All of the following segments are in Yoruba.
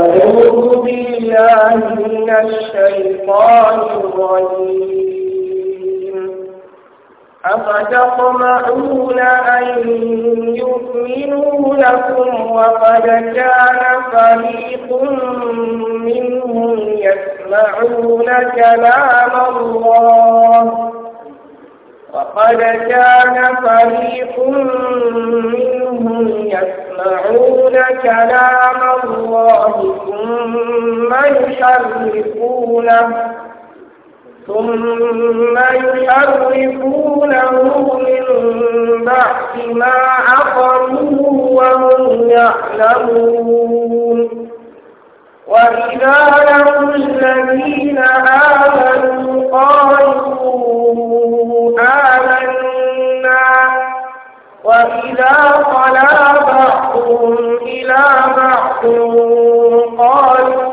أعوذ بالله من الشيطان الرجيم أفتطمعون أن يؤمنوا لكم وقد كان فريق منهم يسمعون كلام الله وقد كان فريق منهم يسمعون كلام الله ثم يحرفونه ثم يحرفونه من بعد ما عقلوه وهم يعلمون وإذا لقوا الذين آمنوا قالوا آمنا وإذا خلا بعضهم إلى بعض قالوا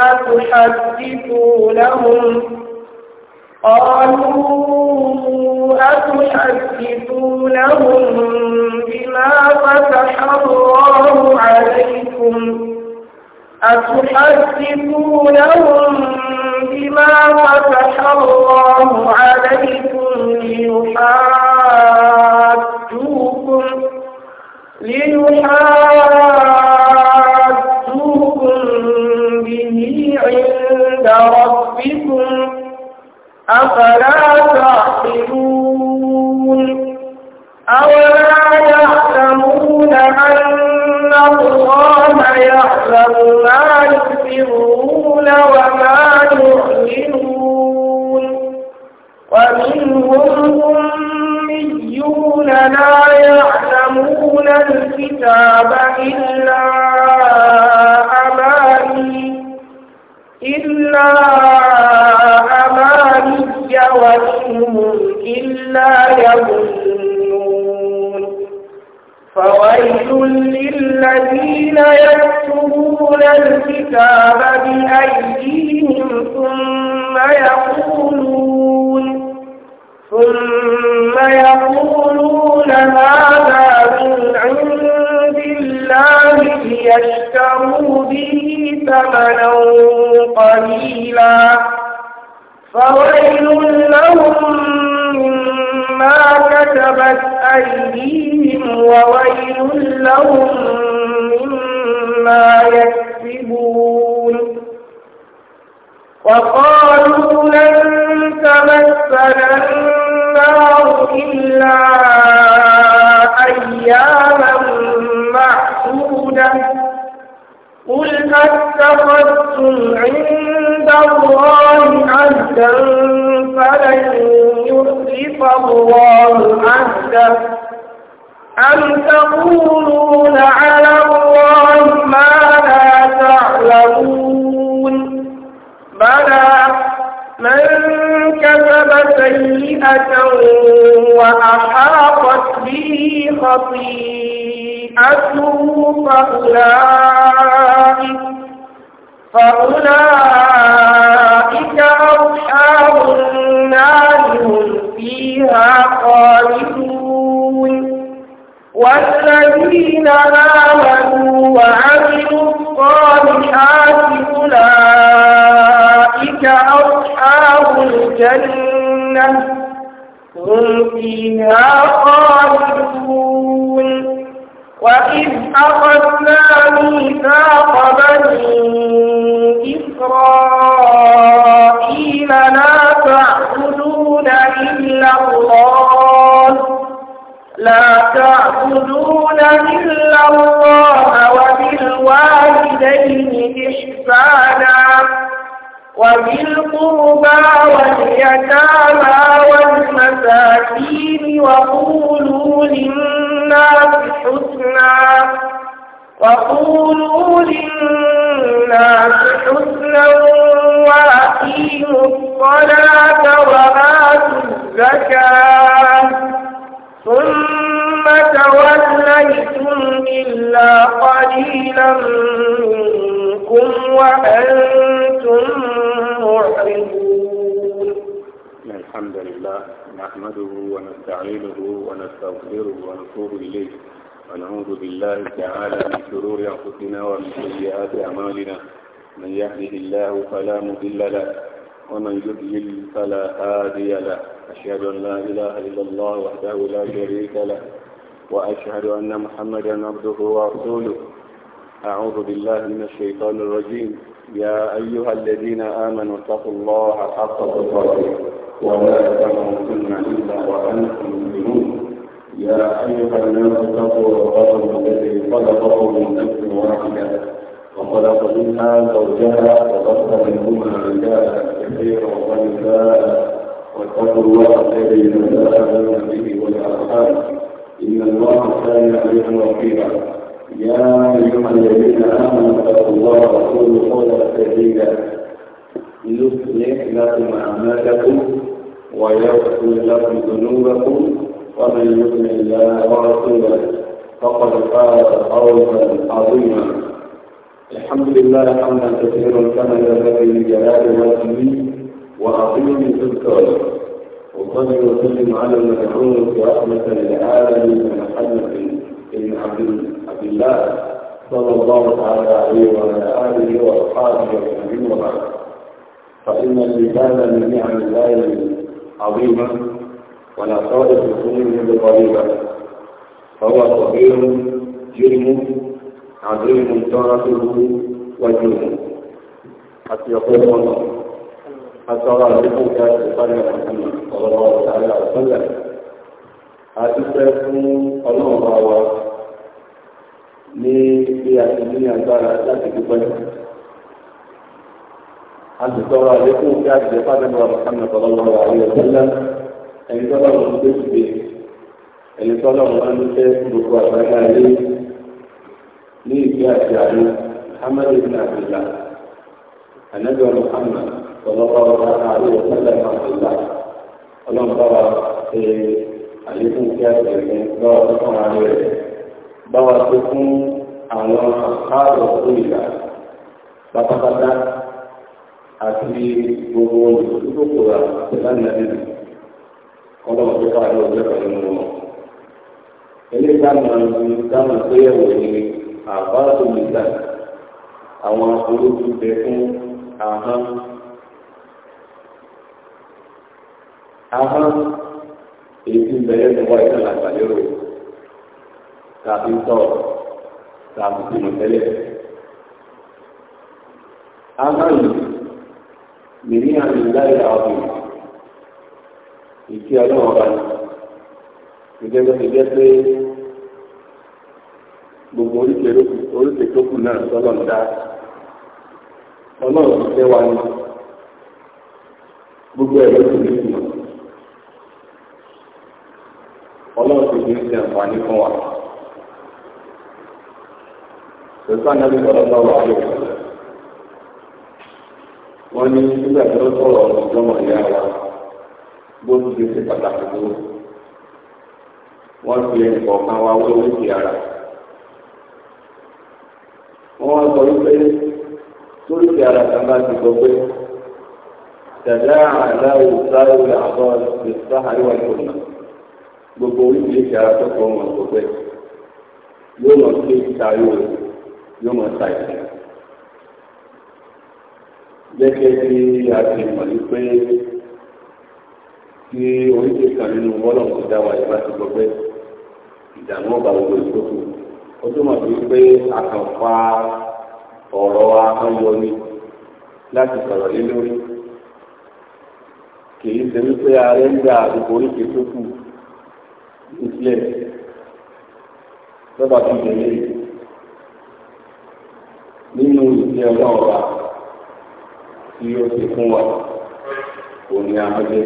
أتحدثونهم قالوا أتحدثونهم بما فتح الله عليكم أتحدثونهم بما فتح الله عليكم ليحاجوكم ليحاجوكم به عند ربكم أفلا تعقلون أولا يعلمون أن الله يعلم ما يسرون وما يعلنون ومنهم أميون لا يعلمون الكتاب إلا أماني إلا أماني وإنهم إلا يظنون فويل للذين يكتبون الكتاب بأيديهم ثم يقولون ثم يقولون هذا من عند الله ليشتروا به ثمنا قليلا فويل لهم مما كتبت أيديهم وويل لهم مما يكسبون وقالوا لن تمثل النار إلا أياما معدودة قل أتخذتم عند الله عهدا فلن يخلف الله عهده أم تقولون على الله ما لا تعلمون بلى من كسب سيئة وأحاطت به خطيئته فأولئك فأولئك أصحاب النار هم فيها خالدون والذين آمنوا وعملوا الصالحات أولئك أصحاب الجنة هم فيها خالدون وإذ أخذنا ميثاق بني إسرائيل لا تعبدون إلا الله لا تعبدون إلا الله وبالوالدين إحسانا وبالقربى واليتامى والمساكين وقولوا للناس حسنا وقولوا للناس حسنا وأقيموا الصلاة وآتوا الزكاة ثم توليتم إلا قليلا منكم وأنتم معرضون الحمد لله نحمده ونستعينه ونستغفره ونتوب إليه ونعوذ بالله تعالى من شرور أنفسنا ومن سيئات أعمالنا من يهده الله فلا مضل له ومن يضلل فلا هادي له أشهد أن لا إله إلا الله وحده لا شريك له وأشهد أن محمدا عبده ورسوله أعوذ بالله من الشيطان الرجيم يا أيها الذين آمنوا اتقوا الله حق تقاته ولا تموتن إلا وأنتم مؤمنون يا أيها الناس اتقوا ربكم الذي خلقكم من نفس واحدة وخلق منها زوجها وبث منهما رجالا كثيرا ونساء واتقوا الله الذي تساءلون به والأرحام إن الله كان عليكم رقيبا يا أيها الذين آمنوا اتقوا الله وقولوا قولا سديدا يصلح لكم أعمالكم ويغفر لكم ذنوبكم ومن يطع الله ورسوله فقد فاز فوزا عظيما الحمد لله حمدا كثيرا كما ينبغي لجلال وجهه وعظيم ذكره وصلي وسلم على المبعوث رحمة للعالمين محمد بن عبد الله صلى الله تعالى عليه وعلى آله وأصحابه أجمعين وبعد فإن الإنسان من نعم الله عظيمة ولا في لصومه بقريبة فهو صغير جرم عظيم طرفه وجرمه حتى يقول الله حتى الله بكم كانت يصلي محمد صلى الله تعالى وسلم àti fẹ́ fún ọlọ́run bá wa ní bí a ti ní agbára láti dúpẹ́. a sì sọ̀rọ̀ àlékún kí a ti jẹ́ fàdánù àbàkánà tọ́lọ́wọ́ àríyá tẹ́lẹ̀ ẹni tọ́lọ́run ń gbé síbi ẹni tọ́lọ́run máa ń fẹ́ gbogbo àgbáyé ayé ní ìgbé àti àárín Muhammad ibn Abdullah Muhammad صلى الله عليه وسلم عن الله اللهم بارك عليكم كافرين بارك عليه بارككم على أصحاب رسول الله pátápátá àti gbogbo olùdókòwò ìlànà nínú ọlọ́run tó bá yọ ọjọ́ kan nínú wọn. ilé dáná ní dáná tó yẹ̀wò ní àbá tó lè dà àwọn olójú bẹ fún ahọ́n Aha èyí tí ń bẹ lẹ́nu wọ́n ìtàn àgbàlérò tàbí tọ̀ tàbí tìmọ̀ tẹ́lẹ̀. ahọ́n yìí mìíní àmì láì àwọn ìkí ọlọ́wọ́ bá ní pé gbogbo oríṣi tó kù náà sọ́lọ́ ń dá ọlọ́run tẹ́ wa ní gbogbo ẹ̀rọ tó ọlọ́run ti fi ń ṣe àǹfààní fún wa. Sọ̀tàn náà ní ọ̀rọ̀ náà wà lóko. Wọ́n ní nígbà tí wọ́n sọ̀rọ̀ ọ̀dọ́mọ̀ ìyá wa bó ti fi ṣe pàtàkì tó. Wọ́n fi ẹnì kọ̀ọ̀kan wa wé oríṣi ara. Wọ́n sọ wípé ara kan bá ti gbogbo oríṣiríṣi ara tọ́kọ̀ ọmọ ọ̀gbẹ́ yóò mọ̀ sí yóò mọ̀ Gẹ́gẹ́ bí a ti mọ̀ ní pé oríṣiríṣi kan nínú dá wa ti gbọ́gbẹ́ ìdààmú gbogbo Ó sí pé a kàn fa ọ̀rọ̀ láti sọ̀rọ̀ lé lórí. Kì í ṣe wípé ààrẹ ń gba àdúgbò islam lọ́ba tó tẹ̀lé nínú ìdí ọlọ́run tí ó ti fún wa kò ní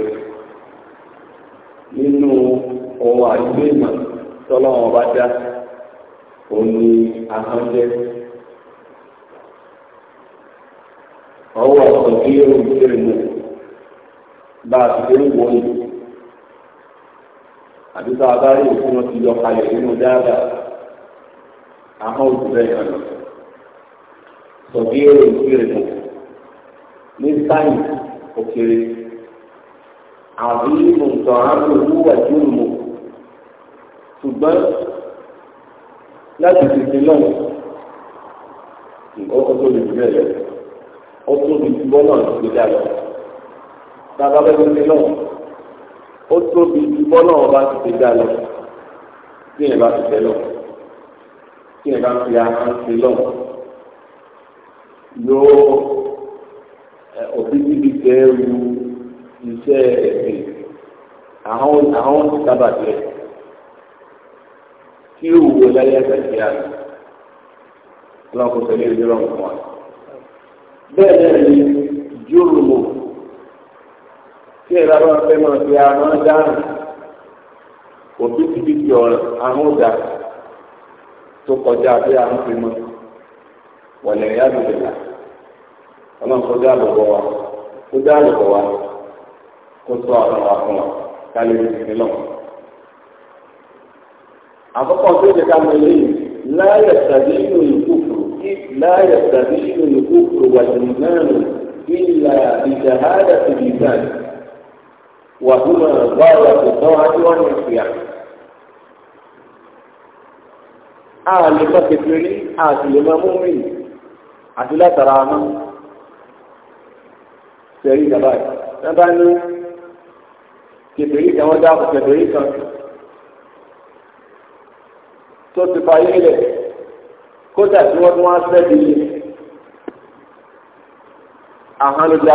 nínú ohun ìmọ̀ ọba dá òun ni amẹ́jẹ. ọwọ́ ọ̀sán tí yóò ń tẹ̀lé bá a ti ń wọ̀nyí. àti tá a bá rí òfin wọn ti yọ kalẹ̀ nínú dáadáa àwọn òkú bẹ́ẹ̀ yàn lọ. sọ̀bí èrò ìkéré mọ̀ ní sáyìn òkèrè àbí nǹkan àánú wúwà tí ó mọ̀ ṣùgbọ́n láti tètè náà ọkọ̀ tó lè bẹ̀rẹ̀ lọ ọtún ìdúgbò náà ti gbé dá tá a bá bẹ́ẹ̀ tètè náà ó tóbi ju bọ́lá ọba ti ti dá lọ tí yẹn bá ti tẹ lọ tí yẹn bá fi ahọ́n ti lọ yóò òbí bíbí tẹ ru iṣẹ́ ẹ̀sìn àwọn àwọn ti sábà tiẹ̀ tí yóò láyé ẹsẹ̀ ti àná ọlọ́run kò tẹ̀lé ìdílọ́run fún bẹ́ẹ̀ ni jùlọ tí ẹ̀rọ bá fẹ́ máa fi àwọn dáhùn òbí ti fi ọ̀rọ̀ àwọn ọ̀dà tó kọjá bí àwọn fi mọ́ wọ̀lẹ̀ ìyá bìbẹ̀ là ọlọ́run kọjá àbọ̀bọ̀ wa kọjá àbọ̀bọ̀ wa kó tó àwọn wa fún wa kálí ní lọ. àkọ́kọ́ tó ṣe ká mọ eléyìí láyẹ̀ tàbí inú ìkúkú láyẹ̀ tàbí inú ìkúkú wà ní náà ìlà ìjàhádà ti di báyìí. وهما غاية الطاعة والنصيحة a lè mọ kékeré a sì lè mọ múmin àti látara ọmọ sẹrí ìjàmbá yìí wọn bá ní kékeré kan wọn dáàbò kékeré kan tó ti fa yé lẹ kódà tí wọn tún wá fẹ́ di yìí àhánlódé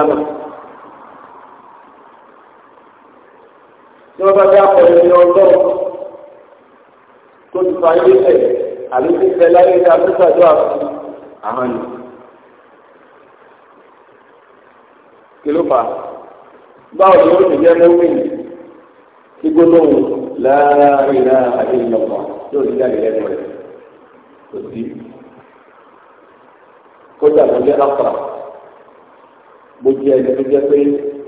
wọ́n bá dá ọ̀pọ̀ ẹni ọlọ́run tó ti fa ilé tẹ̀ àbí ti fẹ́ láyé ní abúgbàdo àfún àwọn ni. kí ló fà á báwo ni ó ti jẹ́ mẹ́wìn kí gbólóhùn láàárín àti ìlọ́pàá yóò ti jáde lẹ́nu rẹ̀ kò sí kódà ló jẹ́ lápá bó ẹni tó jẹ́ pé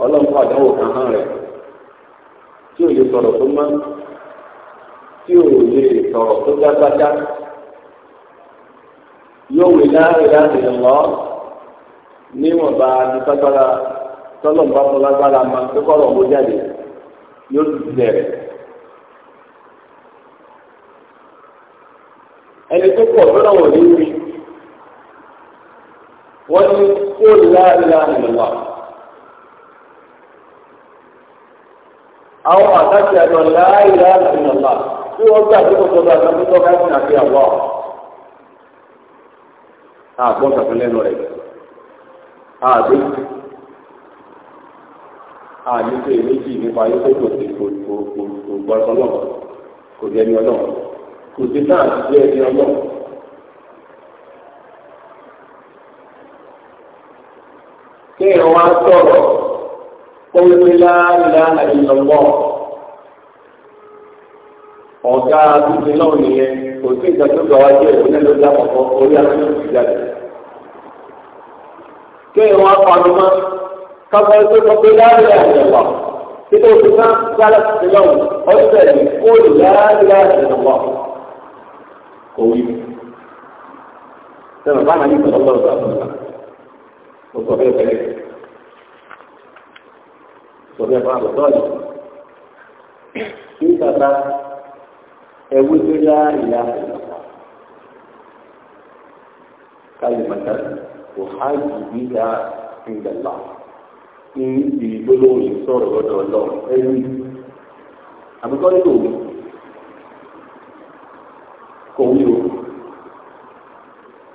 ọlọ́run pàdánwò kan hàn rẹ̀ tí ò lè sọ̀rọ̀ tó mọ́ tí ò lè sọ̀rọ̀ tó dágbájá yóò wí láàrin láàrin lọ níwọ̀nba nípagbára tọ́lọ̀mùbá fún lágbára máa tó kọ́ ọ̀rọ̀ jáde yóò ti bẹ̀rẹ̀. ẹni tó pọ̀ lọ́nà wọ̀ ní wí wọ́n ní kó láàrin láàrin lọ́wọ́. àwọn àtàkì àjọ láàyè láàrín ìjọba tí wọ́n gbà tí kò sọ́dọ̀ àtàkì tó ká ìsìn àti àwọ̀ àgbọ̀n kàkún lẹ́nu rẹ̀ àdé àdéhùn èméjì nípa ayé tó kò kò jẹ́ ọlọ́run kò sí náà jẹ́ ọlọ́run. قل لا إله ọ̀gá tuntun náà nìyẹn kò sí ìgbà tó gbà wájú ẹ̀ fún orí akẹ́kọ̀ọ́ ìjáde. kéèyàn wá pàdé mọ́ kápẹ́ tó pé láàrin àjẹwà títí oṣù náà sára tuntun náà ọ̀sẹ̀ ní kóòlù láàrin àjẹwà kò wí. sẹ́nu bá nàá ní ìgbà lọ́wọ́ ìgbà tó ń bá. ó sọ tọ́jú ẹ̀fọ́ àbọ̀tọ́ yìí. Kí bàbá ẹ̀wú tó yá ìyá àbọ̀tọ́ kálímọ̀tà kò hájì bí yá ìgbàlá. Ní ibi gbólóhùn yìí sọ̀rọ̀ lọ́dọ̀ ọlọ́run ẹ̀wú. Àbúkọ́ ní òun kò wí o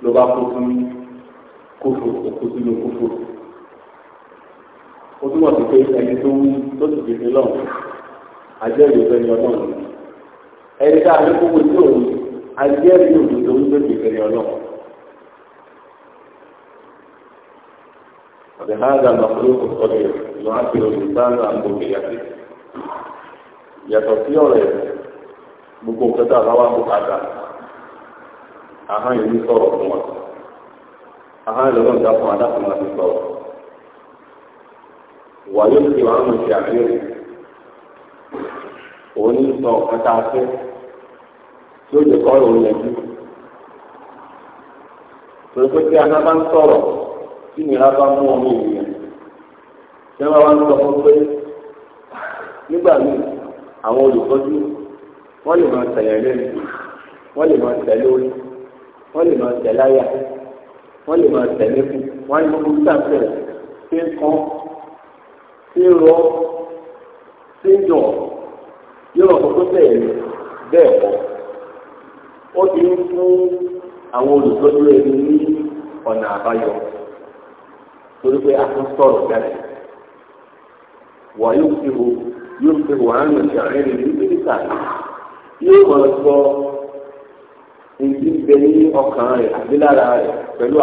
ló bá kó sí kófò kó sí ló kófò ó túmọ̀ sí pé ẹni tó wí tó sì fìdí lọ́wọ́ àjẹ́rìí ìfẹ́ni ọlọ́run ẹni tá a ní kókó tí òun àjẹ́rìí òun tó ń gbé ìfẹ́ni ọlọ́run. فهذا المخلوق الصغير يعبر الإنسان عن بنيته يتصير gbogbo nǹkan tá a bá wá kó kàkà ahọ́n yìí ń sọ̀rọ̀ fún wa ahọ́n yìí lọ́dọ̀ ń dá fún adáfún àti sọ̀rọ̀ wàyó ti wà mọ̀ sí àbẹ̀rẹ̀ òun ní sọ kẹta fẹ́ tí ó lè kọ́ òun lẹ́jú. Torí pé tí aná bá ń sọ̀rọ̀ tí nira bá mú ọmọ ènìyàn tí wọ́n bá ń sọ fún pé nígbà míì àwọn olùtọ́jú wọ́n lè máa tẹ̀lé lẹ́nu wọ́n lè máa tẹ̀lé orí wọ́n lè máa tẹ̀lé àyà wọ́n lè máa tẹ̀lé fún wọ́n á ní gbogbo sáà pé ń kàn tí ń rọ tí ń dùn yóò rọ̀ tó bẹ́ẹ̀ àwọn olùtọ́jú ẹni ní ọ̀nà àbáyọ torí pé a tún wà yóò fi hù yóò fi hù àánú ní yóò ìdí bẹ ní ọkàn pẹ̀lú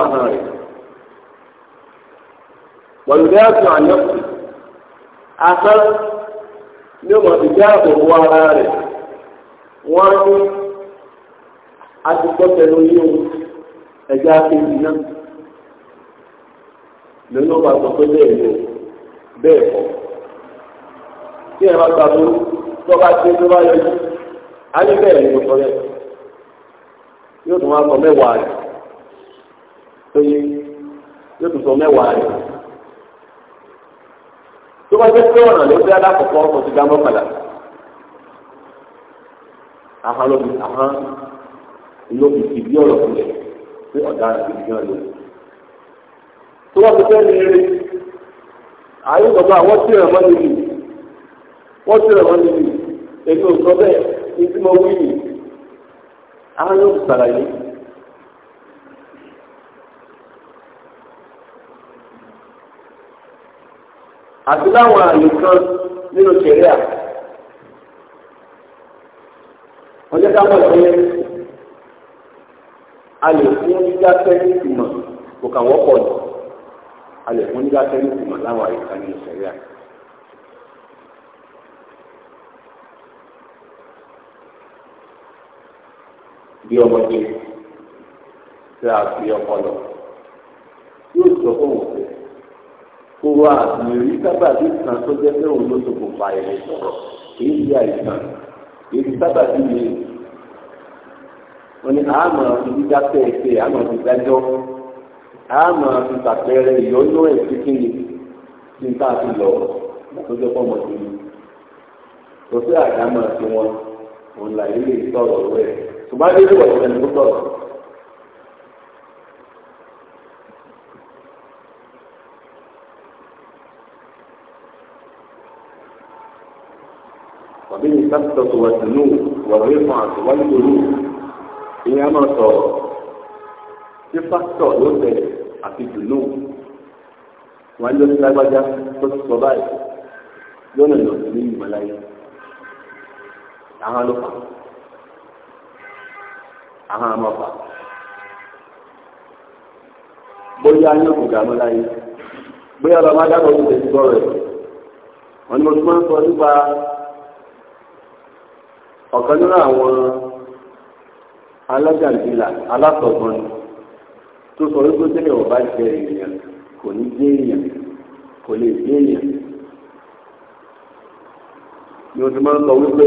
ahọ́n asán ní ọmọ ti dáàbò bo ara rẹ̀ wọ́n á ní atukọ̀tẹ̀lú yíò ẹ̀já kejì náà lónìí ọba sọ pé bẹ́ẹ̀ lọ bẹ́ẹ̀ kọ́ tí ẹ̀ bá gbàgbó tó bá ti tó bá yẹ jù á ní bẹ́ẹ̀ ló sọ yẹ yóò tún wá sọ mẹ́wàá rẹ̀ tó yóò tún sọ mẹ́wàá rẹ̀ tó bá jẹ́ pé ọ̀nà ló fẹ́ alákọ̀ọ́kọ́ kò ti dá mọ́kànlá ahọ́n ló fi ahọ́n ló fi ti bí ọ̀rọ̀ kulẹ̀ pé ọ̀dà ti bí ọ̀rọ̀ tó wọ́n ti fẹ́ ní eré ààyè bàbá wọ́n ti rẹ̀ mọ́ níbi wọ́n ti rẹ̀ mọ́ níbi èmi ò sọ bẹ́ẹ̀ ní tí mo wí yìí ahọ́n ló sàlàyé. àti láwọn àyè kan nínú sẹ̀ríà. wọ́n jẹ́ ká mọ̀ pé a lè fún yíyá sẹ́yìn ìmọ̀ kò kà wọ́pọ̀ ni a lè fún yíyá sẹ́yìn ìmọ̀ láwọn àyè kan nínú sẹ̀ríà. bí ọmọdé tí a fi ọkọ lọ yóò sọ fún òun pé kó wá àmì sábàbí kan tó jẹ́ pé òun ló ṣokùnfà ẹ̀rẹ̀ sọ̀rọ̀ kì í ṣe àìsàn èyí sábàbí mi wọ́n ní àmọ̀ ìdíjà pẹ́ẹ́pẹ́ àmọ̀ ìdájọ́ àmọ̀ ìtàpẹ́rẹ́ ìyọ́nú ẹ̀ sí kí ni kí n táà fi lọ tó jẹ́ pọ́mọ sí mi kò sí àdámọ̀ sí wọn òun là ilé ìtọ̀rọ̀ rẹ̀ ṣùgbọ́n adé ló wọ̀ ìṣẹ̀lẹ̀ tọ̀rọ̀. المسبة والذنوب والرفعة والقلوب ìyẹn máa sọ̀rọ̀ tí pásítọ̀ ló tẹ̀ àti dùnú wọn ló ti lágbájá tó ti sọ báyìí lọ́nà lọ sí ní ìmọ̀láyé àwọn ló fà àwọn àmọ́ fà bóyá ní òkùnkà mọ́láyé bóyá bàbá dábọ̀ tó ti sọ̀rọ̀ ọ̀kan nínú àwọn alájàndínlá alásọ̀gbọ́n tó sọ wípé tẹ́lẹ̀ ọba jẹ èèyàn kò ní jẹ èèyàn kò lè jẹ èèyàn ni ti máa ń sọ wípé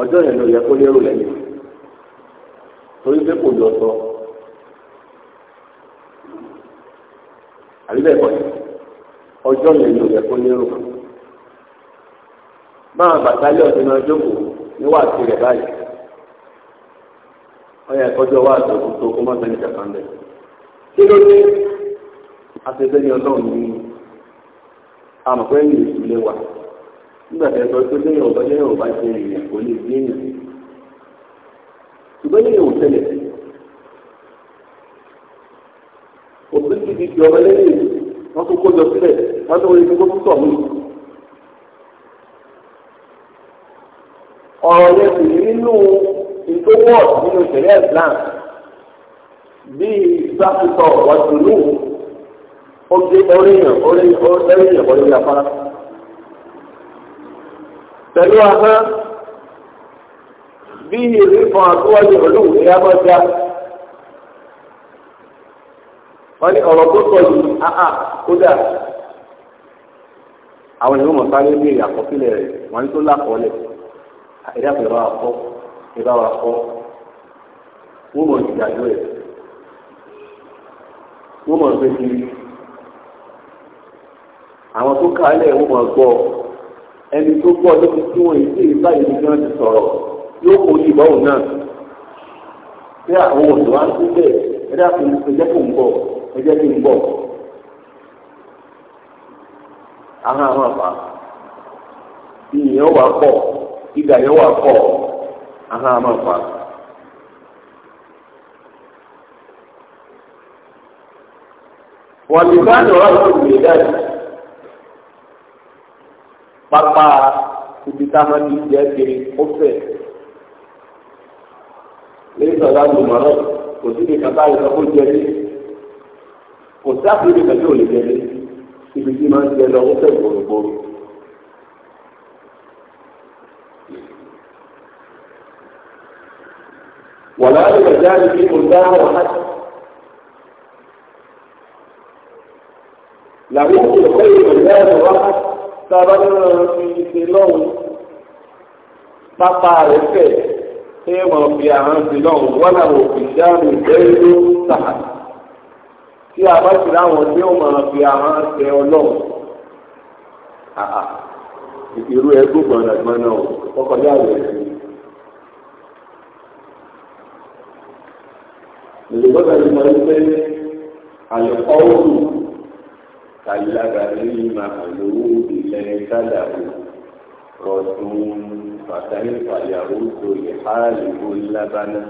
ọjọ́ yẹn ló yẹ kó lérò lẹ́yìn torí pé kò lọ sọ àbíbẹ̀ kọ́ ọjọ́ yẹn ló yẹ kó lérò máa jókòó. ní wàásù rẹ̀ báyìí ọyà ìkọjọ wàásù ọdún tó kó mọ́tò ní jàpáńdẹ̀ kí ló dé afẹ́fẹ́ ní ọlọ́run ní amọ̀pẹ́yìn èsì nígbà sọ pé lẹ́yìn lẹ́yìn ṣe kò lè ṣùgbọ́n lẹ́yìn ò òfin ti di lẹ́yìn wọ́n kó sílẹ̀ wọ́n ọ̀rọ̀ yẹn sì nínú ìtòwọ́ nínú ìṣẹ̀lẹ̀ Islam bíi sáfìtọ̀ wàtúlù oge oríyàn oríyàn kọ́ lórí afárá. pẹ̀lú ahọ́n bí ìrírí kan àtúwájú pẹ̀lú ìyá bá já wọ́n ní ọ̀rọ̀ tó sọ yìí áhà kódà àwọn èèyàn mọ̀ sáré bí ìyàkọ́sílẹ̀ rẹ̀ wọ́n ní tó lákọ̀ọ́lẹ̀ ẹ̀dá kò bá wa kọ́ ẹ bá wa kọ́ wọ́n mọ̀ ní ìdájọ́ ẹ̀ wọ́n mọ̀ gbé kiri àwọn tó kà á lẹ̀ wọ́n mọ̀ gbọ́ ẹni tó gbọ́ ló fi tí wọ́n yìí sí báyìí ní wọ́n ti sọ̀rọ̀ yóò kó ní ìbáwò náà pé àwọn òṣèlú wa ń tún bẹ́ẹ̀ ẹ dá kò ẹ jẹ́ kó ń bọ̀ ẹ jẹ́ kí ń bọ̀ ahọ́n ahọ́n àbá ìyẹn wà pọ̀ ìgbà yẹn wà pọ̀ ahọ́n àmọ́ pa. wọ́n ti bá ní ọ̀rọ̀ ìlú ìlú ìdájọ́ pápá ibi táwọn ti jẹ́ kiri ó fẹ̀ lẹ́yìn sọ̀rọ̀ àwọn ìmọ̀ràn kò sí nìkan báyìí sọ fún kò sí àpò ìdíkàtí ò lè jẹ́ ibi tí máa ń jẹ lọ ó fẹ̀ gbòòrò gbòòrò. ولا يزال في قدامه أحد làwọn olùkọ́ ìròyìn ẹ̀rọ wá sábà nínú ìṣe lọ́hùn pápá rẹ̀ fẹ̀ ṣé wọ́n fi àwọn ìṣe lọ́hùn wọ́n làwọn òfin dáhùn ìgbẹ́rú sàá tí a bá ti láwọn tí ó máa fi àwọn ṣe ọlọ́hùn àà ìrú ẹgbẹ́ gbọ̀nàgbọ̀nà ọkọ̀ yára ẹ̀sìn lèbọ́dà yìí máa ń pẹ́ àlùkọ́wùrù kàlára ní màálù ilẹ̀ kádàbù rọ̀tún bàtàrí fàyàwó tó lè há ìlú lábánà.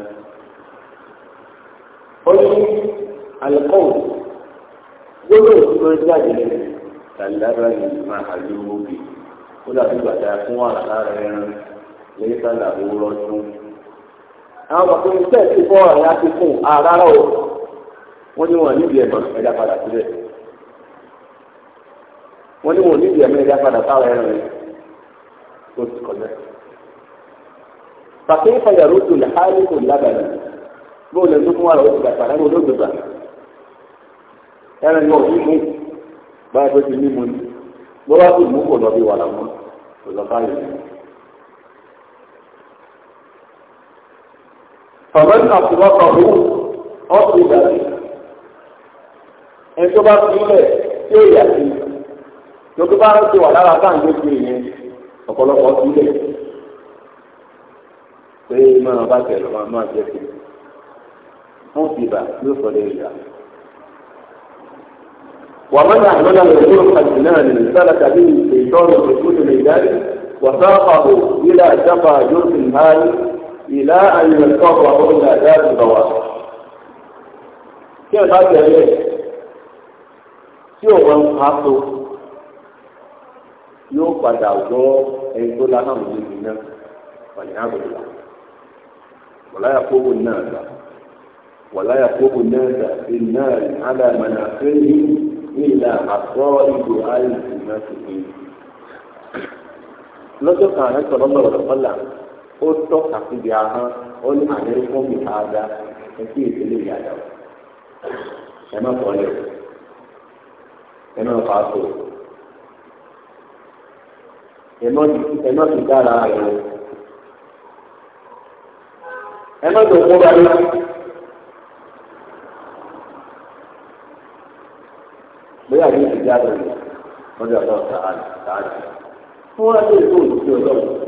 ó ní àlùkọ́wùrù gbọ́dọ̀ tó jáde kàlára ní màálù ó dàbí bàtà fún àlàáfíà ẹran lẹ́yìn kádàbù rọ̀tún. àwọn ọmọkùnrin ní sẹ́ẹ̀ tí fọ́ ọ̀rẹ́ á ti fún àrárá o wọ́n ní wọn nídìí ẹ̀mọ́ ẹ̀dá padà sílẹ̀ wọ́n ní wọn nídìí ẹ̀mọ́ ẹ̀dá padà sáwọn ẹran rẹ̀ tó ti kọ̀ náà. pàṣẹ ìfọyà n'o làálù kò lábàlẹ̀ bó lè tó fún wa lọ́wọ́ ìgbà pàdánù olóògbèbà ẹran ni wọn ò ní mú báyìí tó ti fàmẹ́lì àtúbọ̀tà òun ọ̀sùn ìdàgbé ẹni tó bá sílẹ̀ tí ó yà sí tó tó bá ti wà lára tá à ń gbé sí ìyẹn ọ̀pọ̀lọpọ̀ sílẹ̀ pé máa bá tẹ̀ lọ́wọ́ máa jẹ́ sí fún ìbà yóò sọ lè yà. ومن أحمد الرسول الجنان سلك به الشيطان الرسول الإيمان وساقه إلى شفا جرس الهال ìlà àyè ẹ̀kọ́ ọ̀pọ̀ àwọn ìlà àjá àdúgbò wa. Tí ẹ bá tẹ̀lé tí ò wọn pa tó yóò padà wọ ẹni tó lánàá lórí mi náà wàlẹ̀ àgbègbè wa. Wàláyà kóbù náà gbà. Wàláyà kóbù náà gbà sí náà ní àdàmànà fẹ́yìn ní ìlà àkọ́ ìgò àìsàn náà ti fi. Lọ́jọ́ kan àrẹ sọ̀rọ̀ lọ́wọ́ ó tọ́ka síbi ahọ́n ó ní àdéhùn fún mi káàdá etí ìdílé ìyàdá o ẹ má kọ́ lé o ẹ má fà á tó o ẹ má ti dára rẹ o ẹ má tó kó báyìí. bóyá àdéhùn ti dára rẹ lọ́dọ̀ ọ̀dọ́ ọ̀tá àná. wọ́n á lè kó òṣìṣẹ́ ọlọ́run.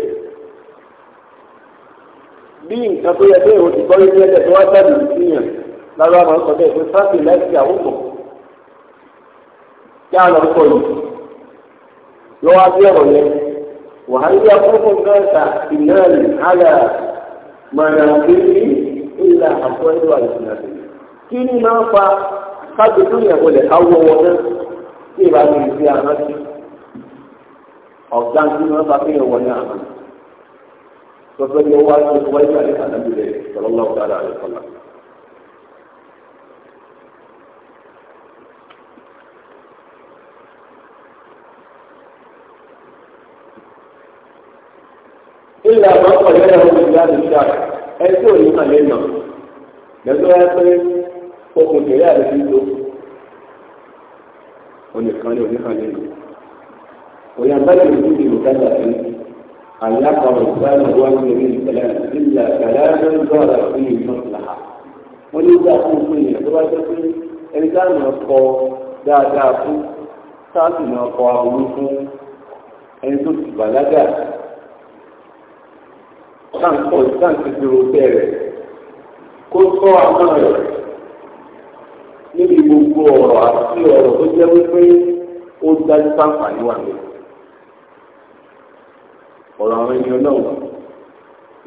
bí nǹkan tó yẹ pé o ti gbọ́ yín lẹ́lẹ̀ tó wá jáde sí yàn lára àwọn ọkọ̀ bẹ́ẹ̀ pé sáfì láìsí àwòkọ̀ kí á lọ kọ yìí lọ́wọ́ bí ọ̀rọ̀ yẹn wàhálà yà fún fún gáàsà ìnáàlì àlà màdà bíbí ìlà àpò ẹ̀rọ àìsàn kí ni máa ń fa kájú tó yẹ wọlé awọ wọn náà tí ìbá mi àná sí ọ̀gá tí wọ́n bá fi yẹ wọlé àná sí sọsọdí ọwọ́ àti ọwọ́ ìgbà ní ànábì rẹ̀ sọlọ́lá ọ̀dára rẹ̀ sọlá. ilé àwọn ọkọ̀ yẹn lọ́wọ́ ìgbà ní ìṣá ẹ tí ò ní kàlẹ́ nà lẹ́tọ́ ẹ pé okùn kẹ̀lẹ́ àti ìlú onìkan ní oníkàlẹ́ nà òyìnbá yìí ní ìlú dáadáa sí أن يقع الإنسان هو من الكلام إلا كلاما ظهر فيه المصلحة ولذا أقول فيه دراسة الإنسان يقع dáadáa fún sáàsì náà kọ àwọn fún ẹni tó ti bàlágà sáǹkọ sáǹkì dúró bẹ̀rẹ̀ kó sọ àwọn rẹ̀ níbi gbogbo ọ̀rọ̀ àti ọ̀rọ̀ tó jẹ́ wípé ó dájú sáǹfààní wà lẹ́yìn ọ̀rọ̀ àwọn ẹni ọlọ́run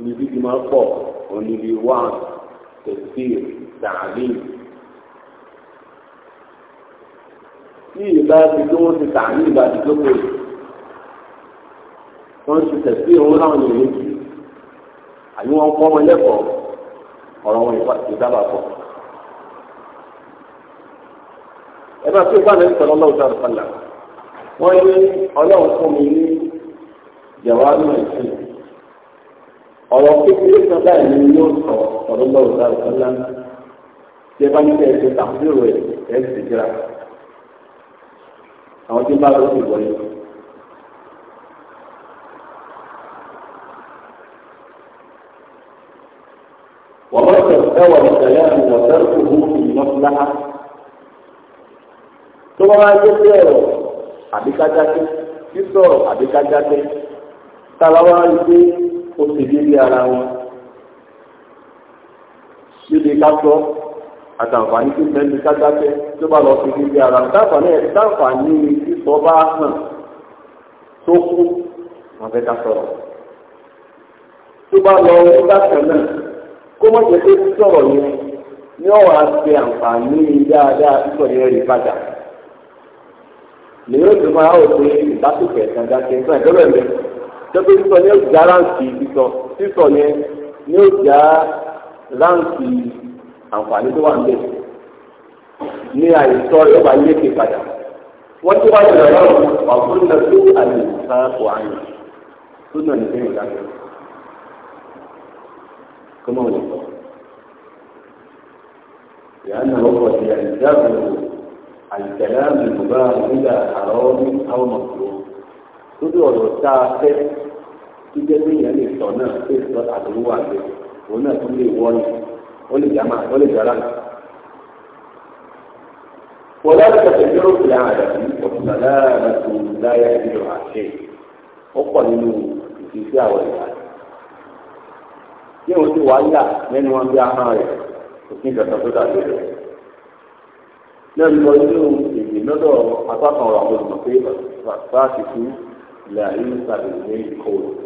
níbi tí máa pọ̀ oníbi wá tẹ̀sí tààlì. tí ìgbà tí tó wọ́n ti tààlì ìgbà tí tó kọ̀ wọ́n ti tẹ̀sí òun láwọn ènìyàn jù àbí wọ́n kọ́ ọmọ lẹ́kọ̀ọ́ ọ̀rọ̀ wọn ìdábà pọ̀. ẹ bá tó bá lẹ́yìn sọ̀rọ̀ ọlọ́run sọ̀rọ̀ pàlà wọ́n ní ọlọ́run fún mi ní jàwáàlú ẹ̀sìn ọ̀rọ̀ kékeré kan báyìí ni yóò sọ ọ̀rọ̀ lọ́wọ́ sáré sọ́lá tí ẹ bá ní kẹ́ ẹ ṣe tàbílò ẹ̀ ẹ̀ sì jìrà àwọn tí ń bá lọ sí ìwọlé. ومن تستوى الكلام وتركه في مصلحة tó bá wá dé sí ọ̀rọ̀ àbíkájáde sísọ̀rọ̀ àbíkájáde tàbá wá rí pé ó sì délé ara wọn níbi kásọ àtàǹfààní tó bẹ́ẹ̀ni kájáfẹ́ tó bá lọ sí délé ara wọn táǹfààní ẹ̀ táǹfààní ni sísọ bá hàn tó kú wọn fẹ́ ká sọ̀rọ̀ tó bá lọ rí bákan náà kó má jẹ́ pé sọ̀rọ̀ yẹn ní ọ̀rọ̀ àti àǹfààní dáadáa sísọ̀rọ̀ yẹn rí padà lèyìn òtún máa ń rò pé ìbátòkè ẹ̀sán dákẹ́ fún ẹ̀dọ́rẹ̀ tẹ́gbẹ́ sísọ ni ó já ráǹkì sísọ sísọ yẹn ni ó já ráǹkì àǹfààní tó wà níbẹ̀ ní àìsọ rẹ̀ wà lékè padà wọ́n ti wá ìrọ̀ lọ́rùn ọ̀gbọ́n náà tó àlè ká wà á yàn tó nà ní bẹ́ẹ̀ dáná kó mọ̀ wọ́n sọ. لأن وقت يلزمه الكلام المباح إلى حرام أو مكروه. تدور الساعة jíjẹ́ ní ìyẹn lè sọ náà pé sọ àdúgbò àgbẹ̀ òun náà tún lè wọ́ọ̀nì ó lè jàmá ó lè jàrá. wọ́n láti tẹ̀sẹ̀ bí ó fi hàn àdàbí ọ̀túnà láàárín tó láyà ìlú àṣẹ ó pọ̀ nínú ìfisí àwọn ìlà. bí wọ́n ti wá yà lẹ́nu wọn bí ahọ́n rẹ̀ òfin ìdàgbà tó dàbí rẹ̀. lẹ́nu lọ sí ohun lọ́dọ̀ apá kan ọ̀rọ̀ àwọn olùmọ̀ pé fásitì làyé ń sàbẹ̀lẹ̀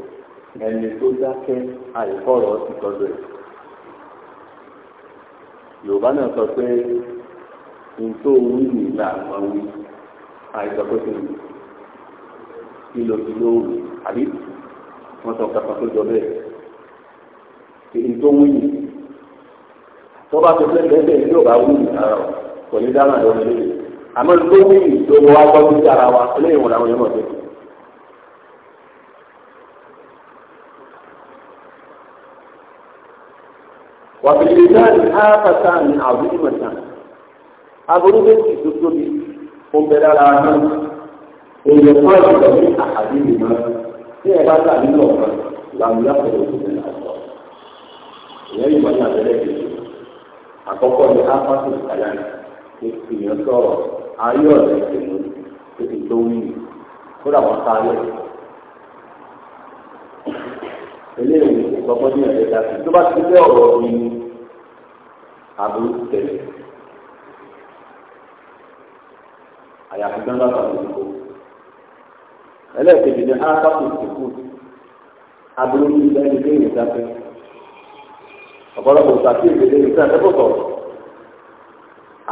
ẹni tó dákẹ́ àìfọ̀rọ̀ ti tọ́jú ẹ̀ yorùbá náà sọ pé nítò wí nílà àwọn wí àìsàn tó ti wù kí ló ti ló wù àbí wọn sọ kankan tó jọ bẹ́ẹ̀ nítò wí ní tó bá tó fẹ́ bẹ́ẹ̀ bẹ́ẹ̀ yóò bá wù ní ara ọ̀ kò ní dáná lọ́wọ́ lórí àmọ́ nítò wí ní tó wọ́n wá gbọ́ sí ara wa lẹ́yìn wọn làwọn yẹn mọ̀ bẹ́ẹ̀. wàbílíjáàni ápàtà ní àbúrúmọ̀tà aburú méjì tó tóbi ó bẹ lára náà èèyàn fún àgbẹ̀ ní àhàbí ìmọ̀ tí ẹ bá tà nínú ọ̀kan làmúlá pẹ̀lú òṣèlú náà sọ ìyẹn ìmọ̀ ní abẹ́rẹ́ kejì àkọ́kọ́ ní ápàtà ìkàlà ní ìyẹn sọ̀rọ̀ ayé ọ̀rẹ́ ìṣèlú tó ti tó wí kódà wọn sáré eléyìí ìgbọ́gbọ́n ní ẹ̀ẹ́dẹ́gbẹ́ta tó bá ti fẹ́ ọ̀rọ̀ ìní aburú tẹ̀lé àyàfi gbọ́n bàbá òyìnbó ẹlẹ́ẹ̀kejì ni ákápù ìsìnkú aburú ní ilé ilé ìdáfẹ́ ọ̀pọ̀lọpọ̀ ìgbà tí ìgbèlè ìgbà tẹ́kọ̀ tọ̀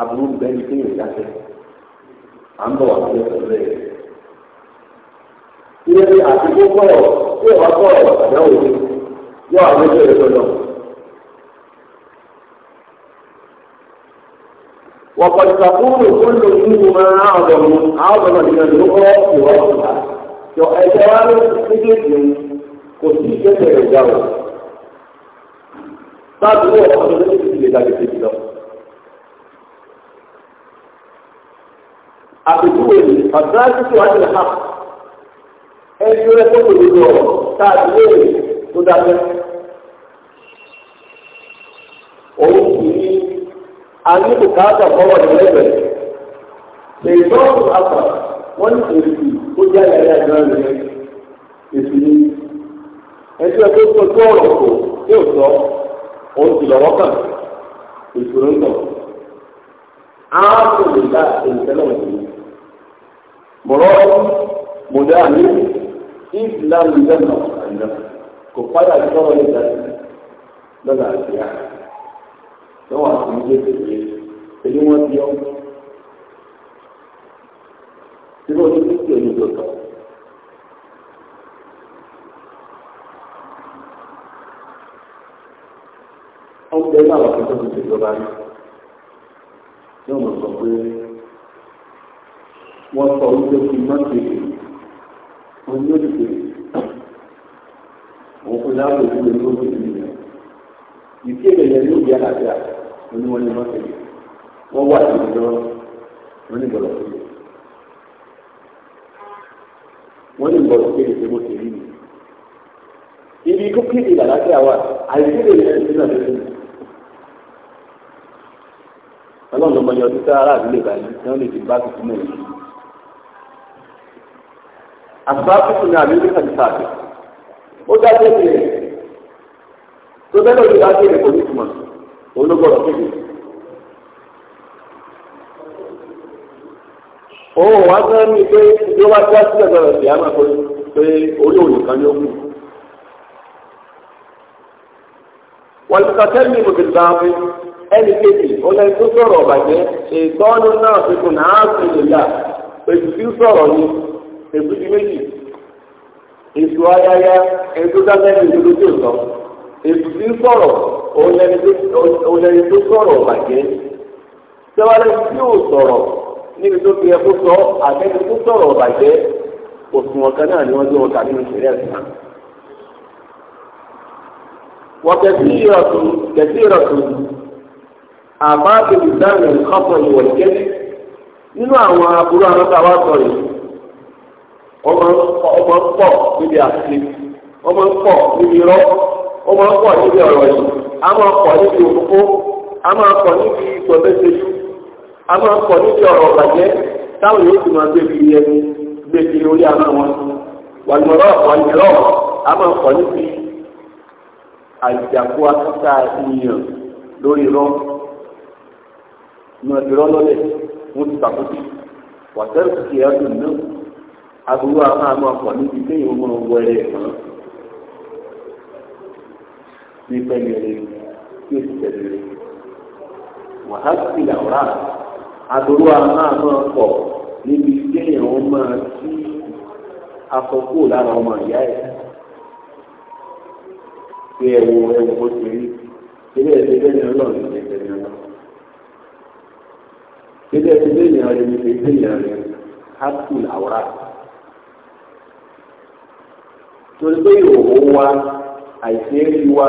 aburú bẹ́ẹ̀ ní ilé à ń bọ̀ wá sí lẹ́yìn. àti gbogbo yóò àwọn ẹgbẹ́ rẹ̀ lọ́dọ̀. وقد تقول كل منهما أعظم أعظم من الأخرى في وقتها فالجواب بجد قصيدة الجواب طب هو أخذ في ذلك الجواب أقول فالذات عن الحق أن يكون الجواب تعبير تدافع أو àní bùkátà kọ́wọ́ ní ẹgbẹ́ ṣèjọ́rù àpà wọ́n ní èsì ó jẹ́ àyàyà ìgbà rẹ̀ èsì ni ẹtí ẹ tó tó tó ọ̀rọ̀ kò tí ò sọ òun sì lọ́wọ́ kàn ìṣòro ń tọ̀ àwọn tó lè dá ìṣẹ̀lẹ̀ òsì mọ̀rọ́ mọ̀dá ní ìsìlámù ìjọba kò fáyà sọ̀rọ̀ nígbà lọ́la àti àná tó wà fún gbèsè rẹ èyí wọn di ọ tí wọn ti fi òní tó tọ. ọgbẹ náà wà fún tó ti ṣèjọba rí yóò mọ sọ pé wọn sọ wípé kí n má tètè wọn ní òtítẹ òun kò dáhùn ìdílé lórí ìdílé ìkéde yẹn yóò di àlàáfíà oníwọ́n ní wọ́n tẹ̀lé wọ́n wà sí ìjọ wọ́n ní gbọ́dọ̀ tẹ̀lé wọ́n ní gbọ́dọ̀ tẹ̀lé pé mo tẹ̀lé mi. ibi kó kéde ìdàlákẹ́ àwa àìsílẹ̀ yẹn ti náà lẹ́sìn. ọlọ́run ọmọ yẹn ọdún tí aráàlú báyìí tí wọ́n lè ti bá tuntun náà yìí. àgbà ni àbí ní kàdífà ó dájú ẹ̀ tó bẹ́ẹ̀ lọ́dún bá dé ẹ̀kọ́ ní ìtumọ̀ olúgbọ̀dọ̀ kéde. òun wá sẹ́yìn ní pé bí ó bá já sílẹ̀ lọ́rọ̀ sí àmà pé pé orí òun nìkan ló kù. wọ́n ti sàtẹ́lì ní ìbòkè ìgbà wọn ẹnì kejì ó lẹ́yìn tó sọ̀rọ̀ ọ̀bàjẹ́ ìtọ́nu náà fi kùnà á sì lè là èsì tí ń sọ̀rọ̀ ni èsì ti méjì èsì ayáyá èsì tó dá sẹ́yìn tó sọ èsì tí sọ̀rọ̀ onye tó sọ̀rọ̀ bàjẹ́ sẹ́wálẹ́ tí ò sọ̀rọ̀ níbi tó fi ẹkú sọ àtẹ́ni tó sọ̀rọ̀ bàjẹ́ òṣùwọ̀n kan náà ni wọ́n gbé wọn nínú ìṣẹ̀lẹ̀ ẹ̀sìn wọ́n kẹ̀sí ìrọ̀tún kẹ̀sí ìrọ̀tún àmọ́ àtẹ̀lẹ̀ ìdáhùn ìkọ́pọ̀ ìwọ̀ ìkẹ́lẹ̀ nínú àwọn aburú àwọn tá a wá sọ yìí ọmọ ń pọ̀ níbi a máa pọ̀ níbi òkókó a máa pọ̀ níbi ìtọ̀lẹ́sẹ̀jú a máa pọ̀ níbi ọ̀rọ̀ bàjẹ́ táwọn yóò sì máa gbèbí ẹni gbèbí orí àná wọn wàlúmọ̀rọ̀ wàlúmọ̀rọ̀ a máa pọ̀ níbi àjàkú akíta ìyàn lórí irọ́ ìmọ̀ ìrọ́ lọ́lẹ̀ wọ́n ti tàkùtì wàtẹ́rù kìí ẹ̀dùn náà aburú àwọn àmọ́ ọkọ̀ níbi téèyàn mọ̀ wọlé ẹ̀kan ní pẹ́ẹ́lẹ́ rẹ̀ tí o ti tẹ̀lé rẹ̀ wàhálà ti là ọ̀rá àdúró a máa máa pọ̀ níbi kéèyàn ó máa tí afọ́kù lára ọmọ ìyá ẹ̀ pé ẹ̀wọ̀ ẹ̀wọ̀ bó ti rí ilé ẹ̀sìn bẹ́ẹ̀ ni ọlọ́run ti tẹ̀lé ọlọ́run ilé ẹ̀sìn bẹ́ẹ̀ ni ọlọ́run ti tẹ̀lé ọlọ́run hátù làwọ́rá torí pé ìhòòhò wa àìsí ẹ̀rí wa.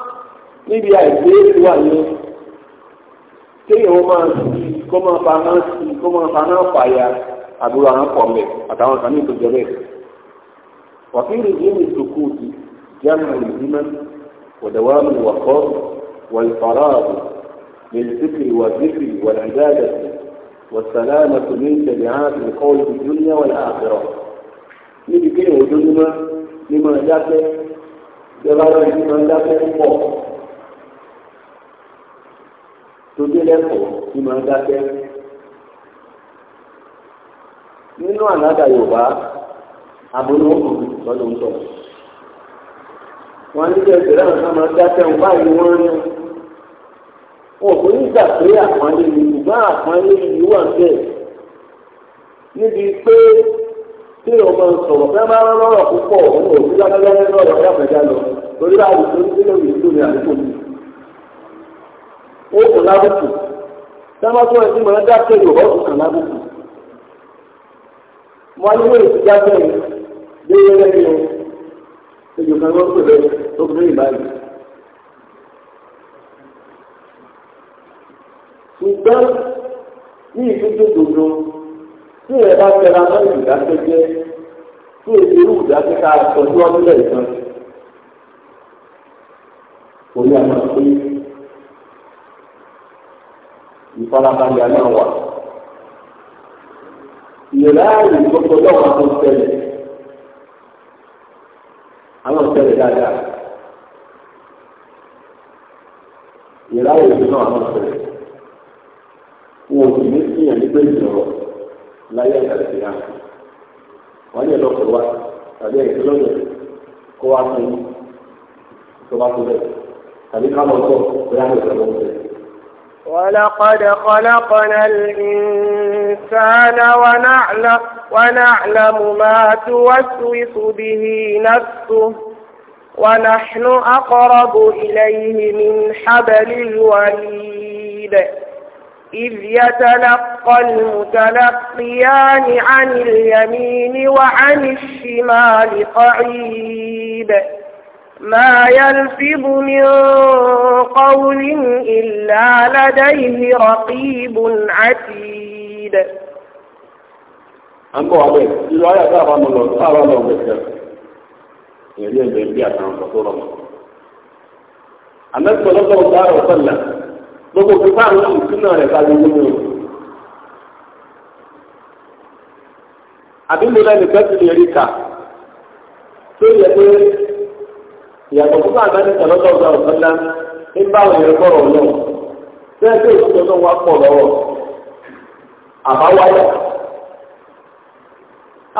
níbi àìsí wà ní kéèyàn máa sí kó máa fa náà sí kó máa fa náà fà ya àbúrò àwọn pọ̀ mẹ́ àtàwọn kan ní ìtòjọ́ bẹ́ẹ̀. وفي رجيم السكوت جمع الهمم ودوام الوقار والفراغ للفكر والذكر والعبادة والسلامة wà تبعات القول في الدنيا والآخرة. níbi kí ni òjò ní ma ní ma dákẹ́ jọba rẹ̀ ní ma dákẹ́ pọ̀ tó dé lẹ́kọ̀ọ́ ní máa ń dákẹ́. nínú àlàdà yorùbá abúlóòkùn lọ́dún ń sọ̀rọ̀. wọ́n ní kí máa dákẹ́ wọn báyìí wọ́n ń wọn kò ní gbà pé àpọ́nlé ni ìgbà àpọ́nlé yìí wà bẹ́ẹ̀ níbi pé tí o máa ń sọ̀rọ̀ fẹ́ máa ń lọ́rọ̀ púpọ̀ òun ò sí wọ́n kò lábùkù sábà tó ẹtí mọ̀ ẹ́ dákẹ́ yorùbá kò kàn lábùkù. mo á nílò èsì dákẹ́ yìí léyìn lẹ́yìn ẹjọ́ kan ló ń pè bẹ́ẹ̀ tó fi lóyìn báyìí. ṣùgbọ́n ní ìdíje dòdò tí ẹ bá tẹra mọ́ ìdákẹ́ tí èdè irú ìdákẹ́ ká tọ́jú ọdún lẹ́yìn kan. ìfarabalẹ̀ náà wà. ìráàyè gbogbo lọ́wọ́ àwọn ìṣẹ̀lẹ̀ àwọn ìṣẹ̀lẹ̀ dáadáa. ìráàyè náà àwọn ìṣẹ̀lẹ̀ wọn ò sì ní sí ẹ̀ nígbà ìjọba láyé àgbàdo náà wọ́n lè lọ́kọ̀ wá tàbí ẹ̀kọ́ lọ́dọ̀ kó wá fún un tó bá tó bẹ̀ tàbí ká lọ bóyá lè sọ̀rọ̀ bẹ́ẹ̀. ولقد خلقنا الإنسان ونعلم, ونعلم ما توسوس به نفسه ونحن أقرب إليه من حبل الوريد إذ يتلقى المتلقيان عن اليمين وعن الشمال قعيد ما يلفظ من قول إلا لديه رقيب عتيد أنبو عليك إلا آية تعرف عن الله تعرف عن الله يلين بيبيع عن رسول الله النبي صلى الله عليه وسلم gbogbo òkúta àwọn ìsúná rẹ̀ kájú nínú rẹ̀. àbí mo lẹ́nu gbẹ́sì lè rí kà tó yẹ pé ìyàtọ̀ fún bàbá ní sọ̀lọ́tọ̀ ọ̀gá ọ̀sánlá ní báwọn èèyàn kọ̀rọ̀ lọ bẹ́ẹ̀ tó ìṣòro náà wá pọ̀ lọ́wọ́ àbáwáyà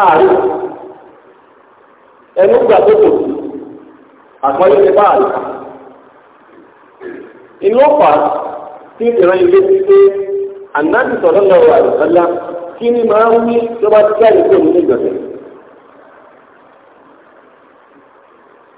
ààrẹ ẹnu gbà tó kò sí àgbọ́yé ti bá àlè inú ọ̀pá tí ìran ilé ti pé ànábì sọ̀lọ́tọ̀ ọ̀gá ọ̀sánlá kí ni máa ń wí tó bá ti jáde pé ní ìgbàgbẹ́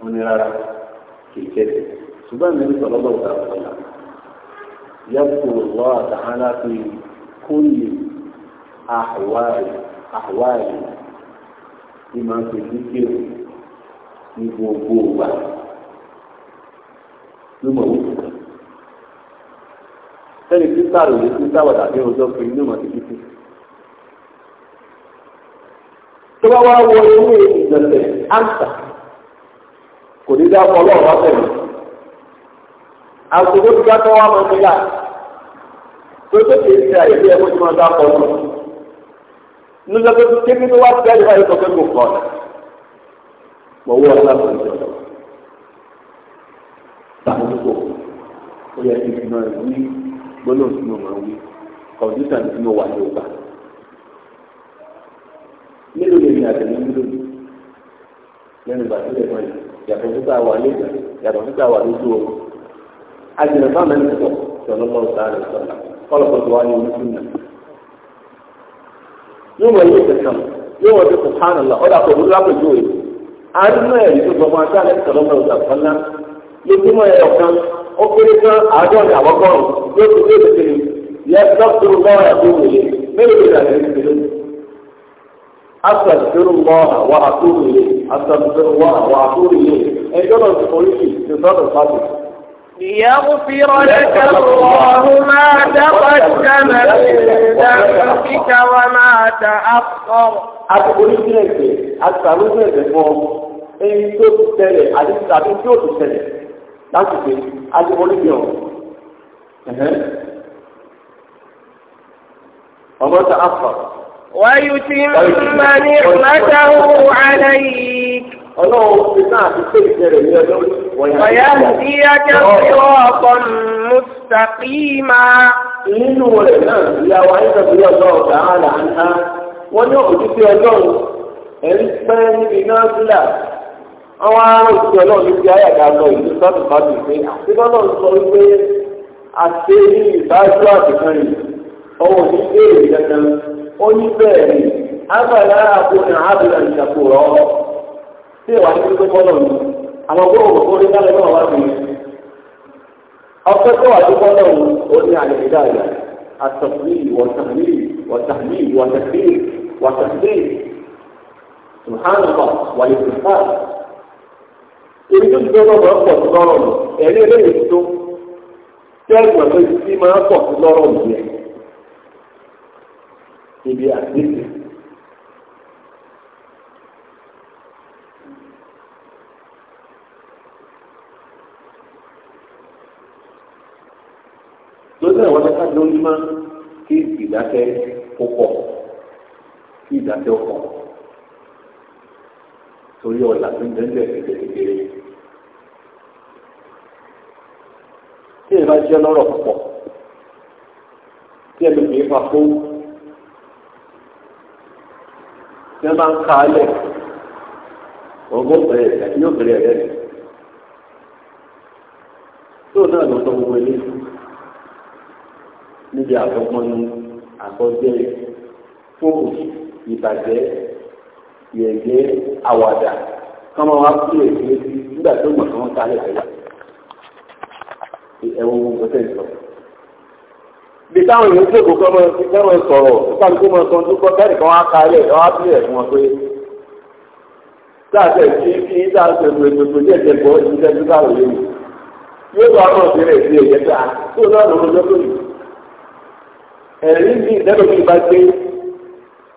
wọn keke rárá kì í tẹ̀sí ṣùgbọ́n mi ní sọ̀lọ́bọ̀ ọ̀gá ọ̀la yẹ́pù lọ́ àtàhánà fi kúlì àhùwárì àhùwárì ní máa ń dúkìá ní gbogbo ìgbà ló mọ̀ wọ́n kàn. sẹ́ni ọjọ́ pé kò ní dá ọkọ ọlọ́run wá tẹ̀lé àtúntò ti dákọ wá máa ń nílà tó tó ti ṣe àyè bí ẹgbẹ́ tí wọ́n dá ọkọ ọlọ́run nígbà tó ti kékeré wá sí àyè báyìí kọ́kẹ́ kò kọ́ ọ̀nà mọ̀ owó ọ̀nà tó ń jọ sàmúlò ó yẹ kí ìgbìmọ̀ rẹ̀ wí gbọ́dọ̀ sí mo máa wí kọ̀ǹpútà ní mo wà ní ọgbà nílò lè ní àtẹ̀lé nílò lẹ́nu ìgbà tó lè mọ̀ yàtọ̀ nígbà wà lẹ́gbà yàtọ̀ nígbà wà lójú o àjìnà bá mẹ́rin sọ sọ̀rọ̀ lọ́wọ́ sáré sọ̀rọ̀ kọ́lọ̀kọ́tù wá ní ojú nà. yóò wọ ilé ìtẹ̀sán yóò wọ ilé sùhánà lọ ọ̀dà kò dúró lápẹ̀jú rẹ̀ àdúgbò ẹ̀rí tó gbọmọ àtàlẹ́ sọ̀rọ̀ lọ́wọ́ sàfọ́nà lójúmọ́ ẹ̀ ọ̀kan ó kéré tán àádọ́rin àwọ́gọ́rùn-ún yóò tó dé ìdíkiri yẹ dọ́kítọ̀ lọ́wọ́ àdúgbò yẹ mélòó ni àgbẹ̀ ìdíkiri. أستغفر الله وأتوب àtàkùnfẹ́wà wà lórí yìí ẹjọ́ náà ti forí sí ìsọ́dọ̀ sábẹ̀. ليغفر لك الله ما تقدم من ذنبك وما تأخر. أتقول لك أتقول لك èyí tó ti tẹ̀lé àti tàbí tí ó ti tẹ̀lé láti pé alimọ́lẹ́bí ọ̀hún. ọmọ ta afa ويتم نعمته عليك ويهديك صراطا مستقيما nínú rẹ̀ náà ìyàwó àìsàbíyà ọlọ́run tààlà àná wọ́n ní òjúfẹ́ ọlọ́run ẹ̀rí pẹ́ níbi náà sílà àwọn ará òjúfẹ́ ọlọ́run ní ti àyàdá lọ ìlú sọ́tù bàbí pé àtìkọ́ náà sọ wípé àṣẹ ní ìbájú àtìkan yìí ọwọ́ òjúfẹ́ èrè dandan ó ní bẹ́ẹ̀ ni abala àbúrò àbúrò ìṣàkó rọ sí ìwà ní pípé kọ́nà mi àwọn gbọ́dọ̀ gbogbo orí kálẹ̀ náà wá sí i ọpẹ́ tó wà ní kọ́nà mi ó ní àlè ìdáyà àtọ̀kùnrin wọ̀tàmíì wọ̀tàmíì wọ̀tàmíì wọ̀tàmíì subhanallah wàlẹ̀ èyí tó ti gbọ́dọ̀ máa ń pọ̀ sí lọ́rọ̀ ti máa ń pọ̀ sí lọ́rọ̀ nìyẹn ibi àdéhùn. lórí àwọn ọ̀dọ́ káàdì lórí máa kí ìdákẹ́ kó pọ̀ kí ìdákẹ́ ó pọ̀ torí ọ̀la tó ń dẹ́ńdẹ̀ kékeré. tí ìbá jẹ́ lọ́rọ̀ púpọ̀ tí ẹlòmíín pa fún tí wọ́n bá ń ka alẹ̀ ọgbọ́n bẹ̀rẹ̀ yóò bẹ̀rẹ̀ rẹ̀ rẹ̀ tó náà lọ sọ gbogbo ilé níbi àtọ́kọ́nu àtọ́jẹ́ fóònù ìbàjẹ́ yẹ̀yẹ́ àwàdà kọ́mọ wa kú èyí nígbà tó mọ̀ kí wọ́n ka alẹ̀ tẹ́lẹ̀ ẹ̀wọ̀n gbogbo tẹ̀ bí táwọn èèyàn tó kọ́kọ́ mọ ìfẹ́ràn sọ̀rọ̀ nípa kó mọ sọ tó kẹ́rì kan wá ka ilẹ̀ wá bí ẹ̀ wọn pé sáàtẹ̀ tí kí sáàtẹ̀ lu ètòtò ní ẹ̀jẹ̀ bọ́ ìṣiṣẹ́ tó sáà lóye yóò tó àwọn ọ̀sẹ̀ sí ẹ̀jẹ̀ tó a tó náà lọ́wọ́ lọ́wọ́ yìí ẹ̀rí bí ìdẹ́gbẹ̀bí bá gbé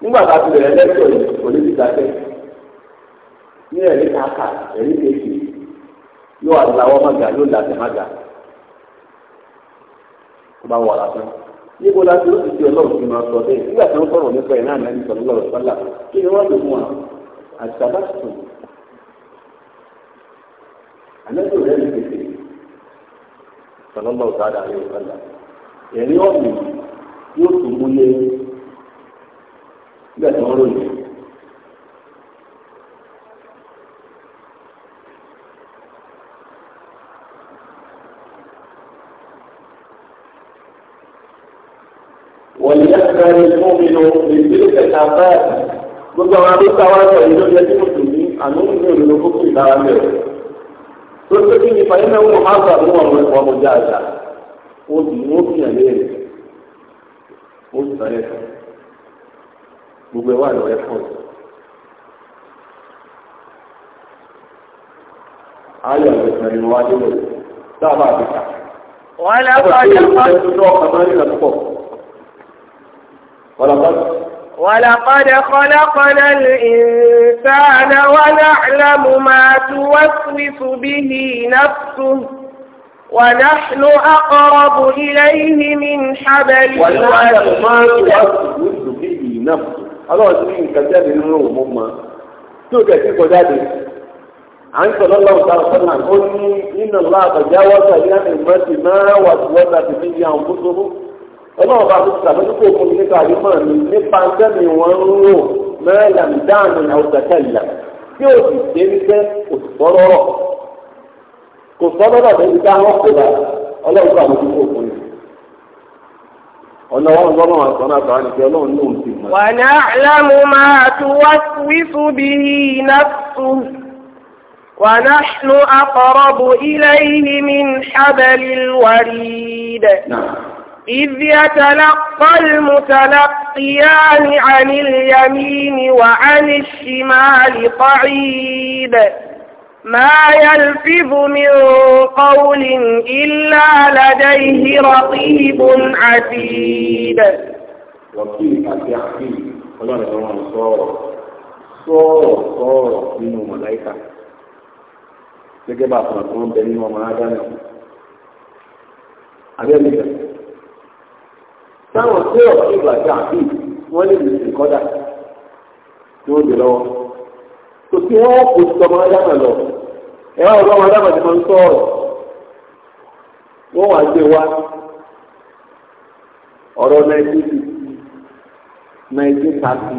nígbà tá a ti bẹ̀rẹ̀ lẹ́tọ̀ yìí kò ní ti dákẹ́ ní ẹ̀rí kàkà ẹ̀rí kejì yóò àdúrà wọ́n má gà yóò dàtẹ̀ má gà tó bá wọ̀ lásán níbo la ti ó ti di ọlọ́run ti máa sọ bẹ́ẹ̀ nígbà tí wọ́n sọ̀rọ̀ nípa ẹ̀ náà náà nípa ọlọ́run sọ́là kí ni wọ́n lè mú wa àtàbàtù àlejò rẹ̀ ní tètè sọlọ́lọ́ ọ̀tá àdá rẹ̀ sọ́là ẹ̀rí ọ̀gbìn yóò tún múlé nígbà tí wọ́n ròyìn ẹni fún mi lò ìdílé kẹta bẹ́ẹ̀ gbogbo àwọn abúlé wa sọ yìí ló yẹ kí mùsùlùmí àánú mi ò lò kókó ìdára mi rẹ̀ tó tó kí ni fàyínà ń wọ̀ má gbà mú ọ̀rọ̀ ẹ̀kọ́ ọmọ jẹ́ àjà ó sì mú ó fìyàn lé rẹ̀ ó sì sọ yẹn gbogbo ẹ̀ wà lọ ẹ̀ fọ́ ayọ̀ ẹ̀sìn ẹ̀yìn wájú rẹ̀ dábàá àbíkà. wọ́n lọ́kọ̀ọ́ ولقد ولقد خلقنا الإنسان ونعلم ما توسوس به نفسه ونحن أقرب إليه من حبل ونعلم ما توسوس به نفسه ọlọ́run ti ní nǹkan tí ẹ̀mí nínú òun mọ́ tí ó kẹ̀sí kọjá dé à ń sọ lọ́lọ́run tá a sọ náà ó ní nínú ọlọ́run àtàjáwọ́ sọ ìyá mi mọ́ ti máa wà tí wọ́n ta ti fi di àwọn kótóbó. ọlọ́run bá tó sàmójúkò fún mi nípa àyímọ̀ mi nípa sẹ́mi wọn ń rò mẹ́lẹ̀ ń dáàmú ní àwùjọ ìlà tí ó sì ṣe ń fẹ́ kò sọ́rọ́rọ̀ kò sọ́rọ́rọ̀ lórí dáhùn kò bá ọlọ́run sàmójúkò fún mi. ọlọ́run lọ́nà àtọ́nà àtọ́nà àti ọlọ́run ló ń ti mọ̀. wà á lámú máa tó wá wífú bí nàfù ونحن أقرب إليه من حبل الوريد نعم إذ يتلقى المتلقيان عن اليمين وعن الشمال قعيد ما يلفظ من قول إلا لديه رقيب عتيد رقيب عتيد ọlọ́run ẹ̀rọ wọn sọ̀rọ̀ صورة sọ̀rọ̀ nínú mọ̀láìkà gẹ́gẹ́ bá àtàwọn tó ń bẹ táwọn tí ò sí ìgbà tí a lè lè kọ́dà tí wọ́n dè lọ́wọ́ kò sí wọn kò sí ọmọ adáma lọ ẹ wá ọmọ adáma ti máa ń sọ̀rọ̀ wọ́n wá gbé wá nineteen nineteen thirty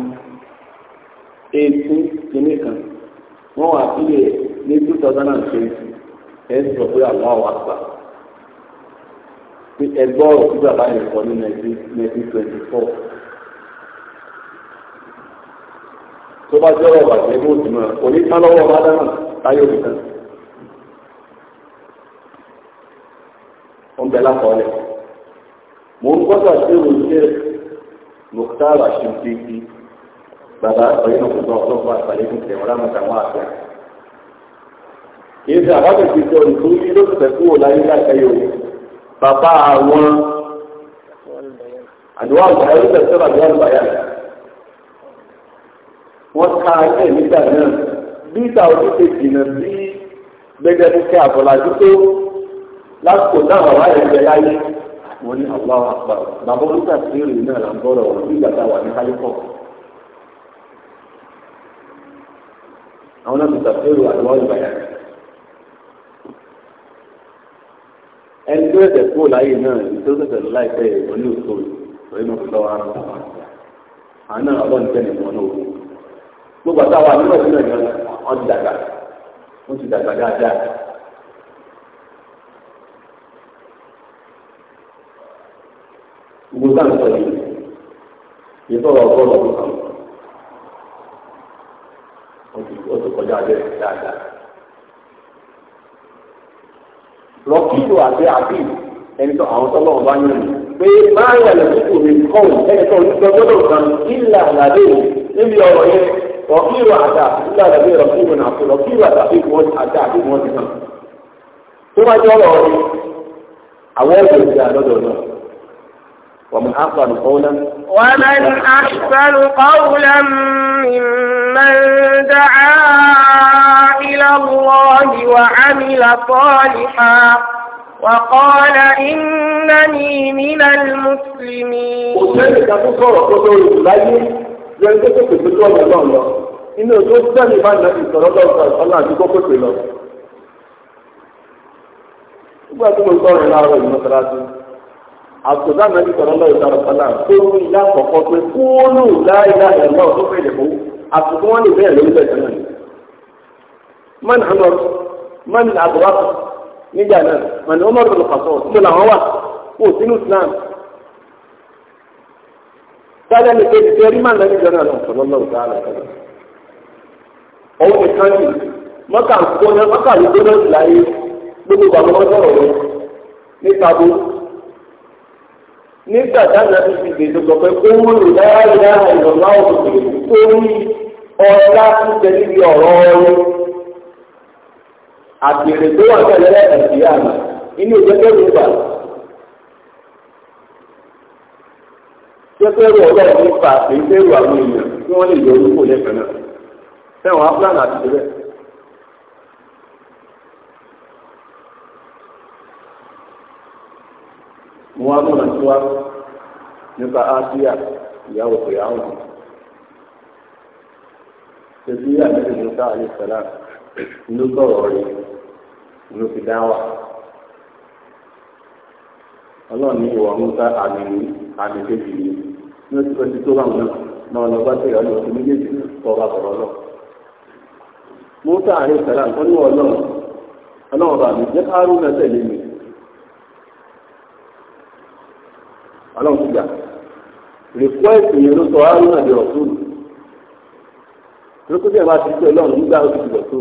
eighteen kìíní kan ní two thousand and twenty sọ pé àwọn àwọn àgbà. pé ẹgbọ́ ọ̀rọ̀ tí bàbá yẹn kọ ní nineteen twenty four tó bá jẹ́ ọ̀rọ̀ bàjẹ́ mú òtún náà kò ní ká lọ́wọ́ ọba dáná táyé òbí kan ó ń bẹ lákọọ́lẹ̀ mò ń gbọ́dọ̀ àti èrò iṣẹ́ Mukhtar Ashintigi bàbá ọ̀yẹ́ ọ̀kùnrin ọlọ́pàá àgbàlẹ́ fún tẹ̀wọ́n lámọ̀tà wọn àgbà kì í ṣe àbábẹ̀tì sọ̀rọ̀ tó yí lóṣù tẹ̀kú wò láyé bàbá àwọn àdúrà ọ̀gbà yóò tẹ̀sí ọ̀gbà àgbà yà wọ́n ká ẹ̀ nígbà náà bí ìta ojú ti jìnnà sí gbẹgbẹdúkẹ́ àbọ̀lájú tó lásìkò náà wà láyé ẹgbẹ́ láyé wọ́n ní Allahu Akbar bàbá olùkà sí ìrìn náà là ń bọ̀rọ̀ ọ̀rọ̀ bí ìgbàgbà wà ní kálífọ̀. àwọn náà ti tàbí àdúrà ọ̀gbà yà ẹni tó ẹsẹ̀ kúrò láyé náà ìtòsí ẹsẹ̀ láìpẹ́ ìwọ ní òtò ìwé náà lọ́wọ́ ara wọn àná ọlọ́run tẹ́ nìkan náà wò gbogbo àtàwọn àdúgbò sínú ẹ̀jọ́ wọn ti wọn ti dàgbà dáadáa. gbogbo sáà ń sọ yìí ìtọ́rọ̀ ọgọ́rọ̀ ọdún kan ó ti kọjá rọ́kìlù àti àbí ẹni tó àwọn tọ́lọ́ bá yẹn pé máa yà lọ sípò mi kọ́ ò ẹni tó ń sọ gbọ́dọ̀ kan ìlà àlàdé níbi ọ̀rọ̀ yẹn rọ́kìlù àtà ìlà àlàdé rọ́kìlù náà fún rọ́kìlù àtà àbí wọn àti àbí wọn ti kàn. tó bá jẹ́ ọ̀rọ̀ rẹ̀ àwọn ọ̀dọ̀ ti àlọ́dọ̀ náà. ومن أحسن قولا ومن أحسن قولا إلى الله وعمل صالحا وقال إنني من المسلمين inú tó sọ̀rọ̀ láàárọ̀ yìí mọ́sálásí tó ní ilé àkọ́kọ́ pé kúrò láìláìlá ọ̀sán pèlè fún àtúntà lè bẹ́ẹ̀ lórí bẹ́ẹ̀ tẹ́lẹ̀. man na man Abubakar níjà náà man Umar bin Khattab mo làwọn ọmọ sọ pé kó wọ́n lò láyé ìrọ̀lá òkùnkùn tó ní ọ̀la fún tẹ̀lé ọ̀rọ̀ àtìrè tó wà pẹ̀lú ẹ̀sìn yá mi inú ìjẹ́pẹ́ mi bà. Jẹ́pẹ́ rú ọlọ́run ní fa àtẹ̀yìntẹ́ rú àwọn èèyàn tí wọ́n lè yọ orúkọ lẹ́fẹ̀ẹ́ náà. Sẹ́wọ̀n Afúlànà àti Tẹ́lẹ̀. Mo wá múra tí wá nípa Ásíà ìyàwó pè àwọn. Ṣèbí àti Ìmúta Àlè Sàlá ló sọ̀rọ̀ rẹ̀. ló fi dá wà. ọlọ́run ní ìwọ̀ musa àmì àmì kejì ní ní oṣù tó tó bá wọn náà lọ bá tẹ̀lé ọlọ́run tó méjèèjì kọ́ bá bọ̀rọ̀ lọ. musa àrẹ sàlám tó ní ọlọ́run ọlọ́run bá mi jẹ́ kárú náà tẹ̀lé mi. ọlọ́run ti gbà yẹn ló sọ àdìrọ̀ tó lù.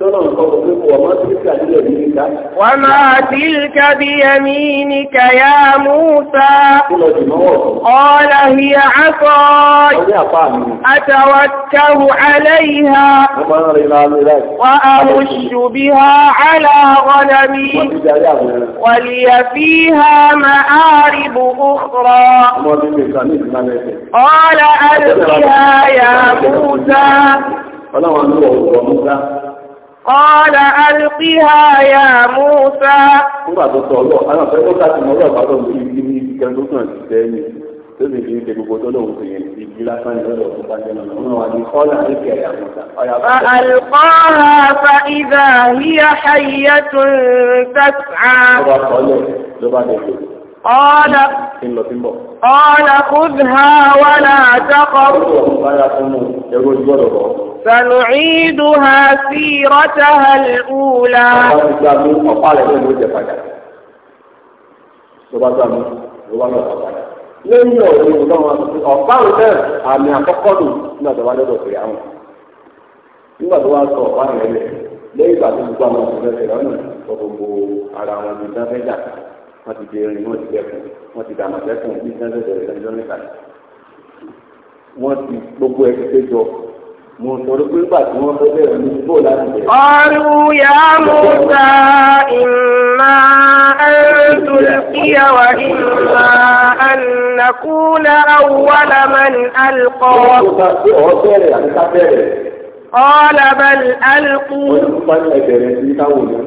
وما تلك بيمينك يا موسى قال هي عصاي أتوكه عليها وأهش بها على غنمي ولي فيها مآرب أخرى قال ألقها يا موسى Kọ́lá alùpíhà yà Músa. Nígbà tó sọ ọlọ́ àwọn ọ̀fẹ́ tó káàkiri mọ́ ọlọ́ọ̀bá tó ń bí ibi ní ìkẹ́ tó kàn sí sẹ́yìn tó sì fi ń ṣe gbogbo tó lóun fìyẹn ibi lásán ní ọlọ́ tó bá jẹ́ lọ́nà ọ̀nà wà ní kọ́lá alùpíhà yà Músa. Fàlùkọ́hà fa ìdá híyà ṣáyíyà tó ń tẹ̀sán. Ó bá sọ ọlọ́ ló bá dẹ̀ Ọ́dá Ọ́dá kúzhá wà náà tọ́kọ̀. Sànùídù ha sí rọ́ta hal'úlá. Lẹ́yìn ọ̀rọ̀ ìgbọ́n nígbà tó wá sọ ọ̀páhùn ẹ̀lẹ̀ lẹ́yìn tó gbogbo àwọn ọ̀sán ẹ̀rọ náà sọ ara wọn ní wọ́n ti di erin wọ́n ti dẹkùn wọ́n ti dàmọ̀tẹ́kùn bí sẹ́ńtẹ̀ bẹ̀rẹ̀ níta wọ́n ti gbogbo ẹ̀ ti jọ mo sọ̀rọ̀ pé nígbà tí wọ́n fẹ́ bẹ̀rẹ̀ ní bó láti bẹ̀rẹ̀. ọ̀rù yà á mú ta ìmọ̀ ألقي وإما أن نكون أول من ألقى. قال بل ألقوا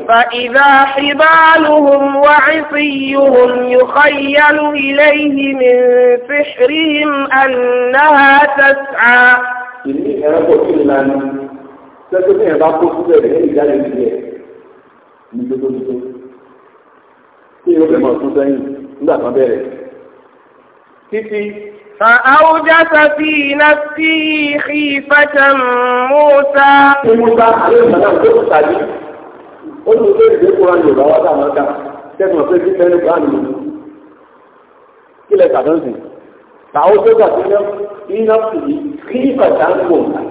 فإذا حبالهم وعصيهم يخيل إليه من سحرهم أنها تسعى Tí Títí فأوجس في نفسه خيفة موسى موسى عليه السلام tó tàbí ó ní ilé ìdí kúrò ní ìbáwá tá a máa ká kẹ́gbọ̀n pé kí fẹ́ẹ́ bá nìyí kílẹ̀ kàdọ́sì tàwọn tó gbà sí náà iná sì yí kí ìfàjà ń gbò ńlá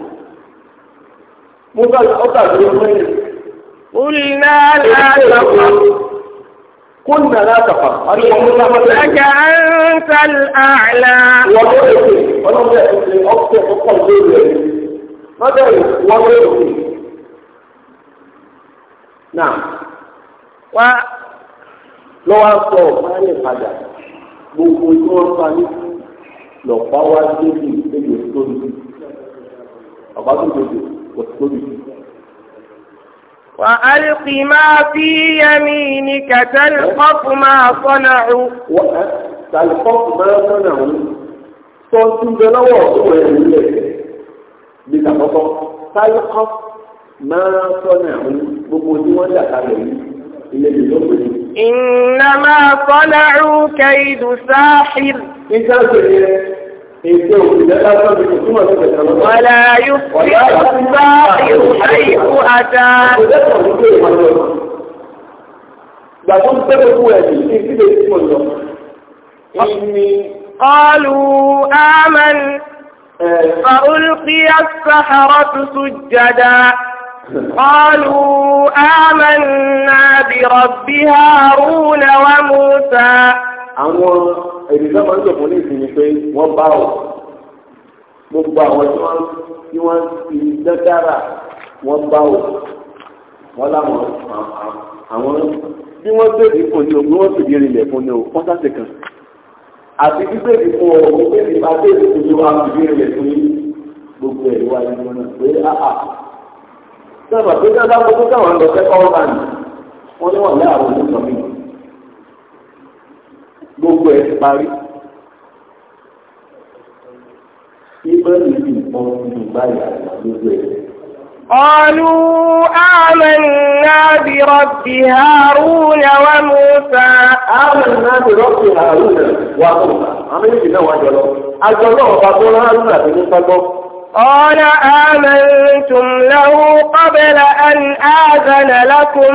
Musa ọ̀tà ló ń wẹ́yìn. قلنا لا تخف كنا لا تفر لك أنت الأعلى نعم و lọ wá sọ ọ̀páyẹ̀ padà gbogbo tí wọ́n fa ní lọ́pàá wá débi débi òtóbi ọ̀pá tó débi òtóbi. وألقي ما في يمينك تلقف ما صنعوا تلقف ما صنعوا صوت بلوى بتقطع تلقف ما صنعوا بقول ولا قبل إنما صنعوا كيد ساحر ولا يفرق الباقي حيث أتى قالوا آمن فألقي السحرة سجدا قالوا آمنا برب هارون وموسى èdè sábà ń lòpọ̀ ní ìsinmi pé wọ́n bá ọ̀ gbogbo àwọn tí wọ́n tí wọ́n ti dáadáa wọ́n bá ọ̀ wọ́n láwọn àwọn bí wọ́n bèèrè fún ni o bí wọ́n sì di rinlẹ̀ fún ni o wọ́n sáṣẹ kan àti bíbélì fún ọ bíbélì bá bèèrè fún ni wọ́n á fi di rinlẹ̀ fún yín gbogbo ẹ̀ wá ní wọn pé áà ah, ah. sábà pé dáadáa gbogbo táwọn ń lọ sẹ́kọ̀ọ́ bá ní wọ́n ní wọ́n ní àwọn olùsọ̀mí gbogbo ẹ̀ ti parí. Ibẹ́ni ti pọ̀ nínú báyà gbogbo ẹ̀. قالوا آمنا برب هارون وموسى آمنا برب هارون وموسى àmì náà wájọ lọ àjọ náà bá tó rárú àti ní sọgbọ́. قال آمنتم له قبل أن آذن لكم.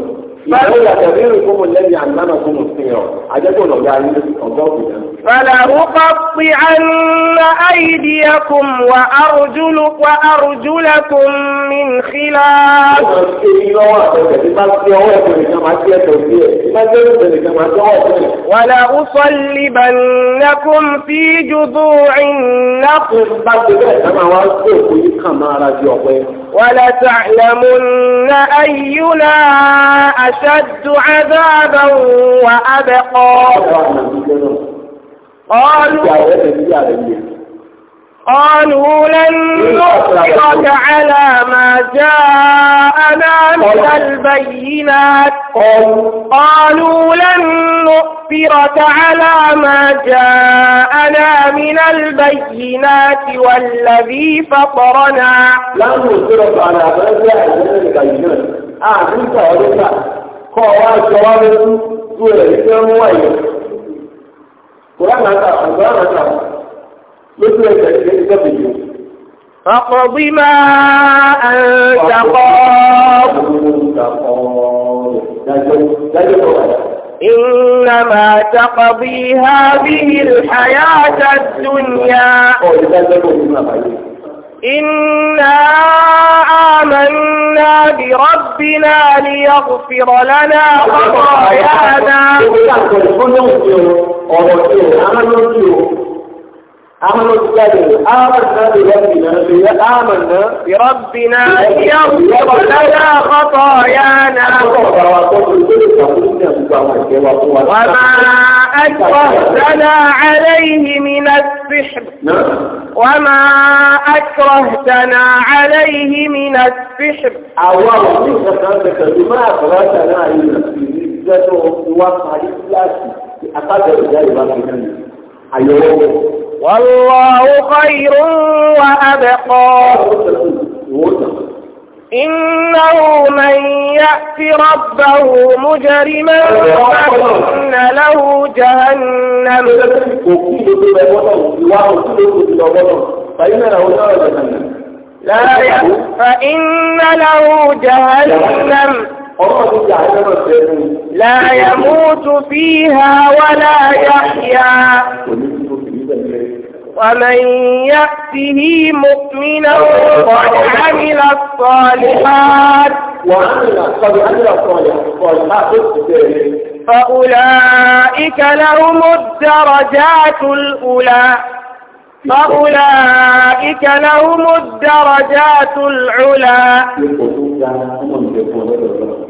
Ìjọba tẹ̀lé ìrìnkún mu lẹ́yìn àgbàna fún mi fi hàn. Àjẹ́kùn lọ́gá ayé ọ̀gá òkè náà. Fàlà wúkọ́ pí àná àìdí ẹkùn wà àrùjúlù wà àrùjúlẹ̀kùn mi ń xílá. Ìjọba ti ṣe iná wà pẹ̀lú ẹ̀sìn bá ti ọwọ́ ẹ̀sìn nìkan sí ẹ̀. Ìjọba ti máa ti ọwọ́ ولتعلمن أينا أشد عذابا وأبقى قالوا قالوا لن نؤثرك على ما جاءنا من البينات قالوا لن نؤثرك على ما جاءنا من البينات والذي فطرنا لن نؤثرك على ما جاءنا من البينات آه انت وليس قوات جواب سورة الإسلام وعيه قرآن هذا قرآن هذا فاقض ما أنت قاض إنما تقضي هذه الحياة الدنيا إنا آمنا بربنا ليغفر لنا خطايانا عملوا الثاني آمنا بربنا آمنا بربنا يغفر لنا خطايانا وما أكرهتنا عليه من السحر نعم. وما أكرهتنا عليه من السحر الله ما أكرهتنا عليه من السحر أقدر ذلك والله خير وأبقى إنه من يأت ربه مجرما فإن له جهنم لا فإن له جهنم لا يموت فيها ولا يحيا ومن يأته مؤمنا قد عمل الصالحات فأولئك لهم الدرجات الأولى فأولئك لهم الدرجات العلى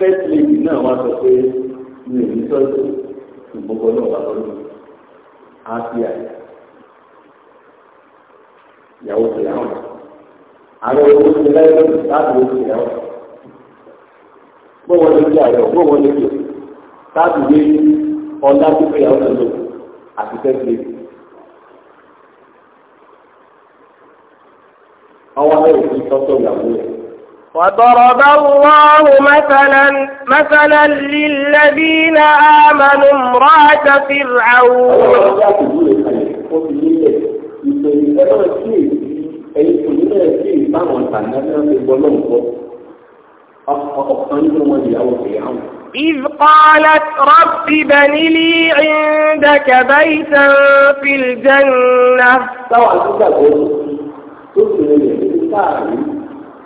first lady náà wá sọ pé mi ò ní tọ́jú ìgbógbó náà wà lọ́dún àfíà ìyàwó ìyàwó àwọn owó ti lẹ́yìn láti owó ìyàwó gbọ́wọ́ ló di àyọ̀ gbọ́wọ́ ló di láti lé ọ̀dà tó fẹ́ ìyàwó náà lò àti first lady. ọwọ́ ayé òfin tọ́tọ̀ ìyàwó rẹ̀. وضرب الله مثلا مثلا للذين آمنوا امرأة فرعون إذ قالت رب بن لي عندك بيتا في الجنة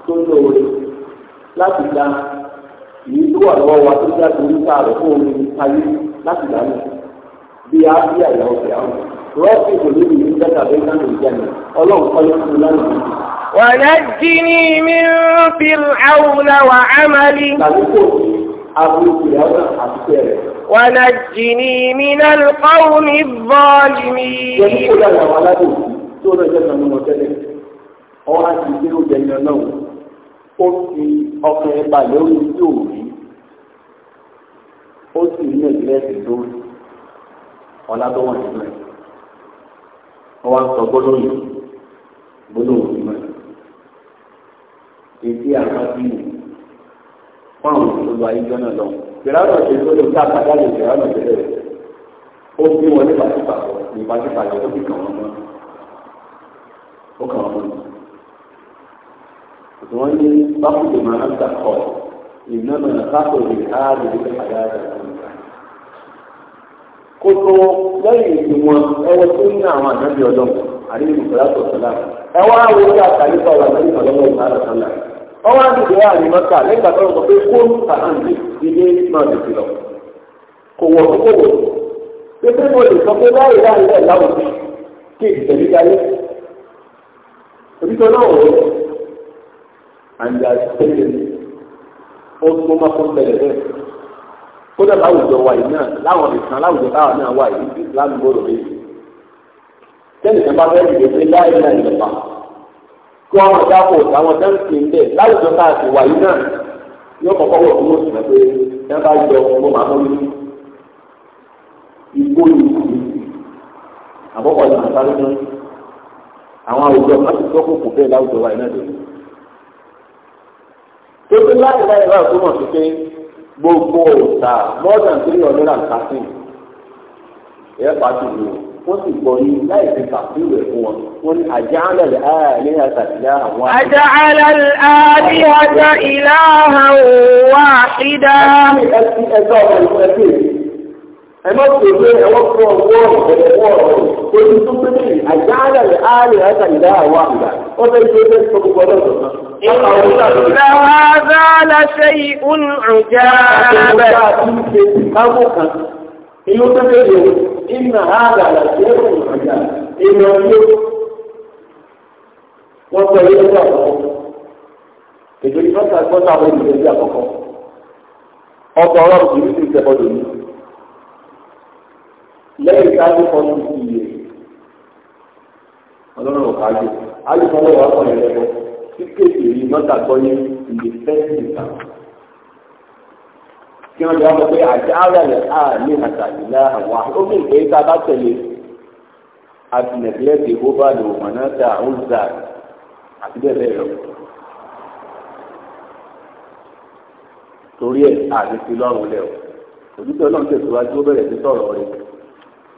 tó lóore láti dá èyí tó wà lọ́wọ́ wa tó dá torí ká rẹ̀ fún omi ayé láti dá lọ bí a bí àyà ọ̀sẹ̀ àwọn rọ́ọ̀sì kò ní ìlú dẹ́ta bẹ́ẹ̀ náà nìjẹ́ mi ọlọ́run kọ́ ló fún lánàá mi. ونجني من فرعون وعملي ونجني من القوم الظالمين ó fi ọkàn ẹ̀ bà lórí tí ò rí ó sì ní ìrẹsì tó ọ̀la tó wọ̀n nínú ẹ̀ ọwọ́ sọ gbólóyìn gbólóyìn nínú ẹ̀ èsì àkọsí fún àwọn olùwà ìjọ náà lọ gbèrànà ṣe tó lè fi àgbàjáde gbèrànà ṣe lè ó bí wọn ní pàṣípàṣọ ní pàṣípàṣọ tó fi kàn wọn mọ ó kàn wọn mọ. wọ́n ní bákùdé máa ń dàkọ̀ ìnáwó bákùdé káàdì ní àyàrá ìgbà. kótó lẹ́yìn ìdí wọn ẹwọ́ tó ní àwọn ànábì ọlọ́mù àrí ìmùsọ̀látò sọ́lá ẹwọ́ àwọn orí àkàlífà wà lórí ìfọ̀lọ́mù ìbára sọ́lá. wọ́n wá dìde nọ ní mọ́tà lẹ́gbà tó sọ pé kó ta àǹdí ilé and they are taken ó tún mọ́ fún bẹ̀rẹ̀ bẹ́ẹ̀ kódà láwùjọ wa yìí náà láwọn nìkan láwùjọ táwọn náà wà yìí Islam gbọ́dọ̀ bẹ́ẹ̀ tẹ́lẹ̀ tí wọ́n bá fẹ́ẹ́ dìde pé láì náà yẹn pa kí wọ́n máa dáko táwọn tẹ́ ń sìn ń bẹ̀ láwùjọ tá a ti wà yìí náà yóò kọ́kọ́ wọ̀ fún mọ̀sùn pé ẹ bá yọ ọmọ màá mọ́ mi ikú yìí àbọ̀kọ̀ ìgbà sáré náà àwọn àwùjọ má ti tọ́kùnkùn bẹ́ẹ̀ láwùjọ wa yìí náà dé tó ti láti láì láì tó mọ̀ sí pé gbogbo òòtà more than three hundred and thirteen ẹ̀ pàṣẹ ìlú wọ́n sì gbọ́ yìí láì fi pàṣẹ rẹ̀ fún wọn wọ́n ní àjàálẹ̀ àlẹ́ àtàlẹ́ àwọn. àjàálẹ̀ àlẹ́ àtàlẹ́ ìlàhàn wàhídà. ẹ ti ẹjọ́ ọ̀rọ̀ ìfún ẹ ẹ má tó ṣe ẹwọ́ fún ọwọ́ ìbẹ̀rẹ̀ fún ọ̀rọ̀ orí tó pé ní àjáàlẹ̀ rẹ̀ á lè rájà ìdá àwọn àgbà ó fẹ́ ṣe fẹ́ sọ gbogbo ọlọ́dọ̀ kan. Ìlọ́wọ́ Zálà ṣe ìhùn ọ̀já Ìlú Ìlú wọ́n sọ ilé ẹgbẹ́ àkọ́kọ́. Èdè ìfọ́sà àwọn ìgbésẹ̀ àkọ́kọ́. Ọkọ̀ ọlọ́run kì í sì ṣẹ̀bọ̀dọ̀ yìí. lẹ́yìn ìtajú kan ní iye ọlọ́run ọ̀kájú alùpùpù wà pọ̀ yẹn lẹ́kọ̀ọ́ tí kéèké yìí mọ́tà gbọ́ ní iye fẹ́ẹ̀sì kí wọ́n pé àti àrẹ̀lẹ̀ ní náà wà ó fi a bá tẹ̀lé àti nẹ̀gílẹ́tì ìhóbá lò mọ̀nàtà àti bẹ́ẹ̀ bẹ́ẹ̀ lọ. torí àti ti lọ́rùn lẹ̀ náà tẹ̀síwájú ó bẹ̀rẹ̀ sí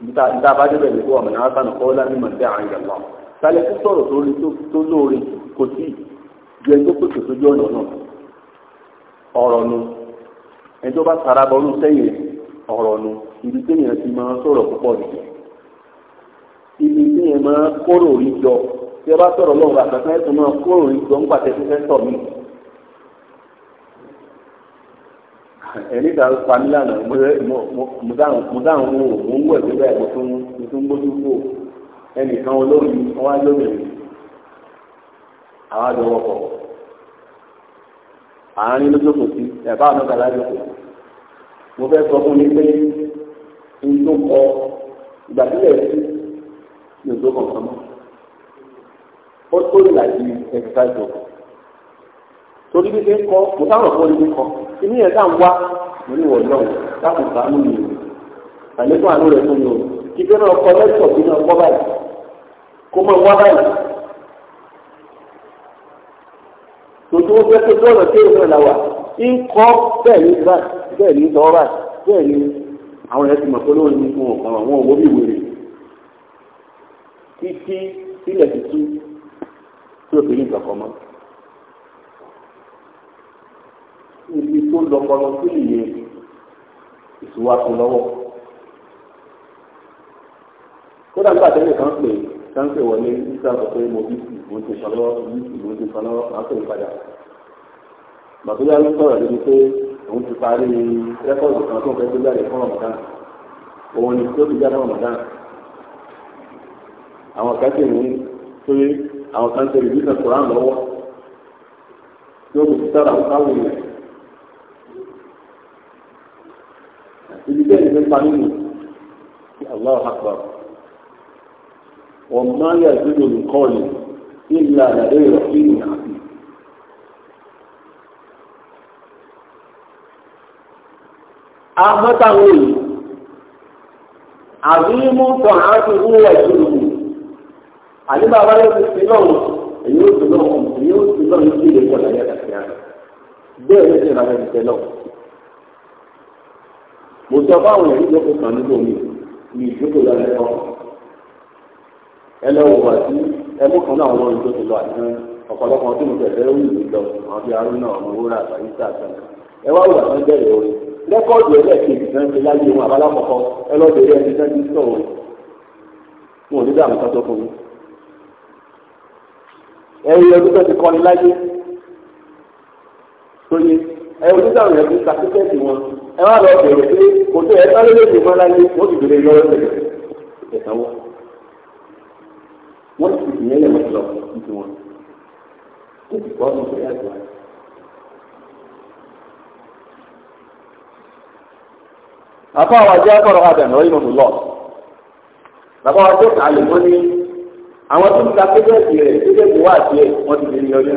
níta bá débẹ̀ ní kó wà mọ̀nà ásánà kọ́ lá mímọ̀ sí àwọn ìyàwó àwọn sálẹ̀ tó sọ̀rọ̀ tó lóore kò sí ju ẹni tó pèsè sójú ọ̀nà náà ọ̀rọ̀ nu ẹni tó bá sara bọ́lú sẹ́yìn ọ̀rọ̀ nu ibi téèyàn ti máa sọ̀rọ̀ púpọ̀ nìyẹn ibi téèyàn máa kóró orí jọ tí ẹ bá sọ̀rọ̀ lọ́wọ́ àtàkùn ẹ̀sùn máa kóró jọ ń pàtẹ́ fífẹ́ sọ̀ mí ẹni ta famila náà mo dáhùn wò mo ń wẹ̀ síbẹ̀ mo tún mo tún gbójú fò ẹnìkan olómi wọn á lómi àwọn àjọ wọkọ̀ àárín lójókòó sí ẹ̀bá ọ̀nà kàlá jókòó mo fẹ́ sọ fún mi pé n tó kọ ìgbà sílẹ̀ sí mi ò tó kàn kàn ó tó ìlàjì ẹ̀ka ìjọba torí bí ṣe ń kọ́ mo sáwọn kọ́ ni mi ìní ẹ̀ ń wá ní wọ̀ náà láti sàánú mi o àlékún àánú rẹ̀ fún mi o kíkẹ́ náà kọ́ lẹ́tọ̀ bí náà kọ́ báyìí kó máa wá báyìí. tòtò ó fẹ́ pé bọ́ọ̀lù kéwòn náà la wà ń kọ́ bẹ́ẹ̀ ní bá bẹ́ẹ̀ ní sọ bá bẹ́ẹ̀ ní àwọn ẹ̀ ti mọ̀ pé lóun ní fún ọ̀kan àwọn òwò bí wèrè títí sílẹ̀ tuntun tí ó fi ní ìgbà kan mọ́. ibi tó lọpọlọ sí nìyẹn ìṣúwàsó lọ́wọ́ kódà nígbà tẹ́lẹ̀ kan pè kan pè wọlé nígbà tó pé mo bí sì mo ti sọ lọ́wọ́ bí sì mo ti sọ lọ́wọ́ máa pè padà bàbá ló sọ̀rọ̀ lórí pé òun ti parí rẹ́kọ̀dù kan tó ń fẹ́ tó jáde fún ọ̀mọ̀dán òun ni tó ti jáde ọ̀mọ̀dán àwọn kan sì ní pé àwọn kan ti rìbí kan kúrán lọ́wọ́ tí ó ti sára káwọn èèyàn ibi tẹ́ pa nínú allah Akbar wọ́n máa yà ìdúró nǹkan ọ̀lẹ̀ ìlà àlàyé ìrọ̀kí ìrìn àti. àmọ́tàwọn èyí àbímú tàn á ti wú ẹ̀dùnú àdébà wáyé ti fi lọ́wọ́ èyí ó ti lọ́wọ́ èyí ó ti lọ́wọ́ ní kí ilé bẹ́ẹ̀ mo sọ fáwọn èyí tó kó kàn níbo mi ní ìjókòó lọ lẹ́kọ́ ẹlẹ́wọ̀n wà sí ẹmú kan náà wọ́n tó ti lọ àti ọ̀pọ̀lọpọ̀ tí mo tẹ̀lé ó yìí lọ àwọn bíi arúnà ọmọ wúrà àtàyè sí àtàn ẹ wá wùwà tán bẹ̀rẹ̀ orin rẹ́kọ́ọ̀dù ẹlẹ́ẹ̀kejì náà ń ṣe láyé wọn àbálàkọ̀kọ́ ẹlọ́dẹ̀ẹ́rẹ́ ẹni náà ti sọ̀rọ̀ wọn ò ní dààmú kọ́tọ́ fún mi ẹ̀rí ọdún tó ti kọ́ni láyé tó yẹ ẹ̀rí ẹ wá lọ bèrè pé kò tó ẹ sáré lóde mọ́ láyé wọ́n ti bèrè lọ́wọ́ tẹ̀lé ìtẹ̀tẹ̀ wọ́n wọ́n ti fi yẹn lẹ́mọ̀ lọ títí wọn tó ti kọ́ ọmọ ìyá ìgbà. àpá àwọn akọ̀rọ̀ àdàn lọ́yìn mọ̀mọ́ lọ bàbá wa tó kàlẹ̀ wọ́n ní àwọn tó ń ta péjẹ́ẹ̀tì rẹ̀ péjẹ́ẹ̀tì wá àti ẹ̀ wọ́n ti bèrè lọ́yìn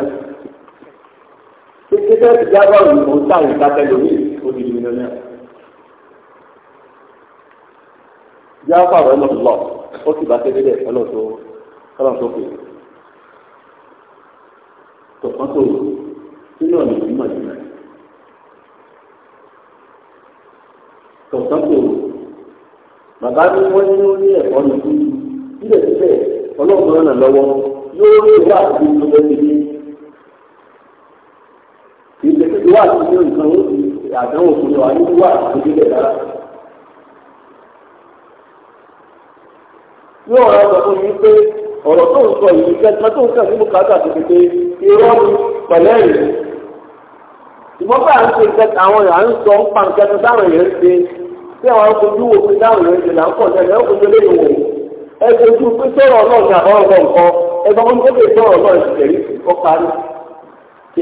náà péjẹ́ẹ̀tì jìnnà náà. Bí a pààrọ̀ ọmọ lọ, ó sì bá tẹ́lẹ̀ dẹ̀ ọlọ́run tó ọlọ́run tó pè. Tọ̀kan tó lò sínú ọ̀nà ìmọ̀ jìnnà. Tọ̀kan tó lò bàbá ní wọ́n ní ó ní ẹ̀kọ́ ní kú. Sílẹ̀ sílẹ̀ ọlọ́run náà lọ́wọ́ yóò rí ìwà àti ìlú lẹ́yìn. Ìgbésẹ̀ ìwà àti ìlú nǹkan ó sì àdánwò fún wa ní wà ìdílé dára. yóò rán sọ fún mi pé ọ̀rọ̀ tó ń sọ yìí kẹta tó ń kàn ní bùkátà tó fi pé irọ́ ni pẹ̀lẹ́ ìmọ̀ bá ń ṣe àwọn dáhùn ṣe àwọn wo fi dáhùn ṣe là ń pọ̀ kojú wò ẹ pé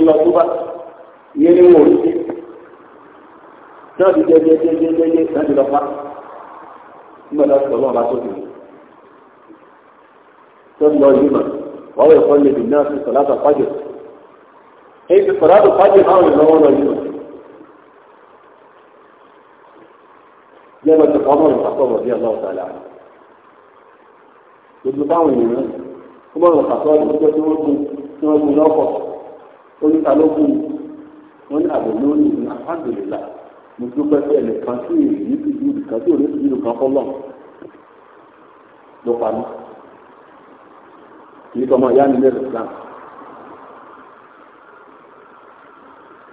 sọ̀rọ̀ náà náà ti jẹjẹjẹjẹjẹ lọ pa nígbà náà ti lọ́wọ́ bá sókè tó ń yìí mà wọ́n yẹ kọ́ lè náà fi sọ̀rọ̀ àtọ̀ èyí ti sọ̀rọ̀ àtọ̀ lọ́wọ́ lọ yìí mà. bí ọlọ́wọ́ gbogbo èèyàn tí wọ́n tí wọ́n oníta ló wọn ní ní mo dúpẹ́ pé ẹnìkan tí èyí ti ju ìkan tí òní ti ju ìkan fọ́lọ́ ló pa mí kì í sọmọ ìyá mi lẹ́nu Islam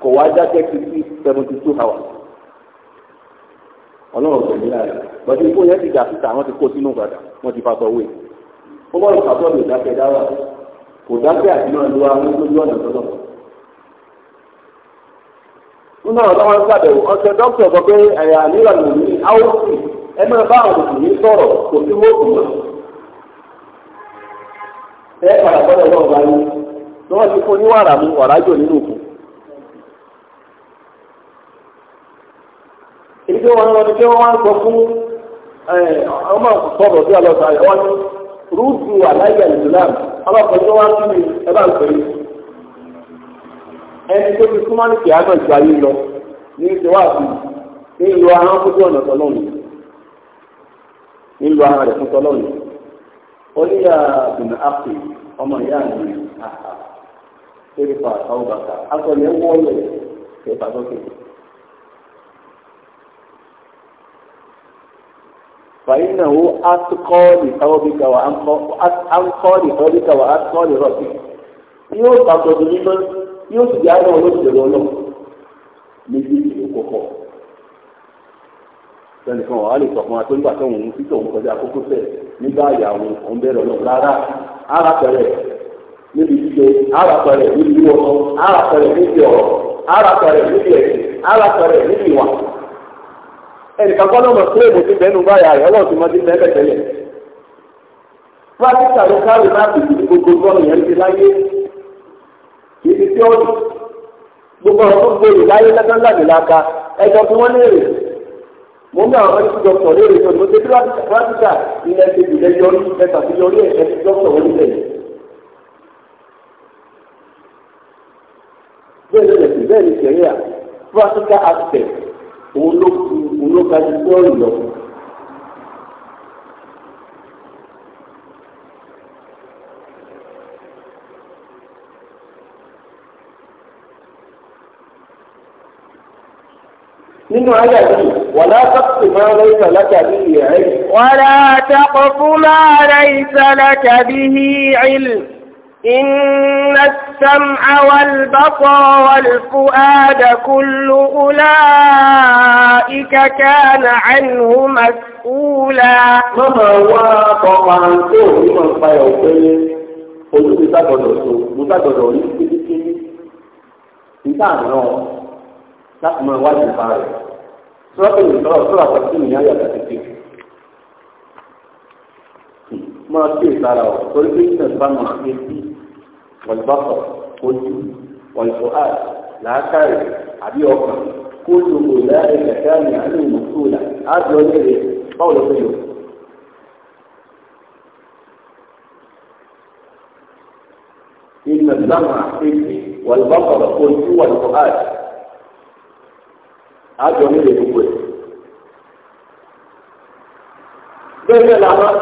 kò wá jáde títí seventy two hours ọlọ́run ọ̀sẹ̀ nílá rẹ̀ bọ́dé ikú yẹn ti dà síta wọ́n ti kó sínú gbàdà wọ́n ti fàtọ̀ wé ó bọ́ọ̀lù kàtọ́ọ̀lù ìdákẹ́ dáwà kò dákẹ́ àti náà ló wá ní lójú ọ̀nà tọ́lọ̀ nínú àwọn táwọn ń sàbẹ̀wò ọ̀sẹ̀ dókítà sọ pé ẹ̀yà nílò lòmí áwòsì ẹ máa bá àwọn òṣèlú sọ̀rọ̀ kò sí wọ́ọ̀kù mọ́. ẹ padà sọ́dọ̀ náà wáyé ni wọ́n ti fún níwàrà mu ọ̀rájò nínú òkú. èyí tí wọ́n ní kí wọ́n wá sọ fún ọmọ sọ̀rọ̀ sí ọlọ́sàáyà wọ́n ní rúùtù àláyà ìsìlámù ọlọ́pàá tí wọ́n wá ń pè ẹni tó ti súnmọ́ ní kìá náà ju ayé lọ ní ìṣòwò ní ìlú ahọ́n fún ọ̀nà tọ́lọ́ọ̀nù ní ìlú ahọ́n rẹ̀ fún tọ́lọ́ọ̀nù ó ní yà bìnà ọmọ ìyá mi àhà kérífà àwọn bàtà akọni ẹwọ́ ọ̀lẹ̀ kéfà sókè. fàyínàwó atukọ́ọ̀lì káwọ́bíkà yóò bàtọ̀ dùn yóò sì di àwọn olóṣèlú ọlọ́ọ̀ méjì ìlú kọ̀ọ̀kọ̀ sẹ́nìkan wàá lè sọ fún wa pé nígbà tó ń títọ̀ ń kọjá kókó fẹ̀ nígbà àyà òun òun bẹ̀rẹ̀ ọlọ́ọ̀ rárá ara pẹ̀rẹ̀ níbi jíjẹ ara pẹ̀rẹ̀ níbi ara pẹ̀rẹ̀ níbi ọ̀rọ̀ ara pẹ̀rẹ̀ níbi ẹ̀sìn ara pẹ̀rẹ̀ níbi ìwà ẹnìkan kọ́ lọ́mọ sílẹ̀ mo ti bẹ́nu báyà rẹ̀ ọlọ́run ti mọ ti bẹ́ẹ̀ bẹ́ẹ̀ tẹ́lẹ̀ ibi tí ó gbogbo ọ̀tún gbòòrò láyé lẹ́gbẹ́ ńlá nílá ka ẹjọ́ fún wọn léèrè mo ń bá àwọn ẹni tí dọ́kítọ̀ léèrè tó ní mo ti dúró àtúntà ilẹ̀ ti dùn lẹ́yọ ẹ̀ka sí yọrí ẹ̀ ti dọ́kítọ̀ wọlé lẹ́yìn. bẹ́ẹ̀ ni ẹ̀sìn bẹ́ẹ̀ ni sẹ́yìn à fún àtúntà àtẹ̀ òun ló ga ju bọ́ọ̀lù lọ. nínú ayé yìí wàlá taqfu ma laysa laka bihi ilm. wàlá taqfu ma laysa laka bihi ilm. إن السمع والبصر والفؤاد كل أولئك كان عنه مسؤولا ماما وقع عن سوء من فيوكي ojú ti sábọdọ so mo sábọdọ rí kíkíkí nígbà náà láti máa wá ìgbà rẹ سورة الإسراء سورة تقسيم نهاية تقسيم ما أكيد تعالى كل إنسان بما أكيد والبصر كله والفؤاد لا كارث ابي أكبر كل أولئك كان عنه مسؤولا هذا هو الذي قوله إن السمع كله والبصر قلت والفؤاد àjọ nílé gbogbo ẹ̀. bẹ́ẹ̀ làwọn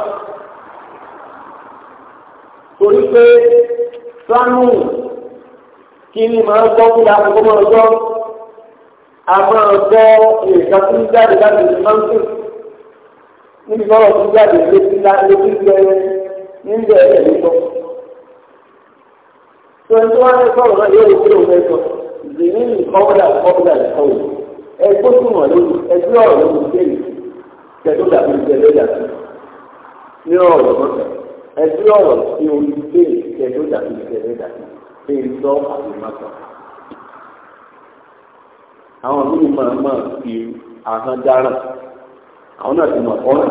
torí pé sánú kí ni màá gbọ́ fún la kókó máa a máa gbọ́ nǹkan tó ń jáde láti ìlú mọ́tò níbi ndị tó ń jáde ndị létí gbẹrẹ níbi ẹ̀rẹ̀ ló ẹgbẹ́ tó wọ̀n lórí ẹgbẹ́ ọ̀rọ̀ lórí kéèyàn tẹ̀tọ́ dàbí ìtẹ̀lẹ́ dàbí ní ọ̀rọ̀ lọ́sẹ̀ ẹgbẹ́ ọ̀rọ̀ sí orí kéèyàn tẹ̀tọ́ dàbí ìtẹ̀lẹ́ dàbí ṣe ń sọ àbùmọ́sọ. àwọn míì máa máa fi ahọ́n dára àwọn náà ti mọ̀ ọ́rọ̀.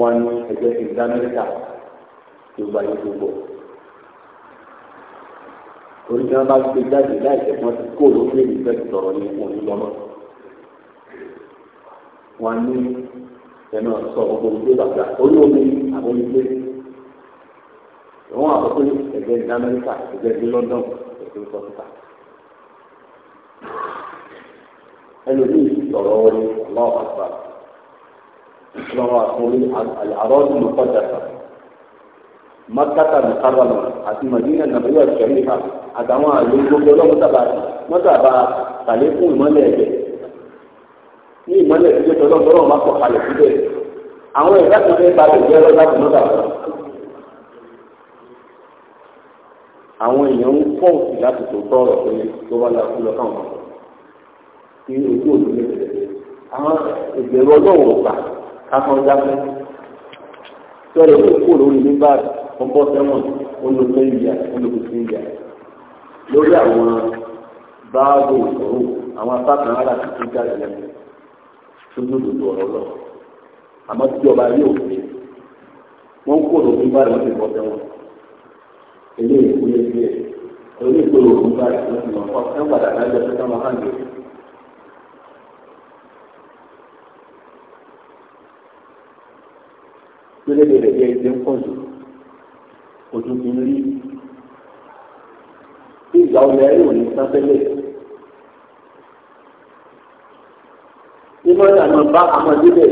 wọ́n wá ní ẹgbẹ́ ìdá tó gbayé gbogbo torí bí wọn bá gbé jáde láìsẹ̀ wọn ti kó ló lé nífẹẹ sọ̀rọ̀ ní fún yín lọnà wọn ní ẹnu sọ ọgbọ ojú bàtà olómi àbọlígbé wọn àkọ́kọ́ ẹgbẹ́ ní Amẹ́ríkà ẹgbẹ́ ní London ẹgbẹ́ sọfúnta ẹlòmíì sọ̀rọ̀ wọlé ọlọ́wọ́ àgbà ọlọ́wọ́ àkọrí àrọ́ọ̀dùnmọ́kọ́jà mọ́kátà nìkábàlọ́wọ́ àti Madina nàbẹ́yà sẹ́ríkà àtàwọn àlè gbogbo ọlọ́mọtàbà mọ́tàbà tàlékún ìmọ́lẹ̀ ẹ̀jẹ̀ ní ìmọ́lẹ̀ ìdílé tọ́lọ́tọ́lọ́ máa kọ̀ kalẹ̀ síbẹ̀ àwọn ẹ̀dá kan fẹ́ ba ìgbẹ́ ọlọ́dà tó mọ́tàbà àwọn èèyàn ń pọ̀ sí láti tó tọ́rọ̀ pé tó wá lọ fún lọ́kàn wọn kí ojú òdu lè tẹ̀lé àwọn ìbẹ̀rù ọlọ́wọ̀ gbà káfọ́n jáfẹ́ tọ́lọ́ tó kúrò lórí nígbà tó sẹ́wọ̀n onu ìyà olùkọ́ ìyà lórí àwọn báàbò ìṣòro àwọn apákan ara tuntun jáde lẹ́nu tójú òdòdó ọ̀rọ̀ lọ àmọ́ tí ọba yé òfin wọ́n kó òdòdó bá rẹ̀ wọ́n ti bọ́ tẹ́wọ̀n eléyìí kú lé díẹ̀ orí ìpolówó òdòdó bá wọ́n ti ẹ̀ ń padà ń pọ̀ jù. ojú ti rí tí ìgbà olè ayé òní sá tẹ́lẹ̀. ìmọ̀lẹ́ àmọ́ bá àmọ́ débẹ̀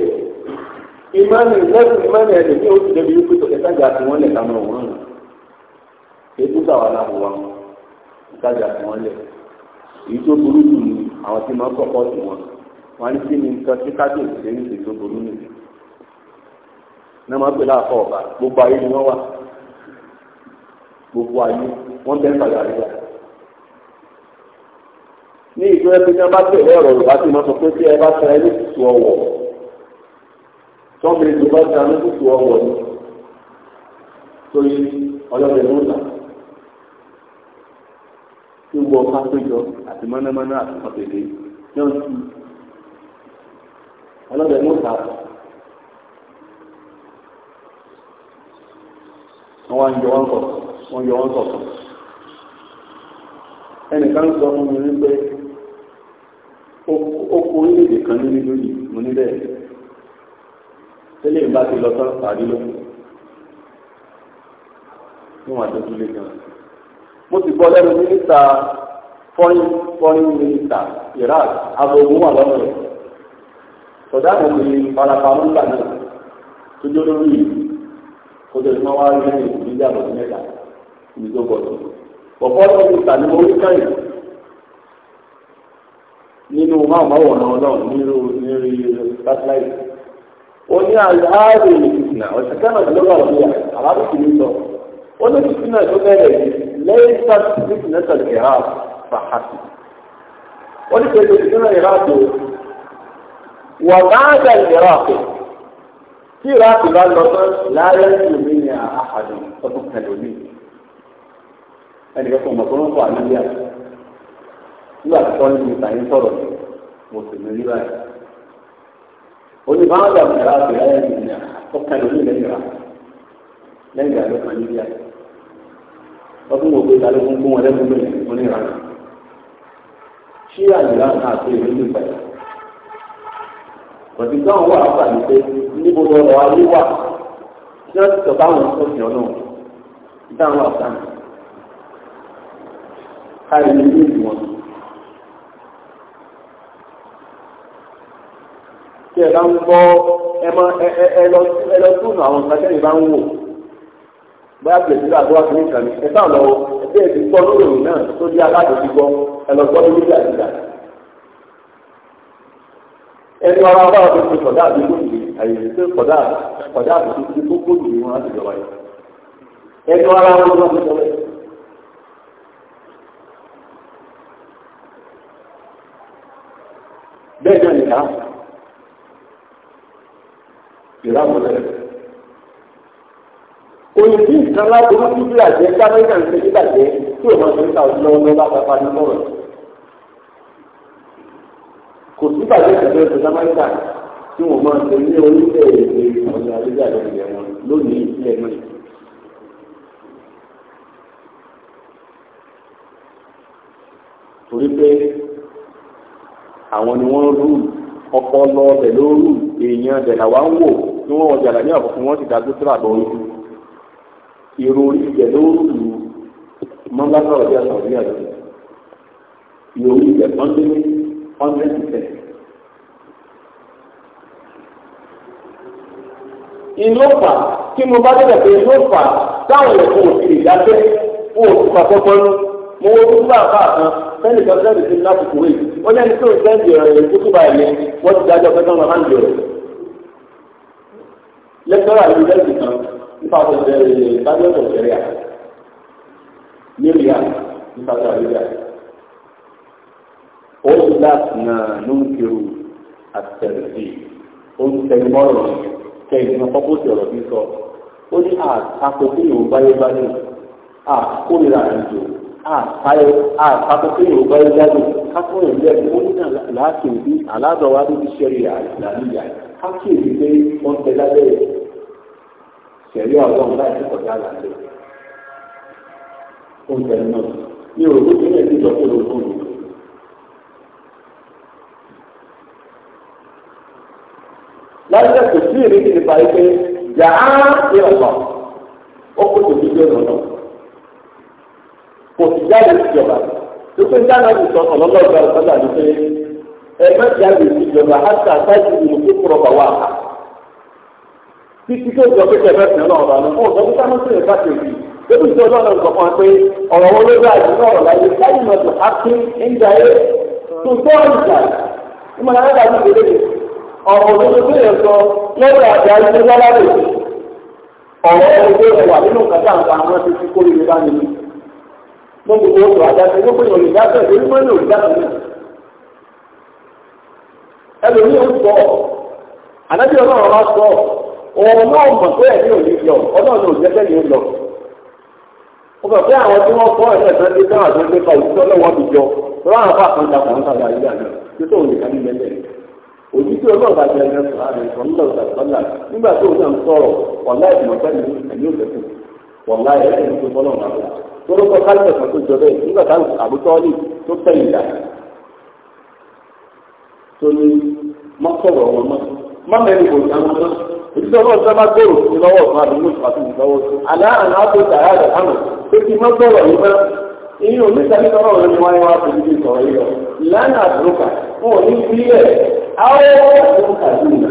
ìmọ̀lẹ́ lẹ́kùn ìmọ̀lẹ́ ẹ̀ lèmi ó ti débi wípé tọ̀kẹ́ sájà tí wọ́n lẹ̀ kàmọ́ òun rìn ètò sàwà làwọ̀ wa sájà tí wọ́n lẹ̀ èyí tó burú jù ní àwọn tí máa ń kọ́kọ́ sí wọn wọn ní kí ni nǹkan tí kájọ òṣèré ní ètò burú nìyí náà máa ń pè láàkọ́ ọ̀bà gbogbo ayé ni wọ́n wà. gbogbo ayé wọn bẹ fàyà rẹ̀ ní ìgbẹ́ pé tí wọ́n ọrụ ọrụ Yorùbá tí sọ pé tí ẹ bá sọ ẹni tutù ọwọ́ tọ́mìlì tó bá sọ ẹni tutù ọwọ́ ni torí ọlọ́dẹ ló ń là tí péjọ àti àti ọlọ́dẹ ló ń là. wá ń wọ́n yọ wọ́n sọ̀tọ̀ ẹnìkan sọ fún mi wípé ó kó orílẹ̀-èdè kan ní lóyìí mo ní bẹ́ẹ̀ tẹ́lẹ̀ ìbá ti lọ tán pàdé lókun ní wọn àjọ ìdílé kan mo ti gbọ́ lẹ́nu mínísítà fọ́rin fọ́rin mínísítà Iraq abogun wà lọ́rọ̀ rẹ̀ sọ̀dá àwọn obìnrin farapamọ́ nígbà náà tó jẹ́ lórí kó tẹ̀lé máa wá rí mẹ́ta ibi tó gbọdọ̀. Bọ̀bọ́ tó ti tà ní mo rí káyìn nínú máwòmáwòrán náà nínú nírí sátáláìtì. Ó ní àárín ìfìsìnà ọ̀sẹ̀ kẹ́nà tó lọ́wọ́ ọ̀dọ́ yà alábùkù ní sọ. Ó ní ìfìsìnà tó bẹ̀rẹ̀ lẹ́yìn sátáláìtì ìfìsìnà tó kẹ̀ ha fàhásì. Ó ní pẹ̀lú ìfìsìnà ìráàtò wà máa dà ìráàtò tí ìráàtò bá lọ tán láyé ìlú ní àhàdùn ọdún kẹlòmíì ẹnìkan kò mọ̀ tó ń kọ́ àlùyà nígbà tó kọ́ nínú ìtàn yín sọ̀rọ̀ mo sì ní rírà yìí. oníbàárà mìíràn àti ẹ̀yà ènìyàn tó kẹ́ lórí lẹ́yìn rà lẹ́yìn rà ló kàn ní rírà yìí. wọ́n tún wò pé ìdálé fún fún wọn lẹ́gbẹ̀ẹ́ lónìí fún rírà yìí. ṣí àyíká àti ìlú ní ìgbà yìí. òtítọ́ àwọn wà wà ní pé níbo lọ́rọ̀ ayé wà kí wọ́n ti sọ báwọn tó fi ọ̀nà ìdáhùn àtàkùn káyọ̀ ní ìlú wọn. tí ẹ bá ń gbọ́ ẹ mọ ẹ lọ túnú àwọn nǹkan tẹ́lẹ̀ bá ń wò bóyá pèsè àbúrò àti nìkan ni ẹ sáà lọ ẹgbẹ́ ìdí gbọ́ lórí òun náà tó di aláàbòsí gbọ́ ẹ lọ gbọ́ lórí àdìgbà. ẹni ọ̀rọ̀ ọba ọ̀dọ́ ti kọ̀dá àdúgbò yìí àyè tó kọ̀dá kọ̀dá àdúgbò tí kókó yìí wọn á ti jọba yìí. ẹni ọ̀rọ̀ ọba ọ̀dọ́ ti sọ ẹ̀dá ìrámọ̀lẹ́. Òyìnbí ìtàn lábúrú bíbí àjẹ́ Kámẹ́rà ń ṣe nígbàjẹ́ tí òun máa ń ta ọdún lọ́wọ́ lọ́wọ́ lápapá ní mọ́rọ̀. Kò sí bàjẹ́ ìtàn ẹ̀sìn Kámẹ́rà tí wọ́n máa ń ṣe ní orílẹ̀ èdè ọ̀nà àríwá ìrẹ̀lẹ̀ wọn lónìí ilẹ̀ náà. Torí pé àwọn ni wọ́n rúùlù ọpọlọ ọbẹ̀ èèyàn ọbẹ̀ ń wò tí wọ́n ọjà ní fún wọ́n ti da tó tíra bọ̀ ojú orí ibẹ̀ lóru lù mọ́lára ọjà sọ̀rí àti ìrò orí inú mo bá pé inú táwọn ẹ̀kọ́ òsì ìdájẹ́ fún òsì mo kan. sẹ́ni kan sẹ́ni ti láti kúrè wọ́n yẹ́ni tó sẹ́ni ọ̀rọ̀ yẹn kúkú báyìí ni wọ́n ti dájọ́ pé káwọn máa ń lò rẹ̀. lẹ́tọ́rà ló lẹ́sìn kan nípa ọ̀sẹ̀ ìbájọ́sọ̀ sẹ́ríà níríà nípa sàríà. ó ti láti nà ló ń kiri àtẹ̀sí ó ń tẹnu mọ́rọ̀ kẹ́yìn kan kọ́kọ́ sí ọ̀rọ̀ bí sọ ó ní àtakò kí ìwọ̀n báyé báyé àkórira àjò àpáyọ àpapọ̀tò yorùbá ìyáàdì kápọ̀ ìlẹ̀ ó ní àlákèébí aládọ̀wá níbi sẹ́rí àìsàlíyà kákèébí pé wọ́n tẹ lábẹ́ sẹ̀rí ọ̀gbọ́n láti kọjá lábẹ́ oúnjẹ náà ní òògùn tí wọ́n ti sọ pé òògùn ni. láyé kò sí ìrètí nípa ẹgbẹ́ jà á ní ọ̀pọ̀ ó kó tòbí gbé ọ̀nà náà kò sì jáde síjọba lókè dáná ti sọ ọlọ́lọ́ ìgbà ìsọ́jà ló pé ẹ má jáde síjọba àti àtàkì ìlú tó kúrọ̀ bà wà á. títí tó jọ pé kẹfẹ́ sìn náà ọ̀rọ̀ àná fún ọ̀dọ́ tó sáná sí ìrẹ́pà tèmi lókè tó lọ́nà ìgbà kan pé ọ̀rọ̀ wọn ló bá àdúgbò ọ̀rọ̀ láyé láyé mọ̀ tó ápín ẹ̀ńdà ẹ̀ tó tọ́ ìjà ìmọ̀lá ọ̀rọ̀ òdodo tó yẹ sọ lọ́wọ́ àti ayélujára lè ọ̀rọ̀ òdodo ẹ̀wà nínú kàtà nǹkan àwọn ti fi kórìíra nínú wọ́n gbogbo wọn sọ àdáṣe ló pé olùdásẹ̀ ló mọ́ ní olùdásẹ̀ náà. ẹlòmí ò sọ ànábì ọlọ́run wa sọ òun náà mọ̀ pé ẹ̀mí ò lọ ọlọ́run ò jẹ́jẹ́ yìí lọ. ó sọ pé àwọn tí wọ́n kọ́ ẹ̀sẹ̀ kan dé dáhà tó ń gbé pa òṣìṣẹ́ ọlọ́wọ́ mi jọ lọ́wọ́ àwọn àpá kan dàpọ̀ ń sàlẹ̀ àná tó tó òun nìkan ní mẹ́lẹ̀ òjijì ọlọ́ọ̀bà jẹ ẹgbẹ́ sọ àrùn ìsọ̀nlọ́ nígbà tó o náà ń tó bọ́lọ̀ wà lọ́wọ́ lórúkọ kálífẹ̀ kan tó jọ bẹ́ẹ̀ nígbà táwọn àbútọ́ọ́lì tó tẹ̀yìn dà tó ní mọ́sọ̀rọ̀ wọn mọ́ mọ́mẹ́rin kò ní àwọn náà ìdíjọ́ náà sábà gbèrò sí lọ́wọ́ ọ̀sán àbí mọ́sọ̀ àti ìdíjọ́wọ́ sí aláàánú àti ìdàrá rẹ̀ hàn pé kí mọ́sọ̀rọ̀ yìí mọ́ ìyẹn oníṣẹ́ni tọ́rọ̀ rẹ̀ ni wọ́n yẹ wá sí ibi ìsọ̀rọ̀ yìí lọ lánàá àdúrókà wọn ò ní bí ẹ̀ àwọn ọ̀sán kàdúnà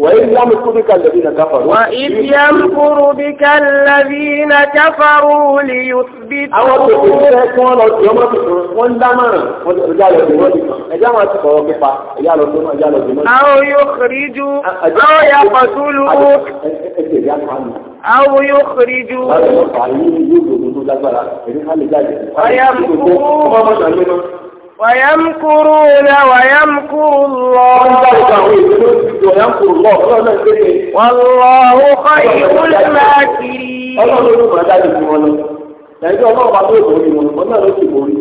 وإذ يمكر بك الذين كفروا وإذ يمكر بك الذين كفروا ليثبتوك àwọn tó fi ṣe kí wọ́n lọ sí ọmọ tuntun wọ́n ń dámọ̀ràn ẹjá lọ sí wọ́n nìkan ẹjá máa ti kọ̀ọ̀ pípa ẹjá lọ sí wọ́n ẹjá lọ sí wọ́n. àwọn yóò kiri ju àwọn yà pàtúlù. àwọn yóò kiri ju. àwọn yóò kiri ju. ọ̀yà mú. ويمكرون ويمكر الله والله خير الماكرين ọlọ́run bá tó ìbòrí wọn, wọn náà ló ti borí.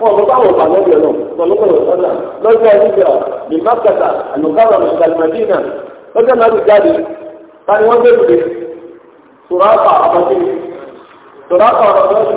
Wọ́n mú báwọn ọ̀pá lọ́bì ọ̀nà, tọ̀lọ́pọ̀ ọ̀sánà, lọ́jọ́ ìgbà, ní Mákàtà, àlùkárà, Mùsàlùmọ́dínà, lọ́jọ́ náà lù jáde, ta ni wọ́n gbé lùdé? Tùràpà àbájẹ́, tùràpà àbájẹ́.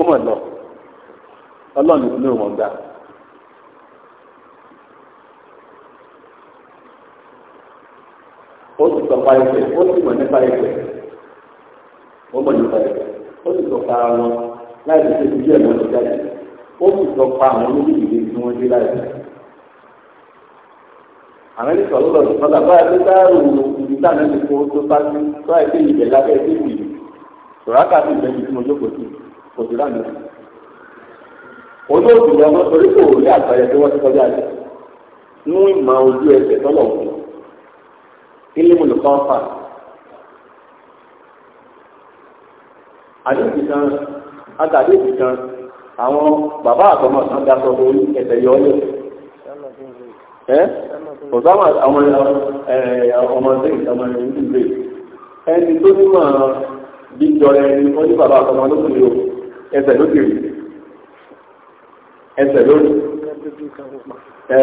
kó mọ̀ lọ ọlọ́run ìlú ló wọ́n gbà. ó sì sọ pa ẹsẹ̀ ó sì mọ̀ nípa ẹsẹ̀ ó mọ̀ nípa ẹsẹ̀ ó sì sọ pa ara wọn láì lè fi díẹ̀ mọ́ lọ́jà jù ó sì sọ pa àwọn olóyìnbó tí wọ́n dé láì lè. àwọn ẹni sọ̀rọ̀ lọ́dún kan lábá ẹgbẹ́ sáárù ibi táwọn ẹni kó tó bá sí tó àìsí ìbẹ̀ lábẹ́ sọ̀rọ̀ àkàtì ìbẹ̀ ìbí kò jù láàmì rẹ̀. olóògùn lọ́mọ tí wọ́n ti kọjá rẹ̀ mú ìmọ̀ ojú ẹsẹ̀ tọ́lọ̀ ilé mu lùkọ́ fà. kan àtàdéhùn kan àwọn bàbá àtọmọ kan dá sọ orí ẹsẹ̀ yọ ẹ àwọn ẹni tó ní ẹsẹ̀ ló kiri ẹsẹ̀ ló ní ẹ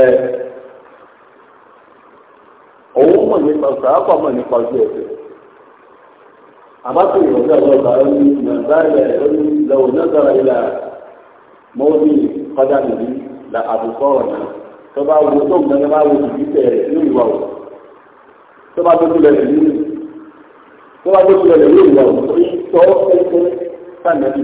òun mọ̀ nípa sàápà mọ̀ nípa ojú ẹsẹ̀ àbátò ìrọ̀lẹ́ ọlọ́ọ̀ta ẹni nàìjíríà ẹni lọ́wọ́ nàìjíríà ilà mọ́ọ́dì kọjá nìyí la àbùkọ ọ̀nà tó bá wo tó nǹkan bá wo ìdíkẹ́ rẹ̀ yóò wà o tó bá tó tilẹ̀ lẹ́yìn tó bá tó tilẹ̀ lẹ́yìn yóò wà o tó yí tọ́ ẹsẹ̀ sànẹ́bí.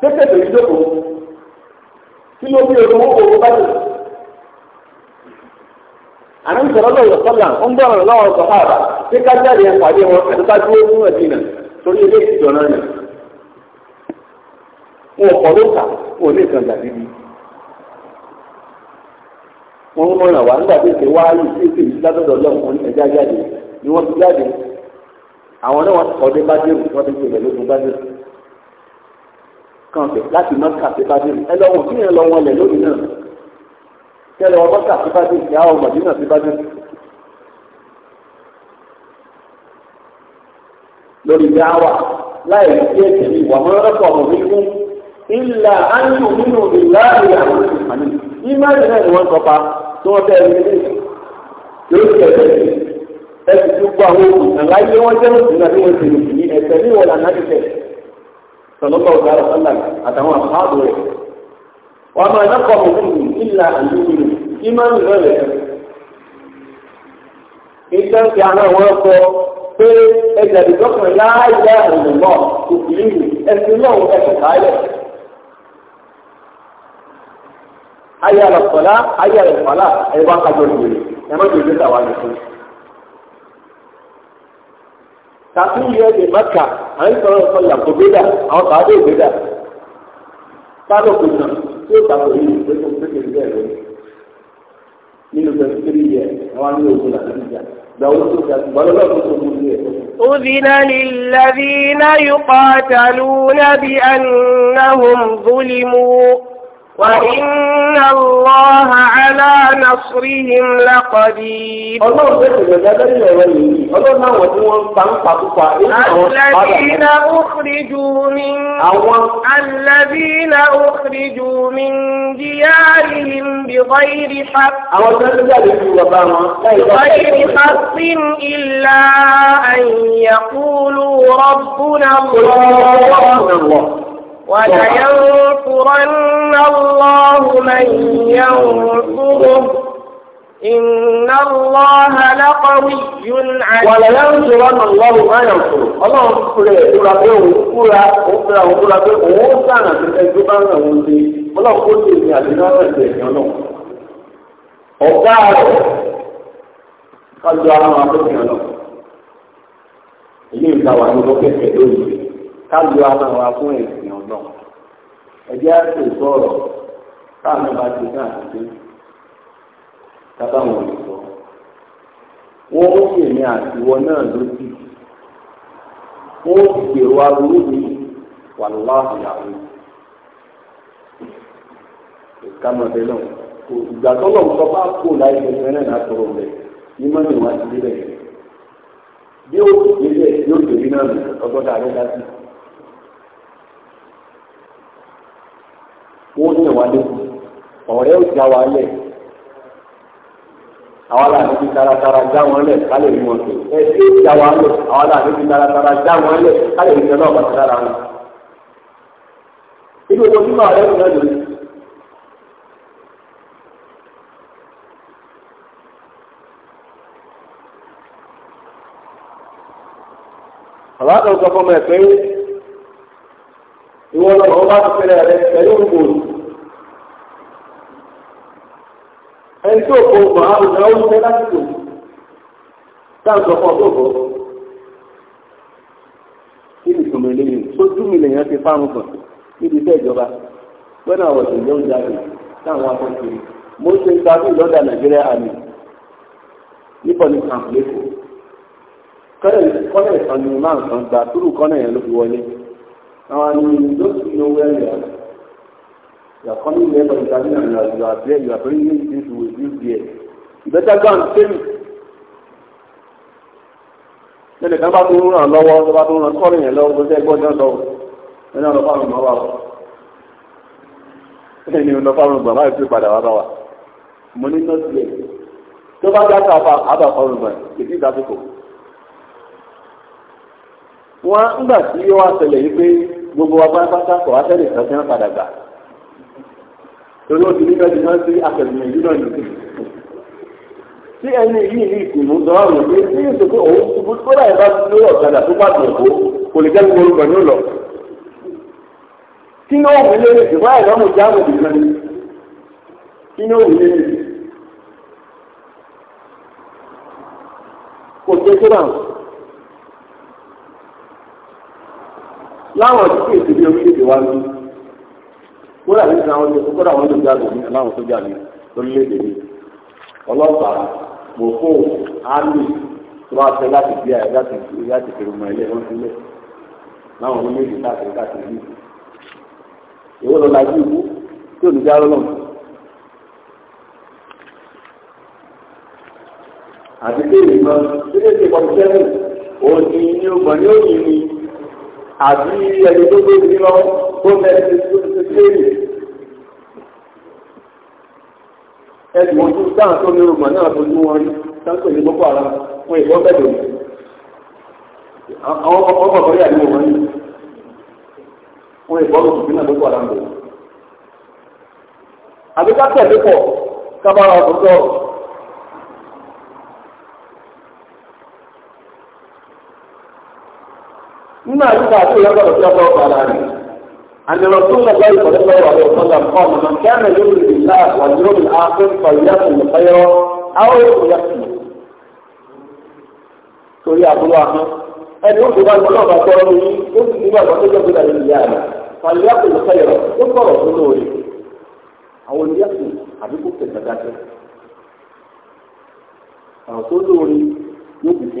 tẹ́tẹ́ tó yí dòkó kí ló bí ewu owó bá tó. àmì sọ̀rọ̀ lọ́wọ́ sọ́là ń bọ̀ ọ̀rọ̀ lọ́wọ́ sọ̀rọ̀ àrà tí ká jáde ẹ̀ pàdé wọn àti dúró fún ẹ̀dínà torí ilé ìjọ náà nà. wọn kọ̀ ló kà wọn ní ìkànnì àbíbí. wọn ń mọ̀ràn wá nígbà tí ìṣe wáyé tí ìṣe ìṣẹ́lẹ́dọ̀dọ̀ lọ́wọ́ ẹ̀já jáde ni wọ́n ti jáde àwọn náà wọ́n kọ́ dé bá dé kan bẹ̀ láti mọ́kà sí bádìrì ẹ lọ́wọ́ kí yẹn lọ wọn lẹ̀ lónìí náà kí ẹ lọ mọ́kà sí bádìrì kí á wọ mọ̀dínà sí bádìrì. lórí dáwà láì sí ẹ̀jẹ̀ mi wà mọ́ rẹ́pọ̀ ọmọ mi fún ilà ánú nínú ìlànà àwọn ìfàní ìmáàlì náà ni wọ́n sọ pa tí wọ́n bẹ́ẹ̀ ní yóò ṣe ẹ̀jẹ̀ mi ẹ̀sìn tó gbọ́ àwọn òkùnkàn láyé wọ́n jẹ́ òkùnkàn tí wọ́n ti rìn ní ẹ̀sẹ̀ ní ìwọ̀n sọlọ́gbà ọ̀gá ọ̀sánlá àtàwọn àpáàdù rẹ̀. wọ́n máa dákọ̀ ọ̀hún ìlà àdúgbò ìmáàmù lọ́lẹ̀. ìjọ ti àwọn àwọn ọkọ̀ pé ẹja ìdọ́kùnrin láàyè ọ̀nà náà kò fi ìlú ẹsìn náà ẹsìn káyọ̀. ayé àlọ́kọ̀lá ayé àlọ́kọ̀lá ẹ̀wá kájọ ìwé ẹ̀mọ́ ìdílé tàwa nìkan. tàbí ìyẹn à ń sọ̀rọ̀ sọ yàtọ̀ gbéga àwọn kàádé gbéga sábà kò nà tí ó bàbá yìí ló tó pété ní bẹ́ẹ̀ lónìí nínú twenty three years àwọn ní ogun làbí ìjà. أذن للذين يقاتلون بأنهم ظلموا وَإِنَّ اللَّهَ عَلَى نَصْرِهِمْ لَقَدِيرٌ الذين أُخْرِجُوا مِنْ الذين أُخْرِجُوا مِنْ ديارهم بِغَيْرِ حق بغير حق إلا أن يقولوا ربنا الله ولينصرن الله من ينصره إن الله لقوي عزيز ولينصرن الله من ينصره ọlọ́run kúrẹ́ ìdúrà pé òun kúra òun kúra òun kúra pé òun sànà tó ẹjọ́ bá ràn òun sí ọlọ́run kó lè ní àdínà ẹ̀jẹ̀ ẹ̀yàn náà ọ̀gá rẹ̀ kájọ ara wọn akẹ́kọ̀ọ́ náà èyí ń ta wà ní ọkẹ́kẹ́ lónìí ká lo ara wa fún ẹ̀sìn ọ̀nà ẹ̀jẹ̀ àti ìgbọ́rọ̀ táwọn bá ti náà ti dé tábà wọn lè sọ wọn ó sì ní àtiwọ náà lójú wọn ó sì gbèrò aburú mi wà láàbù làwọn ìkámọ̀tẹ́ náà kò ìgbà tó lọ́wọ́ sọ bá kó láì fẹsẹ̀ náà látọ̀rọ̀ rẹ̀ ní mọ́tò wá sí bẹ́ẹ̀ bí ó sì délẹ̀ yóò tẹ̀lé náà lọ́gbọ́dọ̀ àrẹ́dá sí i. wá ọ̀rẹ́ ò já wa lẹ̀ àwọn aláàbí ti já wọn lẹ̀ kálẹ̀ wọn tó ẹ̀sìn ò já wa lẹ̀ àwọn aláàbí ti já wọn lẹ̀ kálẹ̀ rí náà bàtà lára wọn. inú ọjọ́ mímọ́ ọ̀rẹ́ ẹni tí òkò òkò àwùjọ ó ń tẹ lásìkò táwọn ọkọ tó bọ kí ni ìtumọ̀ eléyìí sójú mi lèèyàn ti fáwọn kan níbi iṣẹ́ ìjọba pẹ́ẹ́nà àwọ̀dì ìjọ ń jáde táwọn akọ́kiri mo ṣe ń gbàgbé ìlọ́dà nàìjíríà àmì nípa ní kàǹpìlẹ́kọ̀ọ́ kọ́lẹ̀ ìkànnì máa ń kan gbà túrú kọ́nà yẹn ló fi wọlé àwọn àni ló ti lówó ẹ̀yà You are coming here for interview and you are, you are there, you are bringing things with you there. You better go and tell it. Lẹ́lẹ̀ kan bá tún ràn lọ́wọ́ tó bá tún ràn kọ́rin yẹn lọ́wọ́ tó tẹ́ gbọ́dọ̀ lọ. Ẹni ọ̀nà fáwọn ọmọ wa o. Ẹni ọ̀nà fáwọn ọmọ báyìí tó padà wá bá wa. Mo ní nọ́ọ̀sì lẹ̀. Tó bá dá sáfà, àbà fáwọn ọmọ yìí, kìí ìdásíkò. Wọ́n ń gbà tí ó wá ṣẹlẹ̀ yìí pé gbogbo wa pátápátá kò wá tẹ́lẹ̀ kan tí padà gbà torí ó ti ní bẹ́ẹ̀ ti máa ń sí akẹ́kọ̀ọ́ yìí náà nìyí. tí ẹni yìí ní ìkùnú dọ́rùn pé tí yóò sọ pé òun ṣubú kódà ẹ̀ bá ti lórí ọ̀kadà tó pàtó ẹ̀kọ́ kò lè jẹ́nu orúkọ ní òlọ. kí ló wù lé ní ìwà ìlọ́mù jáàmù nìkan ni kí ló wù lé ní. kò ṣe tó bá wọn. láwọn tí kò èsì bí orílẹ̀-èdè wa ń bí. kódà ní ìsìn àwọn kódà wọn jáde ní tó jáde lórílẹ̀-èdè ọlọ́pàá tó bá fẹ́ láti bí láti láti ilé wọn sílẹ̀ láwọn káàkiri káàkiri ní lọ la ju tí ò ní lọ́nà. àti náà kọ́ sẹ́yìn àbí ẹni tó gbé mi lọ tó mẹ́rin ti tó ti léèrè. ẹni wọn tún dáhà tó ní rògbòn náà tó ní wọn rí sáńtò ní boko haram fún ìbọn bẹ́ẹ̀ lòdì. àwọn ọkọ̀ kọ́rí àdúgbò wọn ní wọn ìbọn lòdì sí náà boko haram lòdì. àbíká tẹ̀lé pọ̀ kábàárà ọ̀tọ̀ nínú àyíká àti ìyàgbọ́dọ̀ tí ọgbà ọgbà ara rẹ̀ àdìrọ̀ tó lọ báyìí pẹ̀lú ọ̀rọ̀ àti ọ̀sán làm kọ́ ọ̀nà kí á nà yóò lè lá wàdúró mi àpé fàyàtò lè fẹ́rọ àwọn èèkò yàtò torí àbúrò àná ẹni ó ti wá lọ́wọ́ bá gbọ́ ọ́nà yìí ó sì ti wá lọ́wọ́ tó jẹ́ gbọ́dọ̀ lè yá rẹ̀ fàyàtò lè fẹ́rọ ó sọ̀rọ̀ tó lóore àwọn olùyàtò àdúgbò tẹ̀sán dákẹ́ àwọn tó lóore yóò fi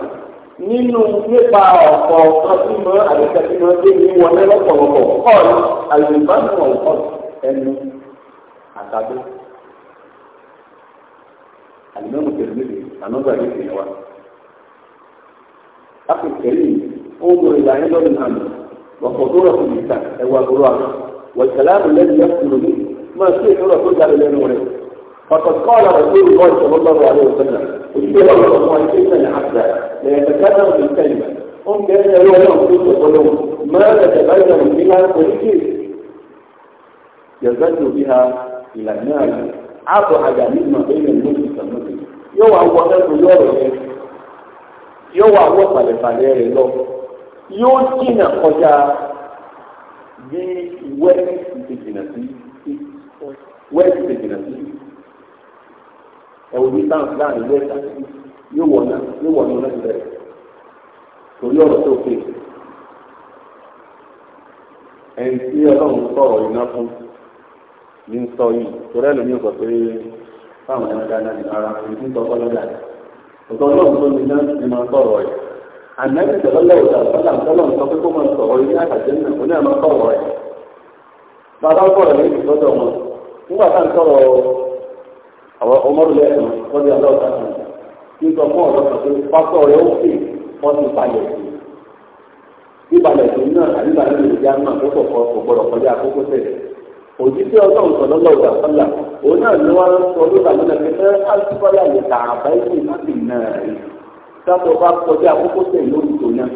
nínú nípa ọ̀pọ̀ ọ̀kan tí mo àyíká tí mo dé ní wọlé lọ́pọ̀lọpọ̀ kọ́ọ̀lù àyùbánu ọ̀pọ̀ ẹnu àtàdé àlùmọ́ọ̀mù tẹ̀lé mi ànọ́gbà yìí fi wá. láti tẹ̀lé ohun ìlà yẹn lọ́dún àná wọ̀pọ̀ tó rọ̀ fún mi ta ẹ̀wà gbọ́dọ̀ àná wọ̀tẹ̀lá mi lẹ́nu yẹn kúrò ní máa ṣe ìtọ́rọ̀ tó jáde lẹ́nu rẹ̀. فقد قال رسول الله صلى الله عليه وسلم اشترى الله الكلمة عبدا لا يتكلم بالكلمة هم كان يروى لهم كل قلوب ما تتبين بها كل يزد بها إلى النار أبعد مما بين المسلم والمسلم yóò wá wọ lẹ́nu lọ́rọ̀ yẹn yóò wá wọ pàlẹ́pàlẹ́ rẹ̀ lọ yóò jìnnà kọjá bí ẹ̀wù ní láàrin ilé yóò wọ̀ náà yóò wọ̀ ní ọ̀nà ìbẹ̀rẹ̀ torí ọ̀rọ̀ tó ké ẹni tí ọlọ́run sọ̀rọ̀ iná fún ní ń sọ yìí torí ẹ̀ lómi sọ pé táwọn ẹ̀rọ dáadáa ní ara ẹni tí ń sọ fọ́lọ́ dà ọ̀tọ̀ ọlọ́run tó ní náà ti máa sọ̀rọ̀ ẹ̀ ànábì tẹ̀lọ́lẹ̀ òdà sọ́là ọlọ́run sọ pé kó máa sọ̀rọ̀ ilé àtàjẹ́ náà kò ní àmọ́ sọ̀rọ̀ ẹ̀ bàbá sọ̀rọ̀ lẹ́yìn ìtọ́jọ́ wọn nígbà tá à ń sọ̀rọ̀ àwọn ọmọdé lẹ́nu wọ́n di tó ń sọ fún ọ̀dọ́ pé pásọ̀ rẹ̀ ó pè wọ́n ti balẹ̀ sí i ìbalẹ̀ sí náà àbíbalẹ̀ lè di àmà tó kọ̀kọ́ kò gbọdọ̀ kọjá àkókò tẹ̀ òjijì ọjọ́ ìsọ̀dọ́ lọ́wọ́ ìdàkọ́là òun náà ni wọ́n sọ lóta lọ́nà pé ẹ alùpùpọ̀lá lè tà àbá ìlú láti nà rí sábọ̀ bá kọjá àkókò tẹ̀ lóòótọ́ náà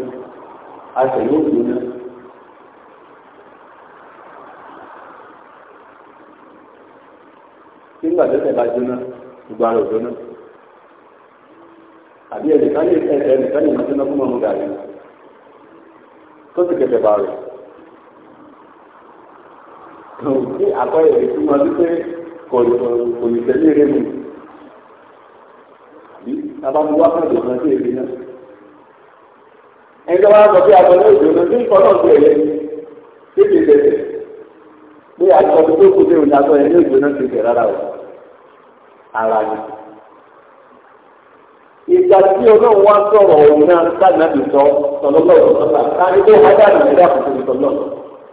tí nígbà tẹ́tẹ̀ bá jóná gbogbo ara ò jóná àbí ẹnìkan lè ẹsẹ̀ ẹnìkan lè máa jóná fún ọmọ gàrí tó sì kẹsẹ̀ bá rẹ̀ tí àkọ́yẹ̀ rẹ̀ tún máa wípé kò ní tẹ̀lé rẹ̀ mú àbámu wá fún ìdòwò náà sí èdè náà ẹnìkan máa ń sọ pé àbọ̀ náà ìdòwò náà sí ìkọ́ náà sí ẹ̀yẹ títí tẹ̀lé pé àtọ́jú tó kù sí ìrìnàjò ẹ̀ ní ìdòwò náà ti tẹ̀ rárá o. ara ni. ìgbà tí olóhùn wá sọ̀rọ̀ òun náà sàgbàdì sọ sọlọ́lọ́ ọ̀sọ́lá káni tó hádàbí ẹ̀dá kò tóbi sọlọ́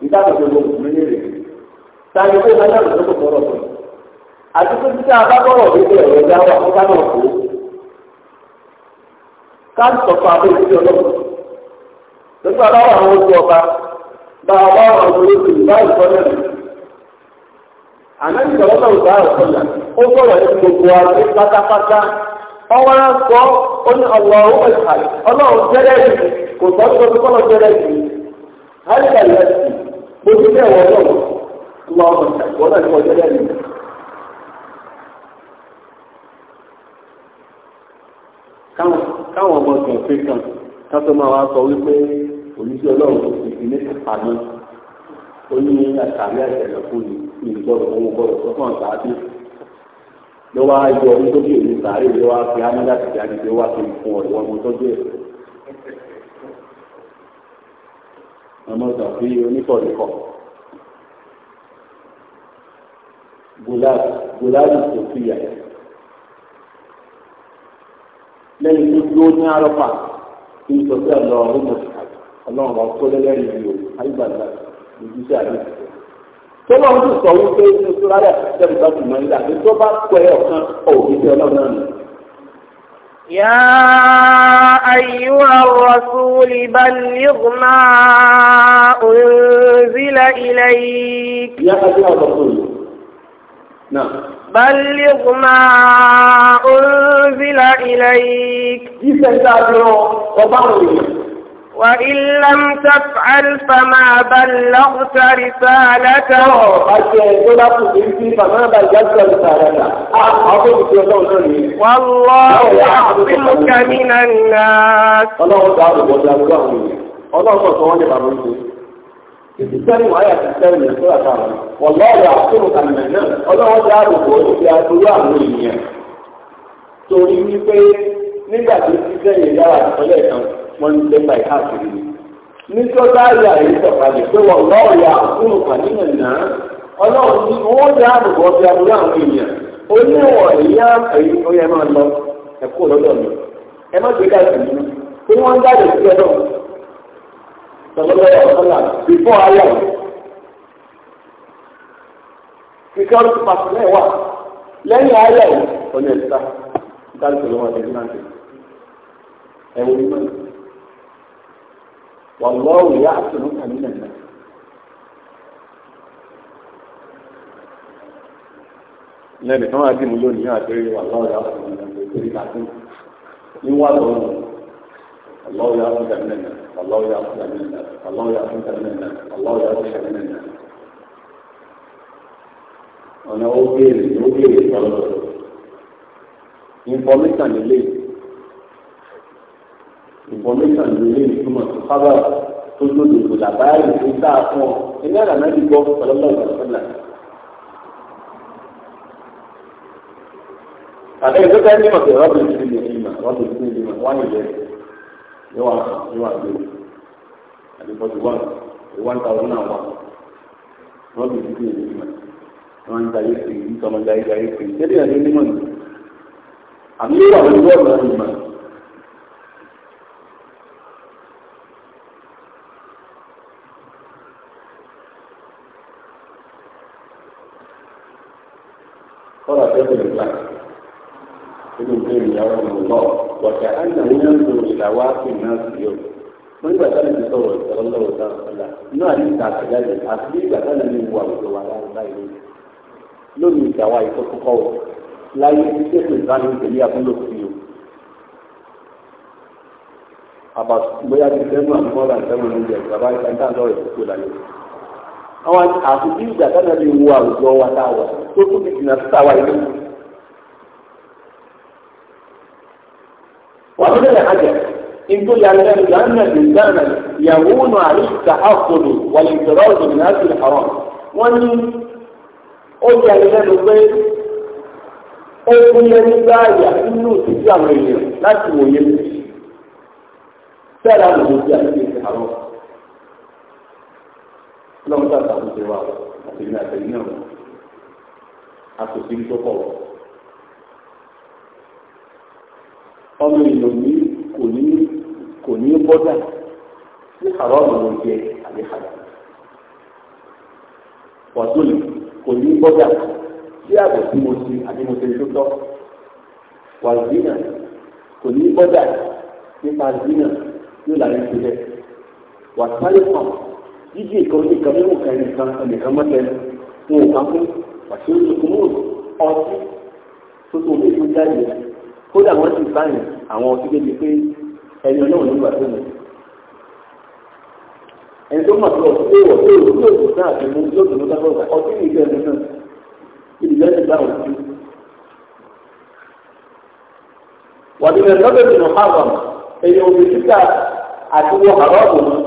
ìdáàbò tó gbogbo nílé rẹ̀ káni tó hádàbí tó kò sọ̀rọ̀ sọ̀rọ̀ àti tó ti sáà bá bọ̀rọ̀ níbi ẹ̀rọ wà fún ká ń sọ̀tọ̀ ìdílé ọlọ́run lọ́sọ̀rọ̀ àwọn oṣù ọba bá a bá ànábì sọ̀rọ̀ náà gbà ọ̀sọ̀là ó sọ̀rọ̀ ní gbogbo àti pátápátá ọwọ́ á sọ ó ní ọlọ́run ẹ̀ka ọlọ́run jẹ́rẹ́ yìí kò sọ ní gbogbo kọ́lọ̀ jẹ́rẹ́ yìí hálíkà yẹn ti gbogbo ilé ẹ̀wọ̀ náà lọ́wọ́ ìwọ náà ní wọ́n jẹ́rẹ́ yìí. káwọn ọmọ ọ̀sán pé kan ká tó máa wá sọ wípé òní sí ọlọ́run kò sì fi ní àná ó ní ìgbọ̀dọ̀ òun gbọ̀dọ̀ tó kàn sáájú ló wá yọ ọdún tó bí èmi sàárè ló wá fi amúdá ti jáde ló wá fi fún ọ̀dọ̀ ọmọ tó dé ọmọ sàn fi oníkọ̀ọ̀dẹ́kọ̀ gùláàdì tó fi yà lẹ́yìn tó dúró ní arọ́pà kí n sọ sí ọ̀dọ̀ ọ̀hún mọ̀ ọlọ́run ọ̀kọ́ yìí o àyíbàdà ojúṣe àdéhùn tó lọ́wọ́ sì sọ wípé ní sùúrà tẹ̀lé bá tì mọ́ nígbà tí tó bá pẹ́ ọ̀kan òbí tẹ ọlọ́run náà يا أيها الرسول بلغ ما أنزل إليك يا أيها الرسول نعم بلغ ما أنزل إليك وإن لم تفعل فما بلغت رسالته والله يعصمك من الناس Ìsìsẹ́rì wáyà ti sẹ́rì ní ṣúra káàrù, wọ̀lọ́ọ̀rọ̀ àkúrò kàmìnà náà, ọlọ́wọ́ jẹ́ àrùkò ìdí àtúrú àwọn ènìyàn. Torí wípé nígbàtí ti sẹ́yìn yára ìpínlẹ̀ kan, wọ́n ń lépa ìkáàkiri ni nítorí ayé àyè sọ̀kalẹ̀ pé wọ́n lọ́ọ̀ ya àkúrò pàdínà náà ọlọ́run ní owó dáàbò bọ́ bí abúlé àwọn èèyàn ó ní wọ̀ ìyá ẹ̀yìn ó yẹ máa lọ ẹ̀kọ́ lọ́dọ̀ mi ẹ má gbé dàgbé mi pé wọ́n sí ẹ náà kíkọ́ ló pàṣẹ náà wà lẹ́yìn ọ̀nà wọn والله يعصمك من الناس lẹ́nu tí wọ́n á dìmú lónìí náà torí wà lọ́wọ́ yà fún mi torí náà tó ní wà lọ́wọ́ ọlọ́wọ́ yà fún kàmínà náà ọlọ́wọ́ yà fún kàmínà náà ọlọ́wọ́ yà fún ọlọ́wọ́ yà fún ọ̀nà ó béèrè ó béèrè lọ́wọ́ information nílé yìí information lórí ìtumọ̀ tó sábà tó lòdì kò làbáyé tó a fún ọ ẹni àdàmọ́ ti gbọ́ ọlọ́lọ́ ìgbàlódé. àti ẹ̀jọ́ ká ní ọ̀sẹ̀ rọ́bì sí ilé ìmọ̀ rọ́bì sí ilé ìmọ̀ wọ́n yẹ yóò wá yóò wá gbé àti forty one one thousand náà wà rọ́bì sí ilé ìmọ̀ wọ́n ń darí sí ìtọ́mọ darí darí sí ìtẹ́lẹ̀ àti onímọ̀ àmì yóò wà lórí bọ́ọ̀lù náà ìmọ̀. قال شيخ الإسلام ابن تيمية رحمه الله وكأنه ينظر إلى واقع الناس اليوم من بدل التصور صلى الله عليه وسلم ما لي تعتقد أصلي بدل من هو ولا غيره لم يتوى يتفقه لا يستطيع الإنسان أن يقول فيه àbàtúgbóyà ti tẹ́gbọ̀n àti mọ́ra ìtẹ́gbọ̀n ní ìjẹ̀ ìjọba ìtẹ́gbọ̀n lọ́rẹ̀ tó kú láyé àwọn àfikún ìgbà táwọn ẹbí wo àwùjọ wa tá a wà tó tún ti jìnnà sí àwa ìlú. wà á bẹ̀rẹ̀ àjẹ ìgbó ya lẹ́nu yà ń nà ní gánà ìyàwó nù àríkà àkọlù wà lè tẹ̀rọ ọ̀dùnmí náà sí àwọn. wọ́n ní ó yà lẹ́nu pé ó kún lẹ́nu gbáàyà nínú òṣìṣẹ́ àwọn èèyàn láti wòye. sẹ́ẹ̀lá lòdì àná. lọ́wọ́ tá a ta àkóso wa àtẹ̀yìn àtẹ̀yìn náà àtòsí tó pọ̀ ọmọ èèyàn ní kò ní kò ní bọ́dà ní àrọ́ọ̀mù ló jẹ àbí àdá wàtúlì kò ní bọ́dà sí àgbẹ̀ tí mo ti àbí mo ti tó tọ́ wàzínà kò ní bọ́dà nípa zínà yóò láyé sílẹ̀ wàtálẹ̀ kan jíjí ìkan ní ìkan mímú kan nìkan ẹnìkan mọ́tẹ fún òkan fún pàṣẹ olùkúmù ọtí tó tó lè fún jáde kódà wọ́n ti báyìí àwọn ọtí débi pé ẹni ọlọ́run nígbà tó mọ̀ ẹni tó mọ̀ tó ọtí tó wọ̀ tó òkú òkú náà ti mú yóò tó lọ́dọ̀ ọ̀gá ọtí ní ìgbẹ́ ẹni náà ìdílé ti bá òkú. wàdí ẹ̀rọ lọ́dọ̀ ìdùnnú hàwàm èyí òbí títà àti wọ àrọ́ọ̀bù náà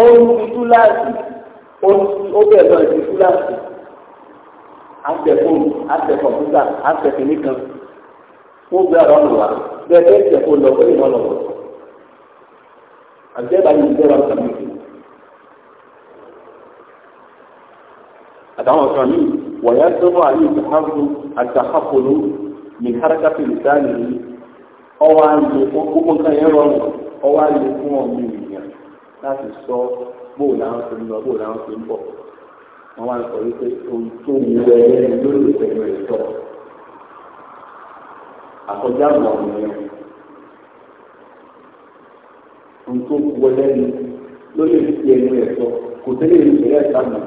ó ń fi túláàsì ó bẹ̀rẹ̀ lọ ìfi túláàsì àtẹ fóònù àtẹ kọ̀mpútà àtẹ kìnnìkan wọ́n gbé ọ̀rọ̀ ọ̀nà wa bẹ́ẹ̀ bẹ́ẹ̀ tẹ̀ kó lọ bẹ́ẹ̀ lọ́nà wọ̀ àti ẹ̀ bá yìí bẹ́ẹ̀ wọ́n kàmí sí. àtàwọn kan yìí wọ̀nyá tó bá àyè ìtàkùn àtàkùn ní kárakáfì lìsáàlì ọwọ́ àyè fún kókó kan yẹn rọrùn ọwọ́ àyè fún ọ̀gbìn ìyàn láti sọ bóò làwọn ti ń lọ bóò làwọn ti ń bọ̀ wọ́n wá ń sọ wípé ohun tó wù ẹ́ lẹ́nu lórí ìpẹ̀lú ẹ̀tọ́ àkọjá mọ̀ nìyẹn ohun tó wù ẹ́ lórí ìpẹ̀lú ẹ̀tọ́ kò tẹ́lẹ̀ ìpẹ̀lú ẹ̀tọ́ mọ̀.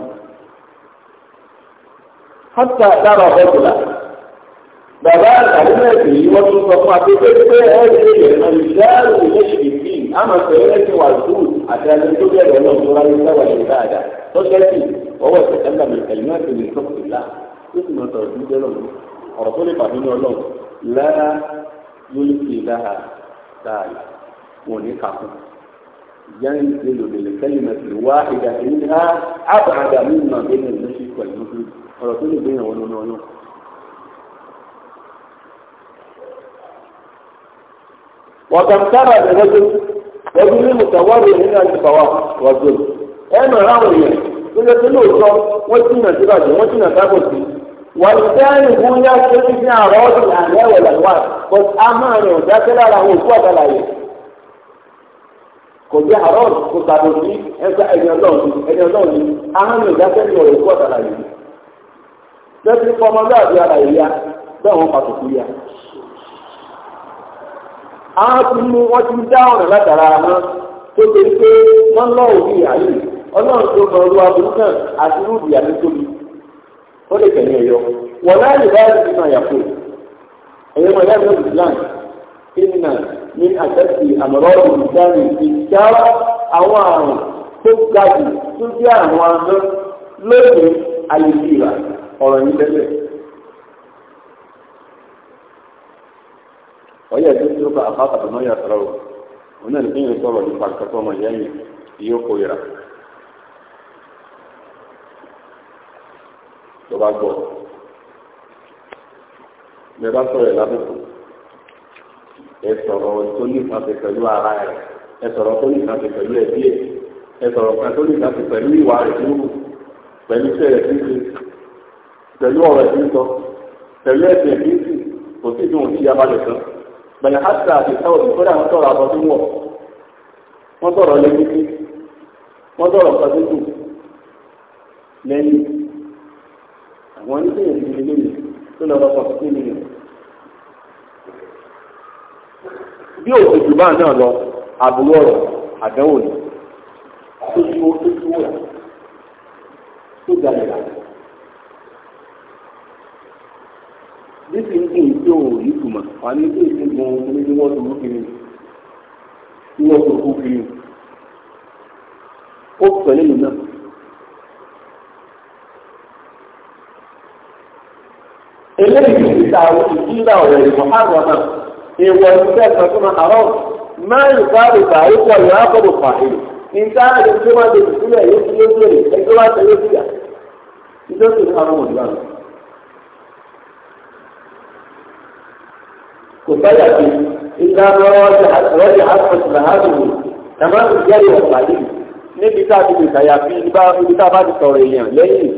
hátà dára ọ̀bọ̀dùlà bàbá àdúgbò ẹ̀sìn yìí wọ́n tún sọ fún akéwé pé ẹ̀ẹ́dẹ́gbẹ̀rún ìdáàrú ìlẹ́sìn ìbí àmọ̀ pẹ̀lú ẹ̀sìn wà lóòótọ́ àti ẹni tó bẹ̀rẹ̀ náà tó ráyé sáwà ṣe dáadáa tó kẹ́sì ọwọ́ ìṣẹ̀kẹ́ńdà mi kẹ̀lí náà ti lè tó kù lá tó sì mọ̀ sọ̀rọ̀ tó ha mí الرجل pẹ̀lú mímu tàwárì nínú àtìpàwà wàzó ẹ mà ráwọn èèyàn tó lè lóòótọ́ wọ́n ti nà sí bàjẹ́ wọ́n ti nà sábò sí wọ́n sẹ́yìn fún yá tó ti àrọ́ a máa rìn ọ̀dá tẹ́lẹ̀ ara wọn òkú kò bí àrọ́ kò sàbò sí ẹgbẹ́ ẹni ọlọ́ọ̀ni àwọn ti mú wọn ti dá ọ̀nà látara wọn tó ṣe pé wọn lọ òbí àyè ọlọ́run tó mọ ọlọ́wà burúkú àti rúbì ó lè tẹ̀lé ẹ̀yọ wọn láàyè báyìí ti máa yàgò ẹ̀yọ́ wọn láàyè lọ́dún islam ìnà ní àtẹ́sí àmọ́rọ́ọ̀dù ìdáhùn ìdíjà àwọn àrùn tó ga jù tó jẹ́ àwọn àná lóde àyè ọyẹ ẹdun tó bá àbábà náà yàtọ̀ o òun náà nìkan yẹn sọ̀rọ̀ nípa ìkẹ́kọ̀ọ́ ọmọ ìyá yìí yóò kó yẹra tó bá gbọ́ mi bá sọ̀rọ̀ ẹ̀ lábùkù ẹ sọ̀rọ̀ tó ní ìfàṣẹ pẹ̀lú ara ẹ̀ ẹ sọ̀rọ̀ tó ní ìfàṣẹ pẹ̀lú ẹbí ẹ̀ ẹ sọ̀rọ̀ kan tó ní ìfàṣẹ pẹ̀lú ìwà rẹ̀ tó wù pẹ̀lú iṣẹ́ rẹ̀ tó ṣe pẹ̀lú ọ̀rọ̀ ẹ̀ tó ń sọ pẹ̀lú ẹ̀sìn ẹ̀ tó ń sìn kò sí ìdúnwò tí yá bá lè tán. bẹ̀rẹ̀ hásà àti sáwọ̀ tí kódà wọ́n sọ̀rọ̀ àbọ̀ tó wọ̀ wọ́n wọ́n pàtẹ́kù àwọn oníṣẹ́yìn ti lè lè tó lọ́wọ́ pọ̀ sí nìyẹn. bí òkè jù bá náà lọ àbúrò ọ̀rọ̀ àdánwò ni tó ju tó ju tó ga lè rà. Bísí ń gbìn tí rí mọ̀ àní tó ìsìn gan omi ní wọ́n tó kiri ní wọ́n tó kú kiri ó pẹ̀lú ìlú náà. eléyìí ti ta àwọn ìdílé ọ̀rẹ́ ìwọ̀n àgbà náà ìwọ̀n ìfẹ́ kan tó máa àárọ̀ máa ń bá ìgbà ìpọ̀ ìwà àkọ́dọ̀ pàdé nǹkan àdéhùn tó máa sílẹ̀ yóò fi lóṣèlú ẹgbẹ́ wa tẹ̀lé síyà níbi tá a ti lè tá a bá ti sọ̀rọ̀ èèyàn lẹ́yìn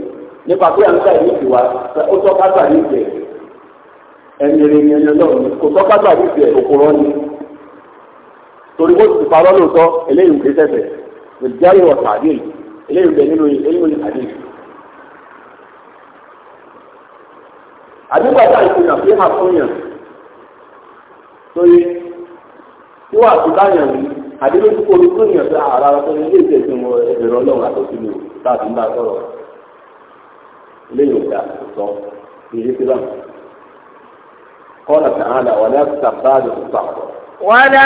nípa pé wa ó ìfẹ́ ni ni kò tọ́ka tàbí ìfẹ́ òkúrọ́ ni torí bó ti parọ́ lóòótọ́ eléyìí kò tẹ̀sẹ̀ lè járe wọ̀ eléyìí bẹ̀ nínú àdúgbò àti àìsàn lórí tí wàá tó dáyàn yìí àdébẹ́ tó kó sí ara rẹ̀ sọ́ni ilé ìṣẹ́ ìṣẹ́ ẹgbẹ̀rún ọlọ́run àtọ́sí mi láti ńlá sọ̀rọ̀ lẹ́yìn ọrụ sọ ọrụ sí báyìí kọ́lá tàhálà wà ní àkùtà báàdì tó pàpọ̀. ولا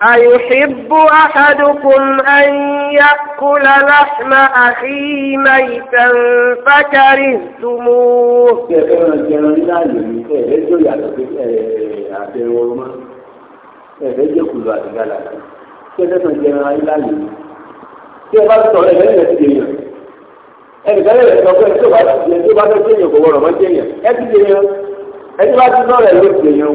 أيحب أحدكم أن يأكل لحم أخيه ميتا فكرهتموه Tí ẹ bá sọ̀rọ̀ ẹ̀rẹ́ ìrẹsì èèyàn, ẹnìkan lè sọ pé tí ó bá jẹ́ èèyàn kò wọ̀rọ̀ mọ́ jẹ́ èèyàn, ẹ ti jẹ́ èèyàn, ẹ ti bá ti sọ̀rọ̀ ẹ̀rẹ́ ìrẹsì èèyàn.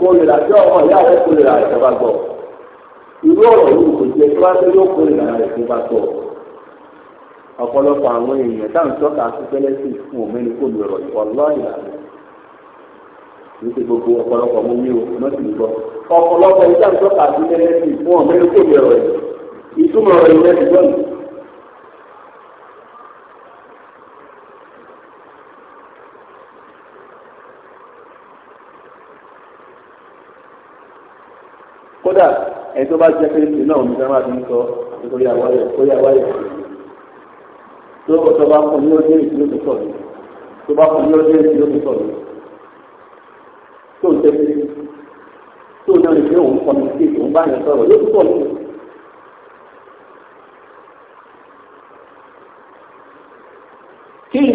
kórìíra tí ọmọ ìyá rẹ kórìíra rẹ bá gbọ́ irú ọ̀rọ̀ yìí kò jẹ́ tó bá tó yóò kórìíra rẹ tó bá gbọ́ ọ̀pọ̀lọpọ̀ àwọn èèyàn táwọn tọ́ka sí fún kò gbogbo mú mi ò sí fún kò ìtumọ̀ ẹni tó bá jẹ́ péréte náà omi sábà ti ń nítorí àwáyọ̀ kóyà àwáyọ̀ tó o tó bá fún ní ó dé èsì ló ti sọ̀rọ̀ tó bá fún ní ó dé èsì ló ti sọ̀rọ̀ tó ń tẹ́tí tó náà lè fẹ́ òun kọ́míkì òun bá yẹn sọ̀rọ̀ yóò pọ̀ lọ. kí ni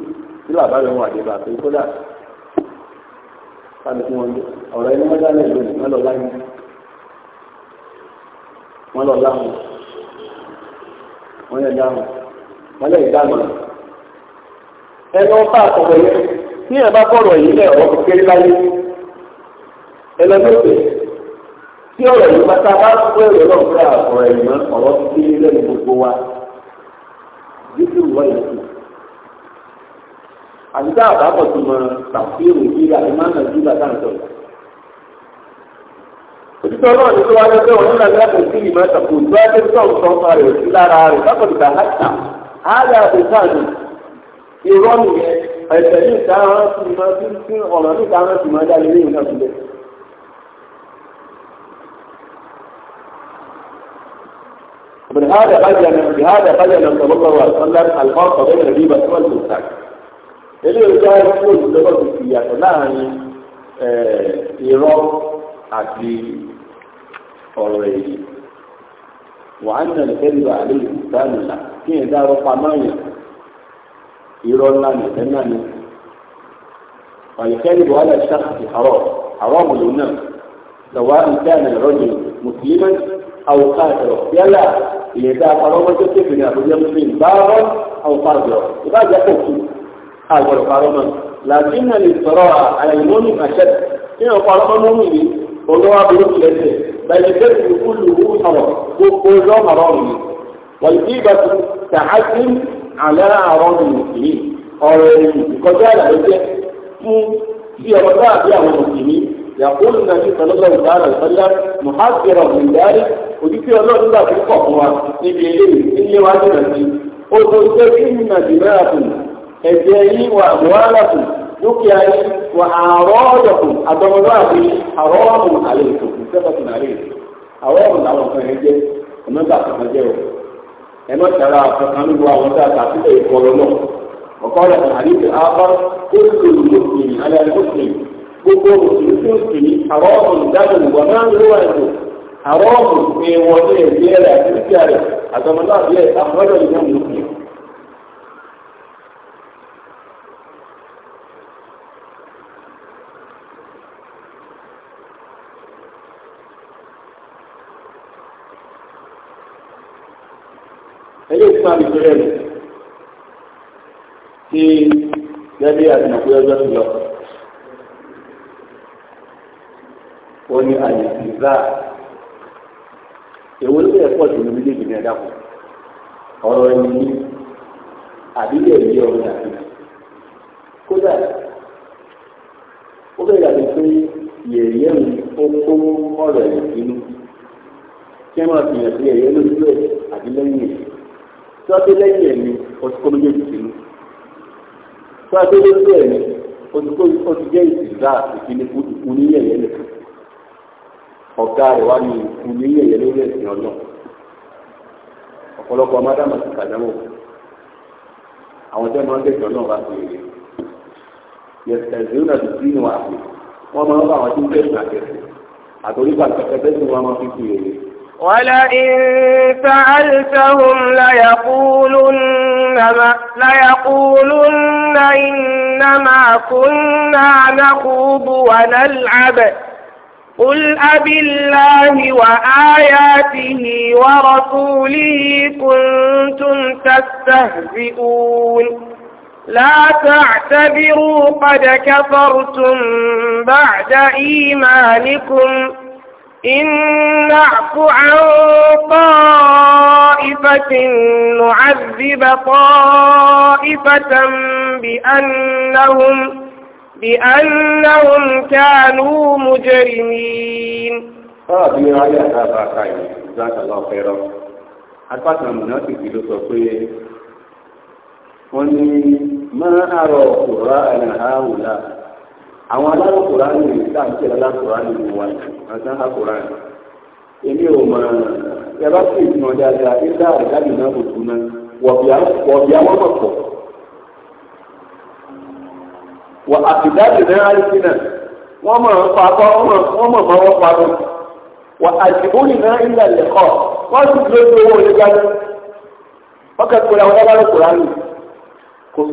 tí làbá rẹ̀ wà dé bàtà kódà sábẹ́ tí wọ́n ń ọ̀rọ̀ ẹni wọ́n dálẹ̀ lónìí wọ́n lọ láyé wọ́n lọ láwọn wọ́n yẹ dáhùn wọ́n lè dáhùn ẹnu ọba àtọ̀wọ̀ yẹn tí ẹ bá bọ̀rọ̀ yìí lẹ̀ ọ̀rọ̀ kékeré láyé ẹlẹ́gbẹ̀ẹ́ tí ọ̀rọ̀ yìí bá bá kó èrò náà fún àkọ̀rọ̀ ẹ̀yìn ọ̀rọ̀ kékeré lẹ́nu gbogbo wa dídùn wọ́n yìí àdúgbò àbábọ̀ tó mọ tàfíìrù ìlà ìmáàmù ìlà dáńtọ̀. òtítọ́ náà ní tó wá lọ́sẹ̀ wọn nígbà láti sí ìmọ̀ ìtàkùn tó ẹgbẹ́ tó ń sọ fún rẹ̀ sí lára rẹ̀ lápọ̀lù bá hàtà ága àbùkánù irọ́ nìyẹn ẹ̀sẹ̀ ní ìta ara sí ìmọ̀ fi ọ̀nà ní ìdáhùn sí ìmọ̀ dálé ní ìmọ̀ sílẹ̀. ومن هذا بين بهذا بين صلى الله عليه وسلم الفرق بين الريبة والمستاك eléyìí tó ń fún olùdókòwò ti fi yàtọ̀ láàrin irọ́ àti ọ̀rọ̀ èyí wà á nà lẹ́yìn ìgbà àlejò ìdáná là kí n dárọ́ pamọ́ yẹn irọ́ ńlá nìkan náà ni ọ̀yẹ̀kẹ́ ìbò alẹ́ ṣáàtì àrọ̀ àrọ̀ ọ̀mọ̀lò náà lọ́wọ́ nǹkan àná ìrọ́jì mùsùlùmí àwòká ìrọ̀ yálà ìyẹ̀dá àpárọ̀ ọmọdé kékeré àbújá mùsùlùmí bá rọ́ àwòká ìrọ̀ ìbájá kò kú àgbọ̀dọ̀ parọ́ mọ́ làbí nà lè sọ̀rọ̀ àyàmọ́nù àṣẹ tí wọ́n parọ́ mọ́ mọ́mù yìí olówó aburú tilẹ̀sẹ̀ bàyìí bẹ́ẹ̀ ni kúlù wú sọ̀rọ̀ gbogbo lọ́mọ rọrùn yìí wọ́n ti bá tu tàhásí àlẹ́ àrọ́ọ̀dù mùsùlùmí ọ̀rọ̀ ẹ̀yìn ìkọjá àlàyé jẹ́ fún bí ọmọ bá àbí àwọn mùsùlùmí يقول النبي صلى الله عليه وسلم محذرا من ذلك وذكر الله إلا في القهوة في بيديه إني واجب فيه قلت إن دماءكم ẹ̀jẹ̀ yìí wà mọ́álàkù dúkìá yìí wà àrọ́ọ̀dọ̀kù àtọmọdọ́àbí àrọ́ọ̀mù àlẹ́ ìtòkù sẹ́fọ̀tù nàlẹ́ àrọ́ọ̀mù làwọn kan yẹn jẹ́ ẹ̀mẹ́ta kan jẹ́ o ẹ̀mẹ́ tara kankan ló wà wọ́n dáadáa sí ẹ̀ kọ́rọ́ náà ọ̀kọ́ rẹ̀ àdìsí àbá tó ti lò lókùnrin alẹ́ àdìsí gbogbo òṣèlú tó ti ní àrọ́ọ̀mù dáadáa wà náà ló wà ètò àrọ́ọ̀mù ni wọ́n ní ẹ̀jẹ̀ rẹ̀ àti tí gẹ́gẹ́ àti pé ọjọ́ ti lọ ó ní àyè ìgbà èwo ló yẹ pọ̀ jù ní méjèèjì ní ọ̀rọ̀ ẹni ní àbílẹ̀ ìlú ọ̀rọ̀ àti kódà ó bẹ̀rẹ̀ àti pé yẹ̀yẹ́ mi ó kó ọ̀rọ̀ ẹ̀yìn sínú kí ẹ máa tó a tó lé ní ẹ̀mí o ti jẹ́ ìsìlá ìkíni fún ní yẹ̀yẹ́ nìkan ọ̀gá rẹ̀ wá ní fún lórí ẹ̀sìn ọlọ́run ọ̀pọ̀lọpọ̀ amádàmà ti kàdámọ̀ àwọn tẹ́ máa ń tẹ̀sán náà bá ti rèé yẹ̀sẹ̀ ìdúró náà ti dín ní wàá ń bá àwọn ń إنما كنا نخوض ونلعب قل أبي الله وآياته ورسوله كنتم تستهزئون لا تعتبروا قد كفرتم بعد إيمانكم إن نعف عن طائفة نعذب طائفة بأنهم بأنهم كانوا مجرمين. آه يا يا جزاك الله خيرا. أتفق المنافق بلطفية وأني ما أرى قراءنا هؤلاء àwọn alákòrá ní ìlú tá à ń tẹ̀lé alákòrá ní ìlú wa àti alákòrá ní. èmi ò mọ̀ ẹ bá sì ìdùnnà dáadáa ní sáà ìdájọ́ náà kò tún náà wọ̀bì àwọn ọ̀pọ̀. wọ àtìdájọ́ náà á sí náà wọ́n mọ̀ ọ́n pa akọ́ wọ́n mọ̀ mọ́ wọ́n pa wọ àjìbóyìn náà ń lẹ̀ lẹ́kọ̀ọ́ wọ́n sì lójú owó ìgbàlódé wọ́n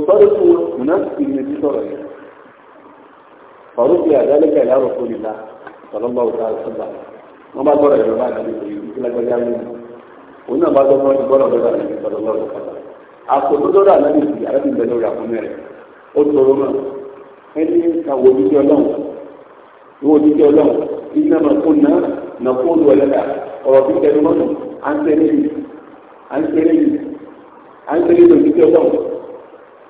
kẹ́kọ̀ọ́ faruki àdálẹ́kẹ̀ ìlàrọ̀ fún ìlà tọ̀lọ́gbà òkú àṣọba wọn bá gbọ́dọ̀ ìrọ̀lá àdàlẹ́ ìgbìlágbájá lónìí òun náà bá gbọ́ wọn gbọ́dọ̀ lọ́dọ̀ àdàlẹ́ tọ̀lọ́gbà òkú àṣọba àkótótó àdàlẹ́ ìgbì àdàlẹ́ ìgbẹ́ lórí àkómi rẹ̀ ó tóró náà ẹni kàwé ojúṣe ọlọ́run ìwé ojúṣe ọlọ́run iná nàkóná nàkóná ọ̀lẹ́dà ọ̀rọ̀ bí kẹrin mọ́tò à ń tẹ́lẹ̀ yìí à ń tẹ́lẹ̀ yìí à ń tẹ́lẹ̀ yìí ojúṣe ọlọ́run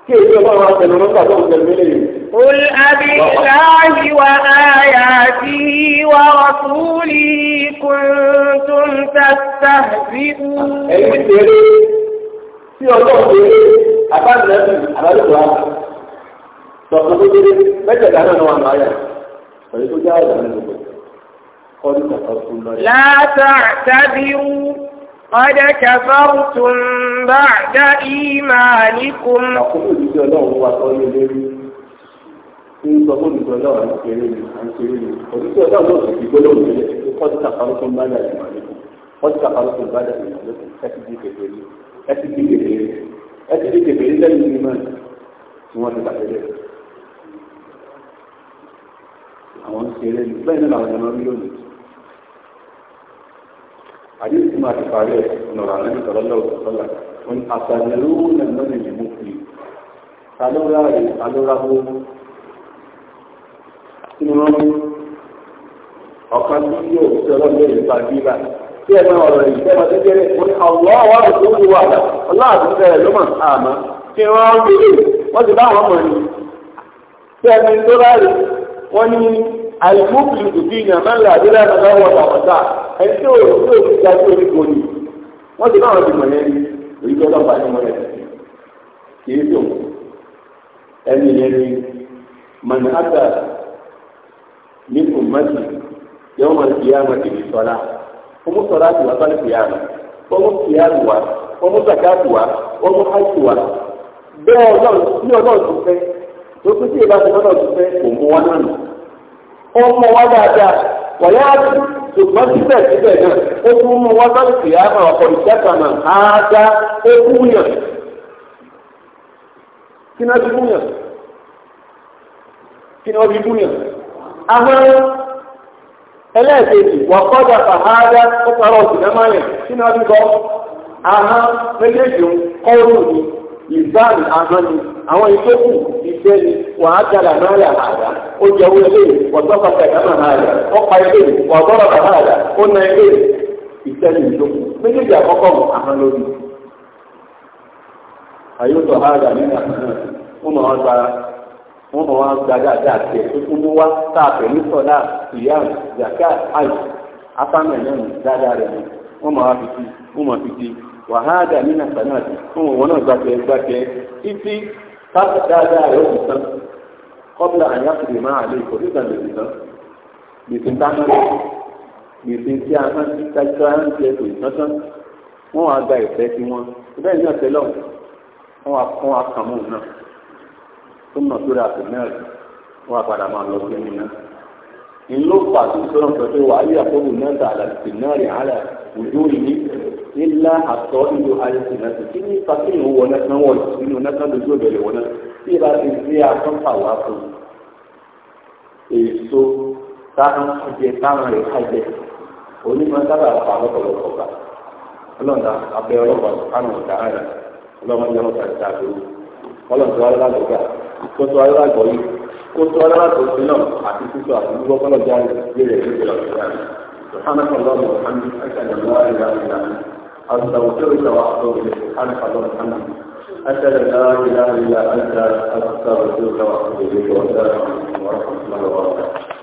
kí èyí ọlọ́run àtẹnu nígbà tó ń tẹ̀lé lẹ́yìn. قل أبالله وآياته ورسوله كنتم تستهزئون. ẹ̀yin ti rí tí ọlọ́run ti rí àbájáde àbájáde wa sọ̀tún tó ti rí mẹ́tẹ̀ẹ̀dá náà wà máa yà pẹ̀lú tó jẹ́ àyà nínú gbogbo. لا تعتذروا Ọdẹ kẹfọ́rù بَعْدَ إِيمَانِكُمْ bá dá ìmà níkùn. Àwọn ń lónìí. حديث ما في صحيح أن النبي صلى الله عليه وسلم من أتنرون من المفلي قالوا لا قالوا له ọ̀kan tí yóò ṣe ọlọ́run lè pàdé bá tí ẹ máa ọ̀rọ̀ yìí tẹ́wọ́ kékeré ó ní ọ̀wọ́ wa ló tó wù wà lá ọlọ́run ló mọ̀ àmọ́ kí wọ́n á wọ́n ti bá wọn mọ̀ ní. tí tó bá wọ́n ní àìmọ́bìlì tòbí ní àmàlà àdúrà àtàlà wọ̀ àtàwọ̀tà ẹni tí ò tí ò ti ga sí oníkó ni wọ́n ti náà ti mọ̀ yẹn ní èyí tó lọ́pàá ní mọ̀ yẹn kì í tó ẹni yẹn ní manhata ní kùmọ́tì yẹ́wọ́n máa fi yá máa tèmi sọ́lá ọmọ sọ́lá ti wá sọ́lá ti yá máa ọmọ ti yá wá ọmọ zakati wá ọmọ hajj wá bẹ́ẹ̀ ọlọ́run ní ọlọ́run tó fẹ́ tó tó tí ì ó mú wá dáadáa wọ̀nyá ṣùgbọ́n síbẹ̀síbẹ̀ náà ó tún mú wá bá ìyá náà ọkọ̀ ìjẹ́ta náà á ó kú yàn kí náà ti kú yàn kí náà ti kú yàn. àwọn ẹlẹ́ẹ̀kejì wọ́n kọ́jà fàhádá ó parọ́ òsì náà ìzáàlì ahọ́n ni àwọn ìtókù ìfẹ́ ni wà á náà yà ó jẹ owó ilé ó pa ilé na ilé ìfẹ́ ni ìtókù méjèèjì àkọ́kọ́ mọ̀ ahọ́n lórí. àyọ̀tọ̀ àyà nígbà náà wọ́n mọ̀ wọ́n mọ̀ wọ́n gba dáadáa tẹ̀ tó mú wá ìyá afáàmì dáadáa rẹ̀ wọ́n mọ̀ wàhádà nínú àtànáàdì fún òun náà gbàgbé gbàgbé títí táàkì dáadáa rẹ̀ òkú tán kọ́bílà àyàkùnrin máa lè kò nígbà lè rí tán gbèsè dáná gbèsè tí a máa ti dájú ara ń jẹ pèsè tán wọ́n wàá gba ìfẹ́ sí wọn bẹ́ẹ̀ ní ọ̀sẹ̀ lọ́wọ́ wọ́n wàá kọ́ akàmú náà tó mọ̀ sórí àtẹ̀mẹ́rin wọ́n wàá padà máa lọ sí ẹni náà ìlú pàtó sọ̀rọ̀ pẹ̀lú wà ayé àkókò náà dà àlàtì náà rìn àlà òjò yìí nílá àtọ́ ìlú àlàtì náà ti kí ní pàtó ìlú wọn náà wọ̀ nínú náà lójú ìbẹ̀rẹ̀ wọn náà tí ìbá ti sí àtọ́pà wà fún èso táwọn jẹ táwọn rẹ̀ kájẹ onímọ̀ sábà pa lọ́pọ̀lọpọ̀ gbà ọlọ́dà abẹ́ ọlọ́pàá kánú ọ̀dà rẹ̀ ọlọ́mọdé ọlọ́pàá ti dàgbò ọlọ́dà alágbègbà kótó alágbọ̀ yìí kó tó alábàtò sí náà àti sísọ àti gbígbọ́ kọ́lọ̀ jáde lórí ẹ̀sìn ìjọba ìjọba سبحانك اللهم وبحمدك أشهد أن لا إله إلا أنت أستغفرك وأتوب إليك سبحانك اللهم وبحمدك أشهد أن لا إله إلا أنت أستغفرك وأتوب إليك والسلام عليكم ورحمة الله وبركاته